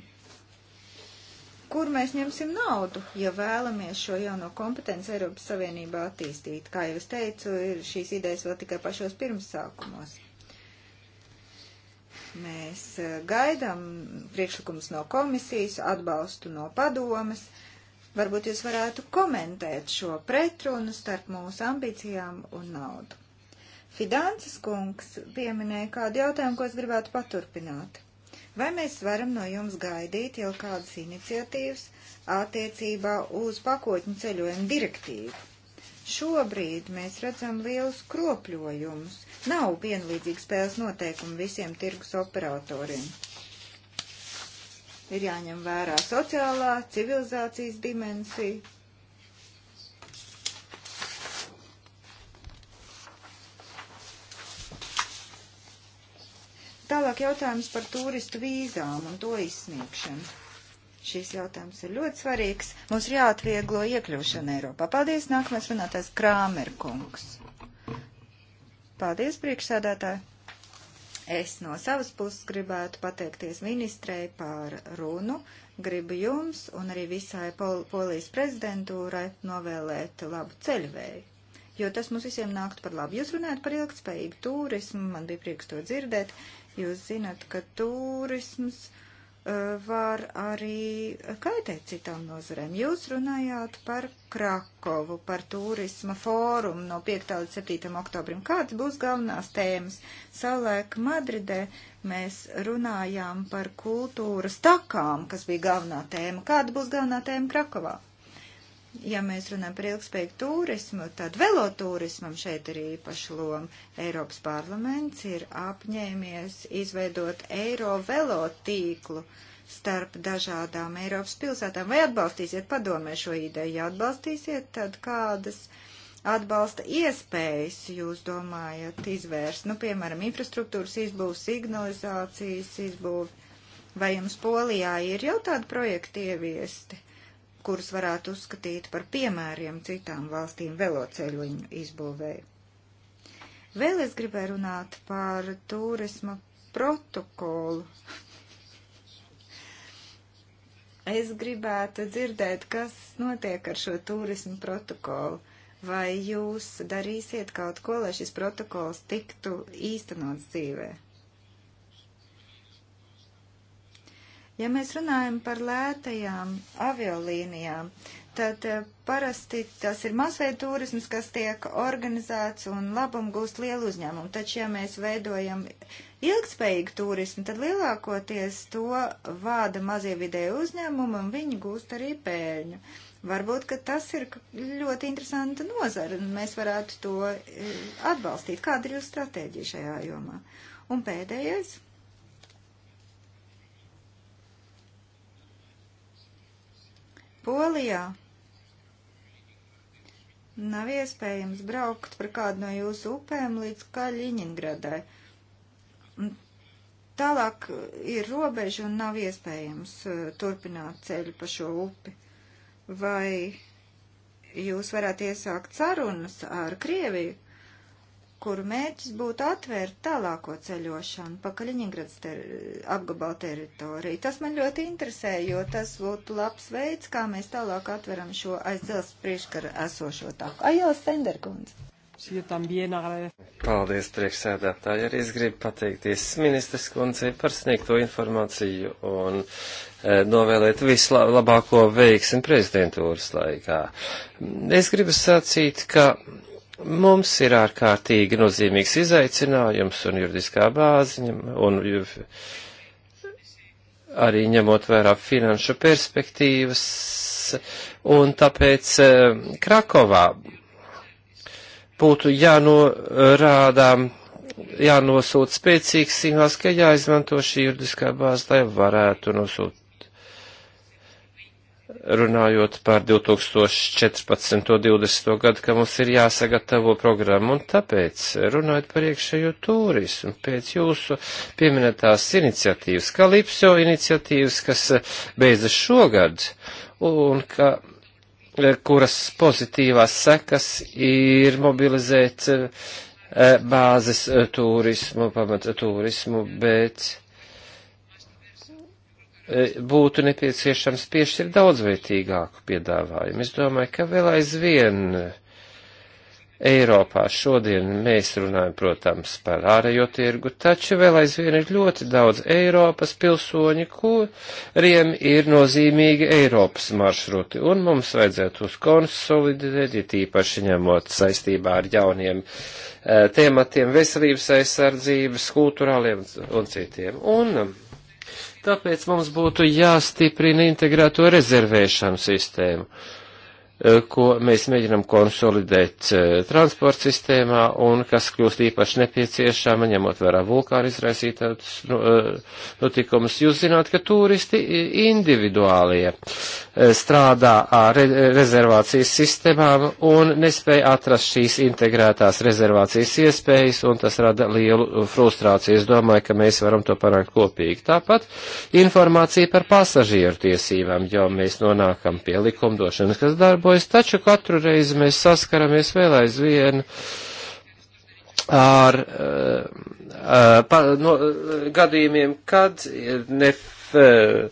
[SPEAKER 2] kur mēs ņemsim naudu, ja vēlamies šo jauno kompetenci Eiropas Savienībā attīstīt. Kā jau es teicu, ir šīs idejas vēl tikai pašos pirmsākumos. Mēs eh, gaidām priekšlikumus no komisijas, atbalstu no padomas. Varbūt jūs varētu komentēt šo pretrunu starp mūsu ambīcijām un naudu. Fidanses kungs pieminēja kādu jautājumu, ko es gribētu paturpināt. Vai mēs varam no jums gaidīt jau kādas iniciatīvas attiecībā uz pakotņu ceļojumu direktīvu? Šobrīd mēs redzam lielus kropļojumus. Nav vienlīdzīgi spēles noteikumi visiem tirgus operatoriem. Ir jāņem vērā sociālā, civilizācijas dimensija, Tālāk jautājums par turistu vīzām un to izsniegšanu. Šīs jautājums ir ļoti svarīgs. Mums ir jāatvieglo iekļūšana Eiropā. Paldies, nākamais runātājs Krāmerkungs. Paldies, priekšsēdētāji. Es no savas puses gribētu pateikties ministrei par runu. Gribu jums un arī visai pol polijas prezidentūrai novēlēt labu ceļvēju jo tas mums visiem nāktu par labu. Jūs runājat par ilgtspējību turismu, man bija prieks to dzirdēt. Jūs zinat, ka turisms uh, var arī kaitēt citām nozarēm. Jūs runājāt par Krakovu, par turisma fórumu no 5. līdz 7. oktobrim. Kāds būs galvenās tēmas? Savulaik Madridē mēs runājām par kultūras takām, kas bija galvenā tēma. Kāda būs galvenā tēma Krakovā? ja mēs runājam par ilgspējīgu turismu, tad velotūrismam šeit ir īpaša loma. Eiropas parlaments ir apņēmies izveidot eiro velotīklu starp dažādām Eiropas pilsētām. Vai atbalstīsiet padomē šo ideju? Ja atbalstīsiet, tad kādas atbalsta iespējas jūs domājat izvērst? Nu, piemēram, infrastruktūras izbūve, signalizācijas izbūve. Vai jums Polijā ir jau tādi projekti ieviesti? kurus varētu uzskatīt par piemēriem citām valstīm veloceļoņu izbūvēju. Vēl es gribēju runāt par turisma protokolu. es gribētu dzirdēt, kas notiek ar šo turismu protokolu. Vai jūs darīsiet kaut ko, lai šis protokols tiktu īstenots dzīvē? Ja mēs runājam par lētajām aviolīnijām, tad eh, parasti tas ir masveida turisms, kas tiek organizēts un labumu gūst lielu uzņēmumu. Taču, ja mēs veidojam ilgspējīgu turismu, tad lielākoties to vāda mazie vidēji uzņēmumi un viņi gūst arī pēļņu. Varbūt, ka tas ir ļoti interesanta nozara un mēs varētu to eh, atbalstīt. Kāda ir jūsu stratēģija šajā jomā? Un pēdējais. Polijā nav iespējams braukt par kādu no jūsu upēm līdz Kaļiņingradai. Tālāk ir robeža un nav iespējams eh, turpināt ceļu pa šo upi. Vai jūs varētu iesākt sarunas ar Krieviju? kuru mērķis būtu atvērt tālāko ceļošanu pa Kaļiņingrads ter apgabalu teritoriju. Tas man ļoti interesē, jo tas būtu labs veids, kā mēs tālāk atveram šo aizdzelzs priekškara esošo tāku. Ajēlas Sendergunds.
[SPEAKER 1] Paldies, priekšsēdētāji. Arī es gribu pateikties ministras kundzei par sniegto informāciju un e, novēlēt vislabāko veiksmi prezidentūras laikā. Es gribu sacīt, ka Mums ir ārkārtīgi nozīmīgs izaicinājums un juridiskā bāziņa, un arī ņemot vērā finanšu perspektīvas, un tāpēc e, Krakovā būtu jānorādā, jānosūta spēcīgs signāls, ka jāizmanto šī juridiskā bāze, lai varētu nosūt runājot par 2014. un 2020. gadu, ka mums ir jāsagatavo programma, un tāpēc, runājot par iekšējo turismu, pēc jūsu pieminētās iniciatīvas, Kalipso iniciatīvas, kas beidzas šogad, un ka, kuras pozitīvās sekas ir mobilizēt eh, bāzes eh, turismu, pamata turismu, bet E, būtu nepieciešams piešķirt daudzveitīgāku piedāvājumu. Es domāju, ka vēl aizvien Eiropā šodien mēs runājam, protams, par ārējo tirgu, taču vēl aizvien ir ļoti daudz Eiropas pilsoņi, kuriem ir nozīmīgi Eiropas maršruti, un mums vajadzētu uz konsolidēt, ja tīpaši ņemot saistībā ar jauniem e, tēmatiem veselības aizsardzības, kulturāliem un citiem. Un, Tāpēc mums būtu jāstiprina integrēto rezervēšanu sistēmu. Uh, Eh, ko mēs mēģinam konsolidēt eh, transporta sistēmā un kas kļūst īpaši nepieciešama, ņemot vērā vulkāna izraisītādus nu, eh, notikumus. Jūs zināt, ka turisti individuālie strādā ar rezervācijas sistēmām un nespēja atrast šīs integrētās rezervācijas iespējas, un tas rada lielu frustrāciju. Es domāju, ka mēs varam to panākt kopīgi. Tāpat informācija par pasažieru tiesībām, jo mēs nonākam pie likumdošanas, kas darba darbojas, taču katru reizi mēs saskaramies vēl aizvien ar uh, uh, pa, no, eh, gadījumiem, kad ne, Eh,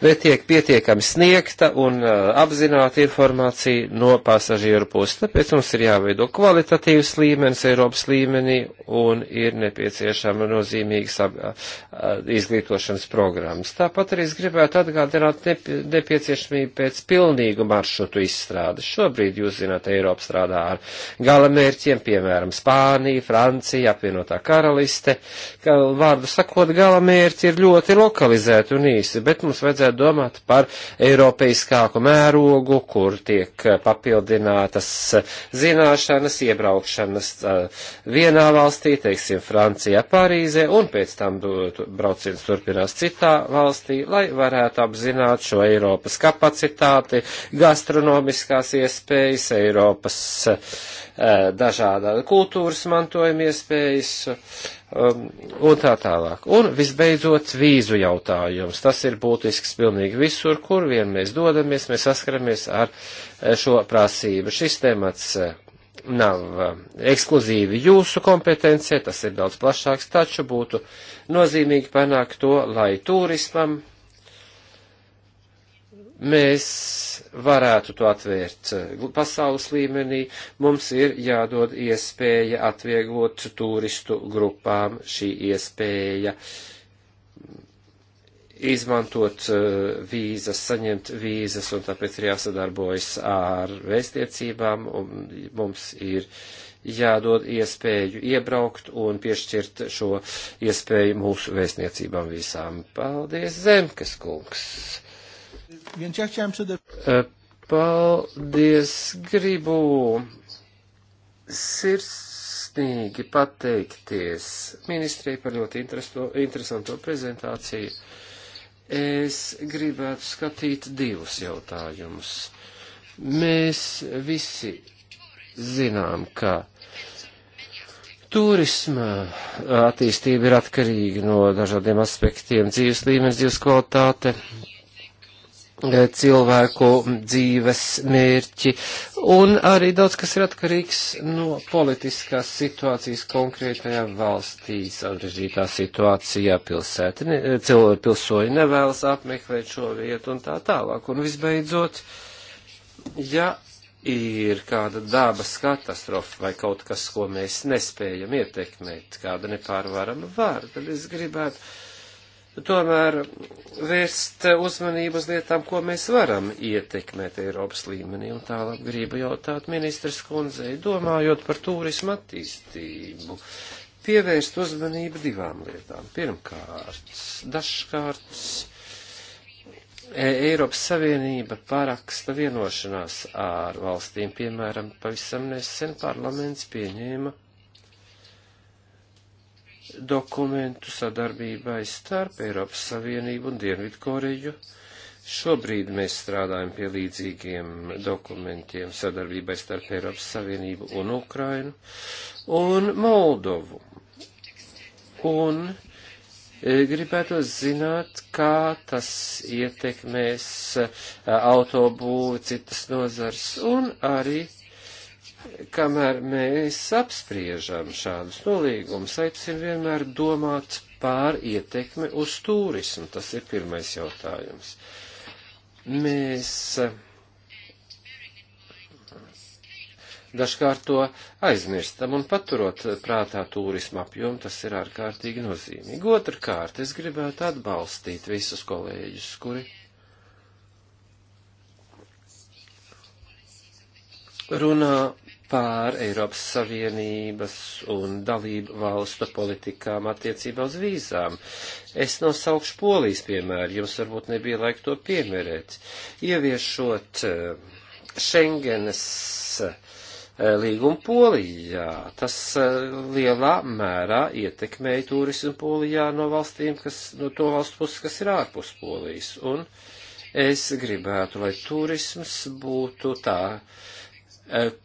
[SPEAKER 1] netiek pietiekami sniegta un eh, apzināta informācija no pasažieru puses. Tāpēc mums ir jāveido kvalitatīvs līmenis Eiropas līmenī un ir nepieciešama nozīmīgas eh, izglītošanas programmas. Tāpat arī es gribētu atgādināt nepieciešamību pēc pilnīgu maršrutu izstrādes. Šobrīd jūs zināt, Eiropa strādā ar galamērķiem, piemēram, Spānija, Francija, apvienotā karaliste. Ka, vārdu sakot, galamērķi ir ļoti lokalizēti un un īsi, bet mums vajadzētu domāt par eiropeiskāku mērogu, kur tiek papildinātas zināšanas, iebraukšanas vienā valstī, teiksim, Francijā, Parīzē, un pēc tam brauciens turpinās citā valstī, lai varētu apzināt šo Eiropas kapacitāti, gastronomiskās iespējas, Eiropas dažāda kultūras mantojuma iespējas um, un tā tālāk. Un visbeidzot, vīzu jautājums. Tas ir būtisks pilnīgi visur, kur vien mēs dodamies, mēs saskaramies ar eh, šo prasību. Šis temats eh, nav eh, ekskluzīvi jūsu kompetencija, tas ir daudz plašāks, taču būtu nozīmīgi panākt to, lai turismam mēs varētu to atvērt eh, pasaules līmenī, mums ir jādod iespēja atvieglot turistu grupām šī iespēja izmantot eh, vīzas, saņemt vīzas, un tāpēc ir jāsadarbojas ar vēstniecībām, un mums ir jādod iespēju iebraukt un piešķirt šo iespēju mūsu vēstniecībām visām. Paldies, Zemkas kungs!
[SPEAKER 2] Więc ja chciałem przede
[SPEAKER 1] e, Paldies, gribu sirsnīgi pateikties ministrei par ļoti interesanto prezentāciju. Es gribētu skatīt divus jautājumus. Mēs visi zinām, ka turisma attīstība ir atkarīga no dažādiem aspektiem - dzīves līmenis, dzīves kvalitāte, E, cilvēku dzīves mērķi, un arī daudz kas ir atkarīgs no politiskās situācijas konkrētajā valstī, sarežģītā situācijā pilsēta, ne, cilvēki pilsoņi nevēlas apmeklēt šo vietu un tā tālāk. Un visbeidzot, ja ir kāda dabas katastrofa vai kaut kas, ko mēs nespējam ietekmēt, kāda nepārvarama var, tad es gribētu tomēr vērst uzmanību uz lietām, ko mēs varam ietekmēt Eiropas līmenī. Un tālāk gribu jautāt ministras kundzei, domājot par turismu attīstību, pievērst uzmanību divām lietām. Pirmkārt, dažkārt e, Eiropas Savienība paraksta vienošanās ar valstīm, piemēram, pavisam nesen parlaments pieņēma dokumentu sadarbībai starp Eiropas Savienību un Dienvidkoreju. Šobrīd mēs strādājam pie līdzīgiem dokumentiem sadarbībai starp Eiropas Savienību un Ukrainu un Moldovu. Un e, Gribētu zināt, kā tas ietekmēs e, autobūvi, citas nozars un arī kamēr mēs apspriežam šādus nolīgumus, aicinu vienmēr domāt pār ietekmi uz turismu. Tas ir pirmais jautājums. Mēs eh, dažkārt to aizmirstam un paturot prātā turismu apjomu, tas ir ārkārtīgi nozīmīgi. Otrkārt, es gribētu atbalstīt visus kolēģus, kuri runā pār Eiropas Savienības un dalību valstu politikām attiecībā uz vīzām. Es nosaukšu polijas piemēru, jums varbūt nebija laika to piemērēt. Ieviešot eh, Schengenes eh, līgumu Polijā. Tas eh, lielā mērā ietekmēja turismu Polijā no valstīm, kas, no to valstu puses, kas ir ārpus Polijas. Un es gribētu, lai turisms būtu tā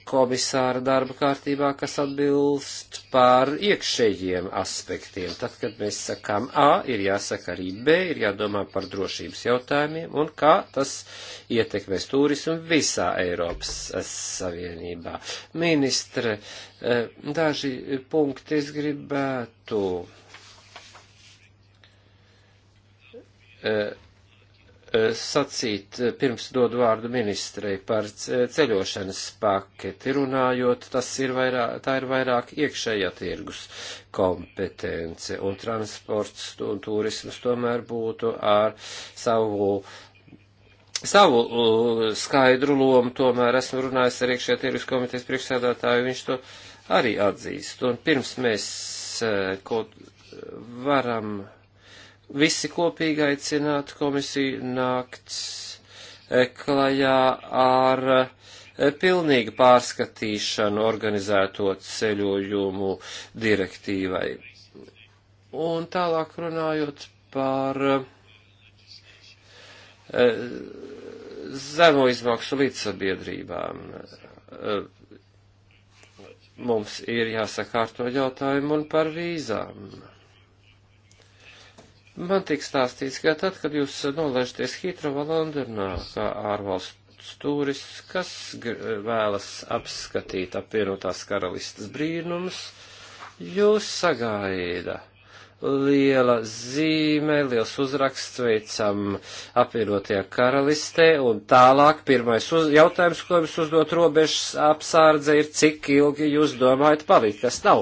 [SPEAKER 1] komisāra darba kārtībā, kas atbilst par iekšējiem aspektiem. Tad, kad mēs sakām A, ir jāsaka arī B, ir jādomā par drošības jautājumiem un kā tas ietekmēs turismu visā Eiropas Savienībā. Ministre, e, daži punkti es gribētu e, Eh, sacīt, eh, pirms dodu vārdu ministrei par ceļošanas paketi runājot, tas ir vairāk, tā ir vairāk iekšējā tirgus kompetence, un transports un turismas tomēr būtu ar savu, savu eh, skaidru lomu, tomēr esmu runājis ar iekšējā tirgus komitejas priekšsēdētāju, viņš to arī atzīst, un pirms mēs kaut varam visi kopīgi aicinātu komisiju nākt eh, klajā ar eh, pilnīgu pārskatīšanu organizēto ceļojumu direktīvai. Un tālāk runājot par eh, zemo izmaksu līdzsabiedrībām. Mums ir jāsakārto jautājumu un par vīzām Man tiek stāstīts, ka tad, kad jūs nolaižaties Hitrova Londonā, kā ārvalsts turists, kas vēlas apskatīt apvienotās karalistas brīnums, jūs sagaida liela zīme, liels uzraksts veicam apvienotajā karalistē, un tālāk pirmais uz, jautājums, ko jums uzdot robežas apsārdze, ir, cik ilgi jūs domājat palikt, kas nav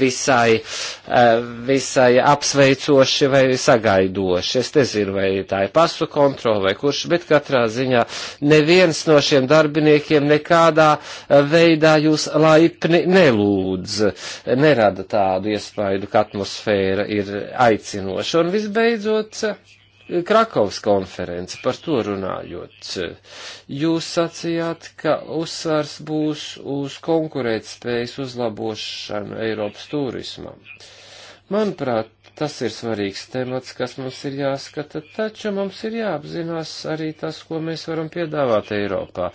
[SPEAKER 1] visai, eh, visai apsveicoši vai sagaidoši. Es nezinu, vai tā ir pasu kontrola vai kurš, bet katrā ziņā neviens no šiem darbiniekiem nekādā eh, veidā jūs laipni nelūdz, nerada tādu iespaidu, ka atmosfēra ir, ir aicinoša. Un visbeidzot, Krakovs konference par to runājot. Jūs sacījāt, ka uzsvars būs uz konkurētspējas uzlabošanu Eiropas turismam. Manuprāt, tas ir svarīgs temats, kas mums ir jāskata, taču mums ir jāapzinās arī tas, ko mēs varam piedāvāt Eiropā.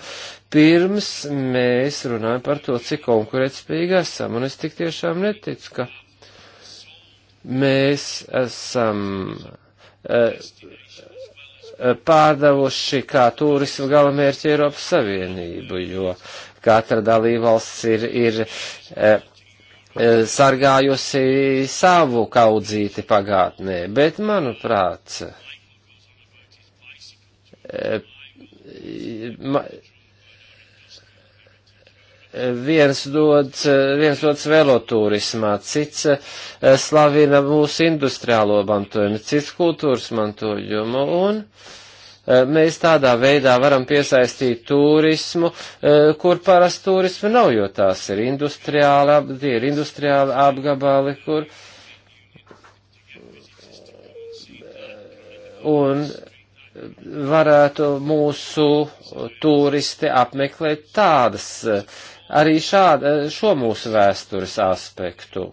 [SPEAKER 1] Pirms mēs runājam par to, cik konkurētspējīgi esam, un es tik tiešām neticu, ka Mēs esam eh, eh, pārdevuši kā turismu galamērķi Eiropas Savienību, jo katra dalībvalsts ir, ir e, sargājusi savu kaudzīti pagātnē, bet, manuprāt, e, ma, viens dodas, viens dodas velotūrismā, cits eh, slavina mūsu industriālo mantojumu, cits kultūras mantojumu, un eh, mēs tādā veidā varam piesaistīt turismu, eh, kur parasti turismu nav, jo tās ir industriāli, tie ir industriāli apgabali, kur. Un varētu mūsu turisti apmeklēt tādas uh, arī šāda, šo mūsu vēstures aspektu.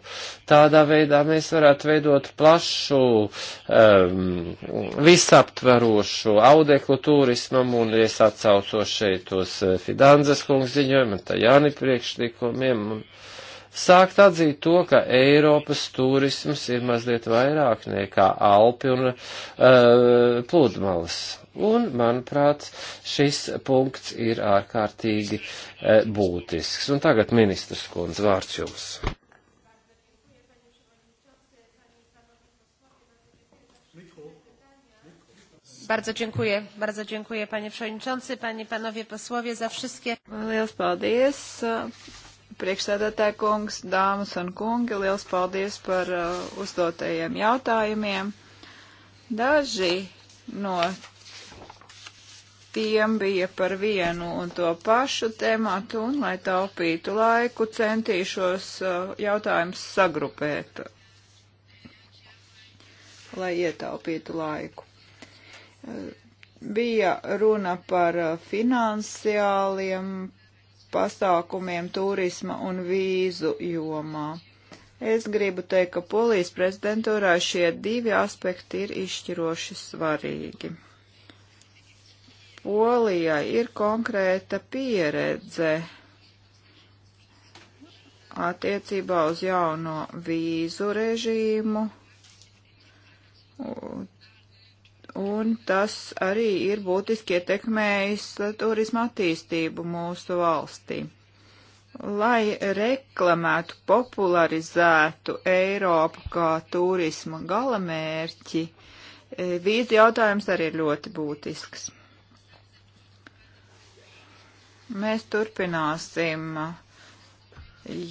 [SPEAKER 1] Tādā veidā mēs varētu veidot plašu, um, visaptvarošu audeklu turismam, un es atcaucos šeit uz Fidanzas kungs ziņojumu, tā Jāni priekšlikumiem. Un, sākt atzīt to, ka Eiropas turisms ir mazliet vairāk nekā Alpi un uh, pludmales. Un, manuprāt, šis punkts ir ārkārtīgi uh, būtisks. Un tagad ministrs kundze vārds jums.
[SPEAKER 2] Bardzo dziękuję, bardzo dziękuję panie przewodniczący, panie panowie
[SPEAKER 3] posłowie za wszystkie. Liels paldies. Uh priekšsēdētāja kungs, dāmas un kungi, liels paldies par uh, uzdotajiem jautājumiem. Daži no tiem bija par vienu un to pašu tematu, un, lai taupītu laiku, centīšos uh, jautājumus sagrupēt, lai ietaupītu laiku. Uh, bija runa par uh, finansiāliem pasākumiem turisma un vīzu jomā. Es gribu teikt, ka polijas prezidentūrā šie divi aspekti ir izšķiroši svarīgi. Polijai ir konkrēta pieredze attiecībā uz jauno vīzu režīmu, un tas arī ir būtiski ietekmējis turisma attīstību mūsu valstī. Lai reklamētu, popularizētu Eiropu kā turisma galamērķi, e, vīzu jautājums arī ir ļoti būtisks. Mēs turpināsim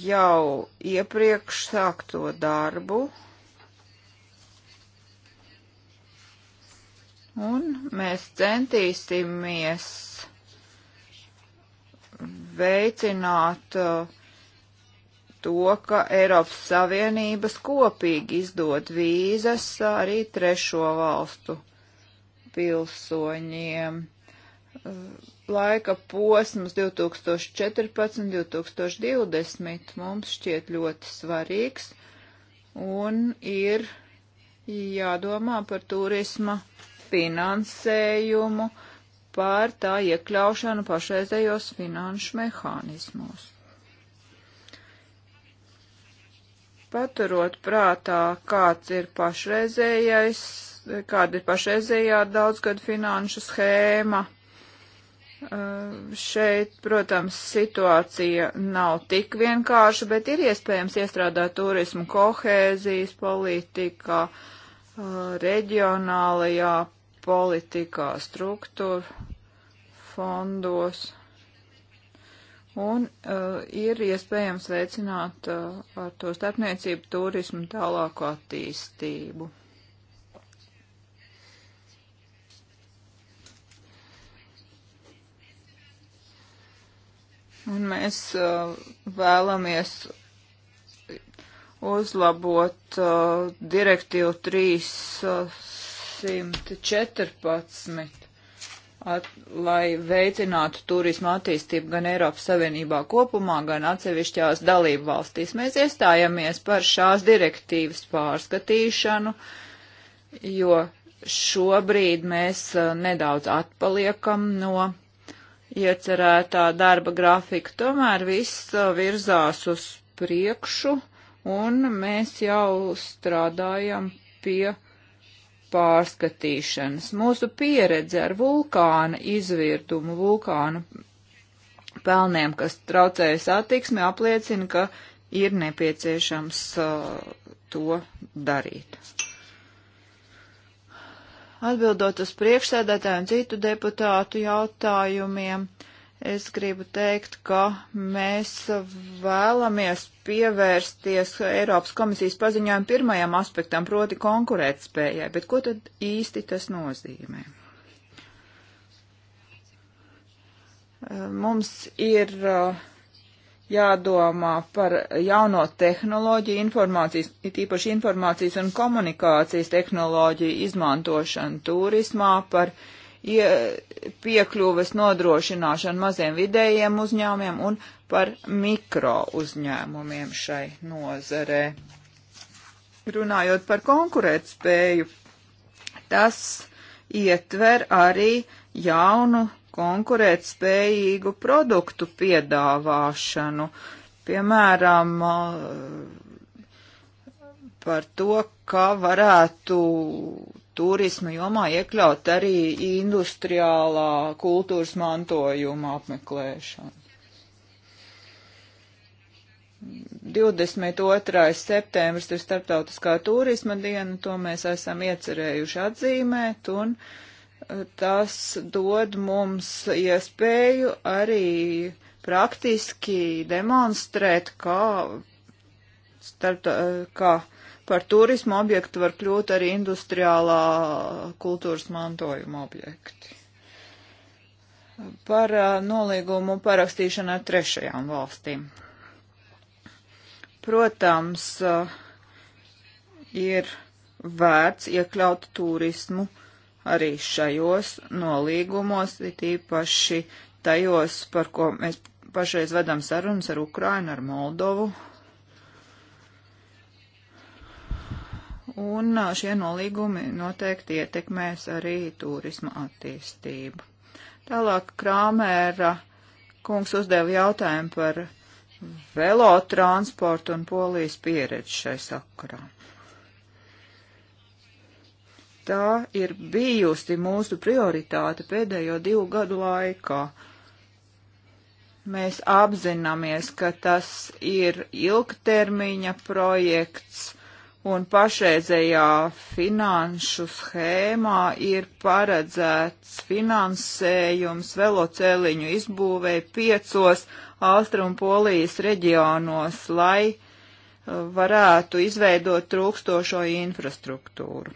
[SPEAKER 3] jau iepriekš sākto darbu, Un mēs centīsimies veicināt uh, to, ka Eiropas Savienības kopīgi izdod vīzas arī trešo valstu pilsoņiem. Uh, laika posms 2014, 2020 mums šķiet ļoti svarīgs un ir jādomā par turisma finansējumu par tā iekļaušanu pašreizējos finanšu mehānismos. Paturot prātā, kāds ir pašreizējais, kāda ir pašreizējā daudzgad finanšu schēma, eh, šeit, protams, situācija nav tik vienkārša, bet ir iespējams iestrādāt turismu kohēzijas politikā, eh, reģionālajā politikā, struktūra fondos. Un uh, ir iespējams veicināt uh, ar to starpniecību turismu tālāku attīstību. Un mēs uh, vēlamies uzlabot uh, direktīvu 3. Uh, 114, at, lai veicinātu turismu attīstību gan Eiropas Savienībā kopumā, gan atsevišķās dalību valstīs. Mēs iestājamies par šās direktīvas pārskatīšanu, jo šobrīd mēs eh, nedaudz atpaliekam no iecerētā darba grafika. Tomēr viss eh, virzās uz priekšu un mēs jau strādājam pie pārskatīšanas. Mūsu pieredze ar vulkāna izvirtumu, vulkānu pelniem, kas traucēja satiksmi, apliecina, ka ir nepieciešams uh, to darīt. Atbildot uz priekšsēdētāju un citu deputātu jautājumiem, uh, Es gribu teikt, ka mēs vēlamies pievērsties Eiropas komisijas paziņojumu pirmajam aspektam, proti konkurētspējai, bet ko tad īsti tas nozīmē? Mums ir uh, jādomā par jauno tehnoloģiju informācijas, it īpaši informācijas un komunikācijas tehnoloģiju izmantošanu turismā, par uh, piekļuves nodrošināšanu maziem vidējiem uzņēmumiem un par mikro uzņēmumiem šai nozarē. Runājot par konkurētspēju, tas ietver arī jaunu konkurētspējīgu produktu piedāvāšanu. Piemēram, uh, par to, ka varētu turisma jomā iekļaut arī industriālā kultūras mantojuma apmeklēšanu. 22. septembris ir starptautiskā turisma diena, to mēs esam iecerējuši atzīmēt, un eh, tas dod mums iespēju arī praktiski demonstrēt, kā, starp, eh, kā uh, Par turismu objektu var kļūt arī industriālā kultūras mantojuma objekti. Par nolīgumu parakstīšanu ar trešajām valstīm. Protams, ir vērts iekļaut turismu arī šajos nolīgumos, it īpaši tajos, par ko mēs pašreiz vedam sarunas ar Ukrainu, ar Moldovu, un šie nolīgumi noteikti ietekmēs arī turisma attīstību. Tālāk Krāmēra kungs uzdeva jautājumu par velotransportu un polijas pieredzi šai sakarā. Tā ir bijusi mūsu prioritāte pēdējo divu gadu laikā. Mēs apzināmies, ka tas ir ilgtermiņa projekts un pašreizējā finanšu schēmā ir paredzēts finansējums velocēliņu izbūvēja piecos Austrumpolijas reģionos, lai uh, varētu izveidot trūkstošo infrastruktūru.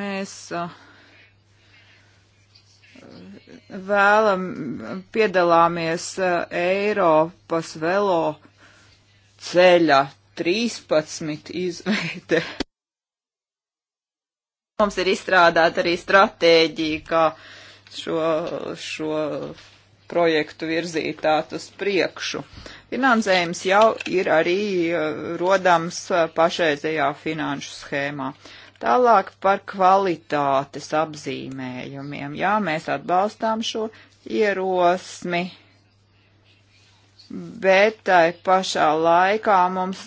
[SPEAKER 3] Mēs uh, vēlam piedalāmies uh, Eiropas velo ceļa 13 izveide. Mums ir izstrādāta arī stratēģija, kā šo, šo projektu virzītāt uz priekšu. Finansējums jau ir arī eh, rodams eh, pašreizējā finanšu schēmā. Tālāk par kvalitātes apzīmējumiem. Jā, mēs atbalstām šo ierosmi bet tai pašā laikā mums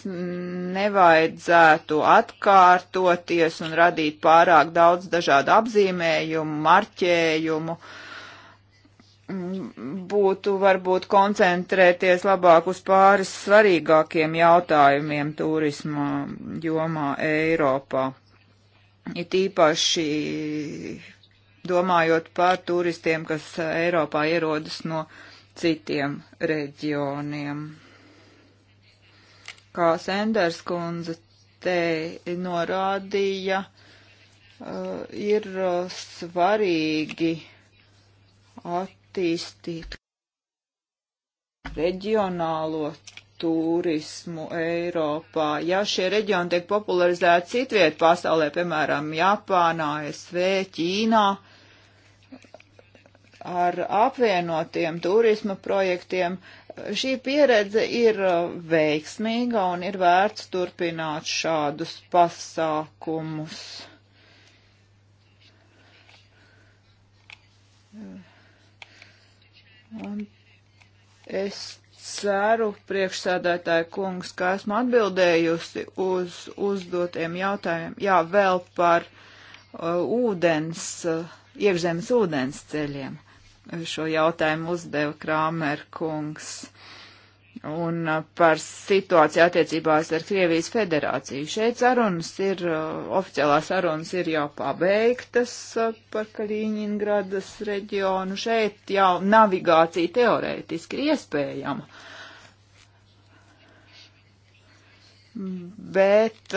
[SPEAKER 3] nevajadzētu atkārtoties un radīt pārāk daudz dažādu apzīmējumu, marķējumu. Būtu varbūt koncentrēties labāk uz pāris svarīgākiem jautājumiem turisma jomā Eiropā. Ir tīpaši domājot par turistiem, kas Eiropā ierodas no uh, citiem reģioniem. Kā Senders kundze te norādīja, uh, ir uh, svarīgi attīstīt reģionālo turismu Eiropā. Ja šie reģioni tiek popularizēti citviet pasaulē, piemēram, Japānā, SV, Ķīnā, uh, ar apvienotiem turisma projektiem. Šī pieredze ir uh, veiksmīga un ir vērts turpināt šādus pasākumus. Un es ceru, priekšsēdētāja kungs, ka esmu atbildējusi uz uzdotiem jautājumiem. Jā, vēl par uh, ūdens, uh, iekšzemes ūdens ceļiem šo jautājumu uzdeva Krāmer kungs. Un uh, par situāciju attiecībās ar Krievijas federāciju. Šeit sarunas ir, uh, oficiālā sarunas ir jau pabeigtas uh, par Kaļiņingradas reģionu. Šeit jau navigācija teorētiski ir iespējama. Bet,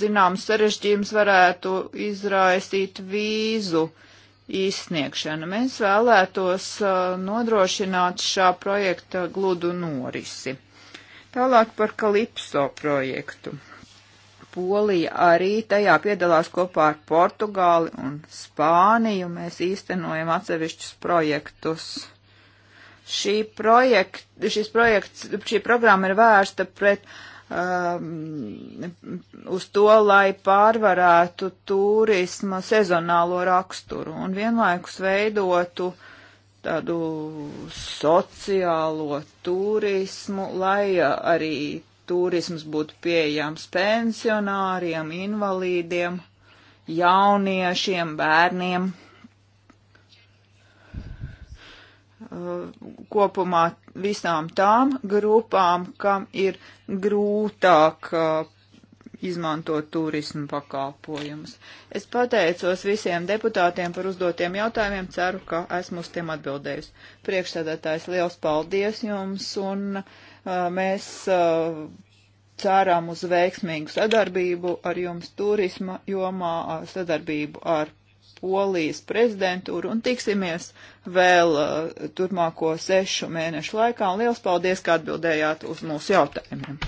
[SPEAKER 3] zināms, sarežģījums varētu izraisīt vīzu uh, izsniegšanu. Mēs vēlētos uh, nodrošināt šā projekta gludu norisi. Tālāk par Kalipso projektu. Polija arī tajā piedalās kopā ar Portugāli un Spāniju. Mēs īstenojam atsevišķus projektus. Šī projekt, šis projekts, šī programma ir vērsta pret uh, um, uz to, lai pārvarētu turisma sezonālo raksturu un vienlaikus veidotu tādu sociālo turismu, lai uh, arī turisms būtu pieejams pensionāriem, invalīdiem, jauniešiem, bērniem. Uh, kopumā visām tām grupām, kam ir grūtāk uh, izmantot turismu pakalpojumus. Es pateicos visiem deputātiem par uzdotiem jautājumiem, ceru, ka esmu uz tiem atbildējusi. Priekšsēdētājs, liels paldies jums, un uh, mēs uh, ceram uz veiksmīgu sadarbību ar jums turisma jomā, uh, sadarbību ar Polijas prezidentūru un tiksimies vēl uh, turpmāko sešu mēnešu laikā. Un liels paldies, ka atbildējāt uz mūsu jautājumiem.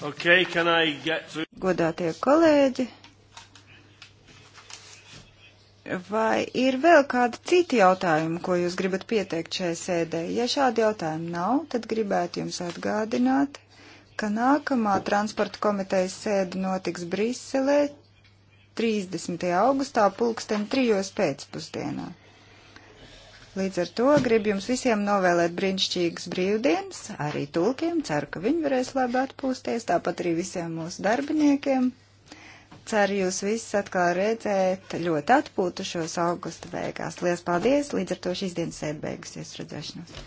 [SPEAKER 1] Okay, to...
[SPEAKER 2] Godātie kolēģi, Vai ir vēl kādi citi jautājumi, ko jūs gribat pieteikt šai sēdē? Ja šādi jautājumi nav, tad gribētu jums atgādināt, ka nākamā transporta komitejas sēde notiks Briselē 30. augustā pulksten trijos pēcpusdienā. Līdz ar to gribu jums visiem novēlēt brīnišķīgas brīvdienas, arī tulkiem, ceru, ka viņi varēs labi atpūsties, tāpat arī visiem mūsu darbiniekiem. Ceru jūs visus atkal redzēt ļoti atpūtušos augusta beigās. Lielas paldies! Līdz ar to šīs dienas sēd beigusies redzēšanos.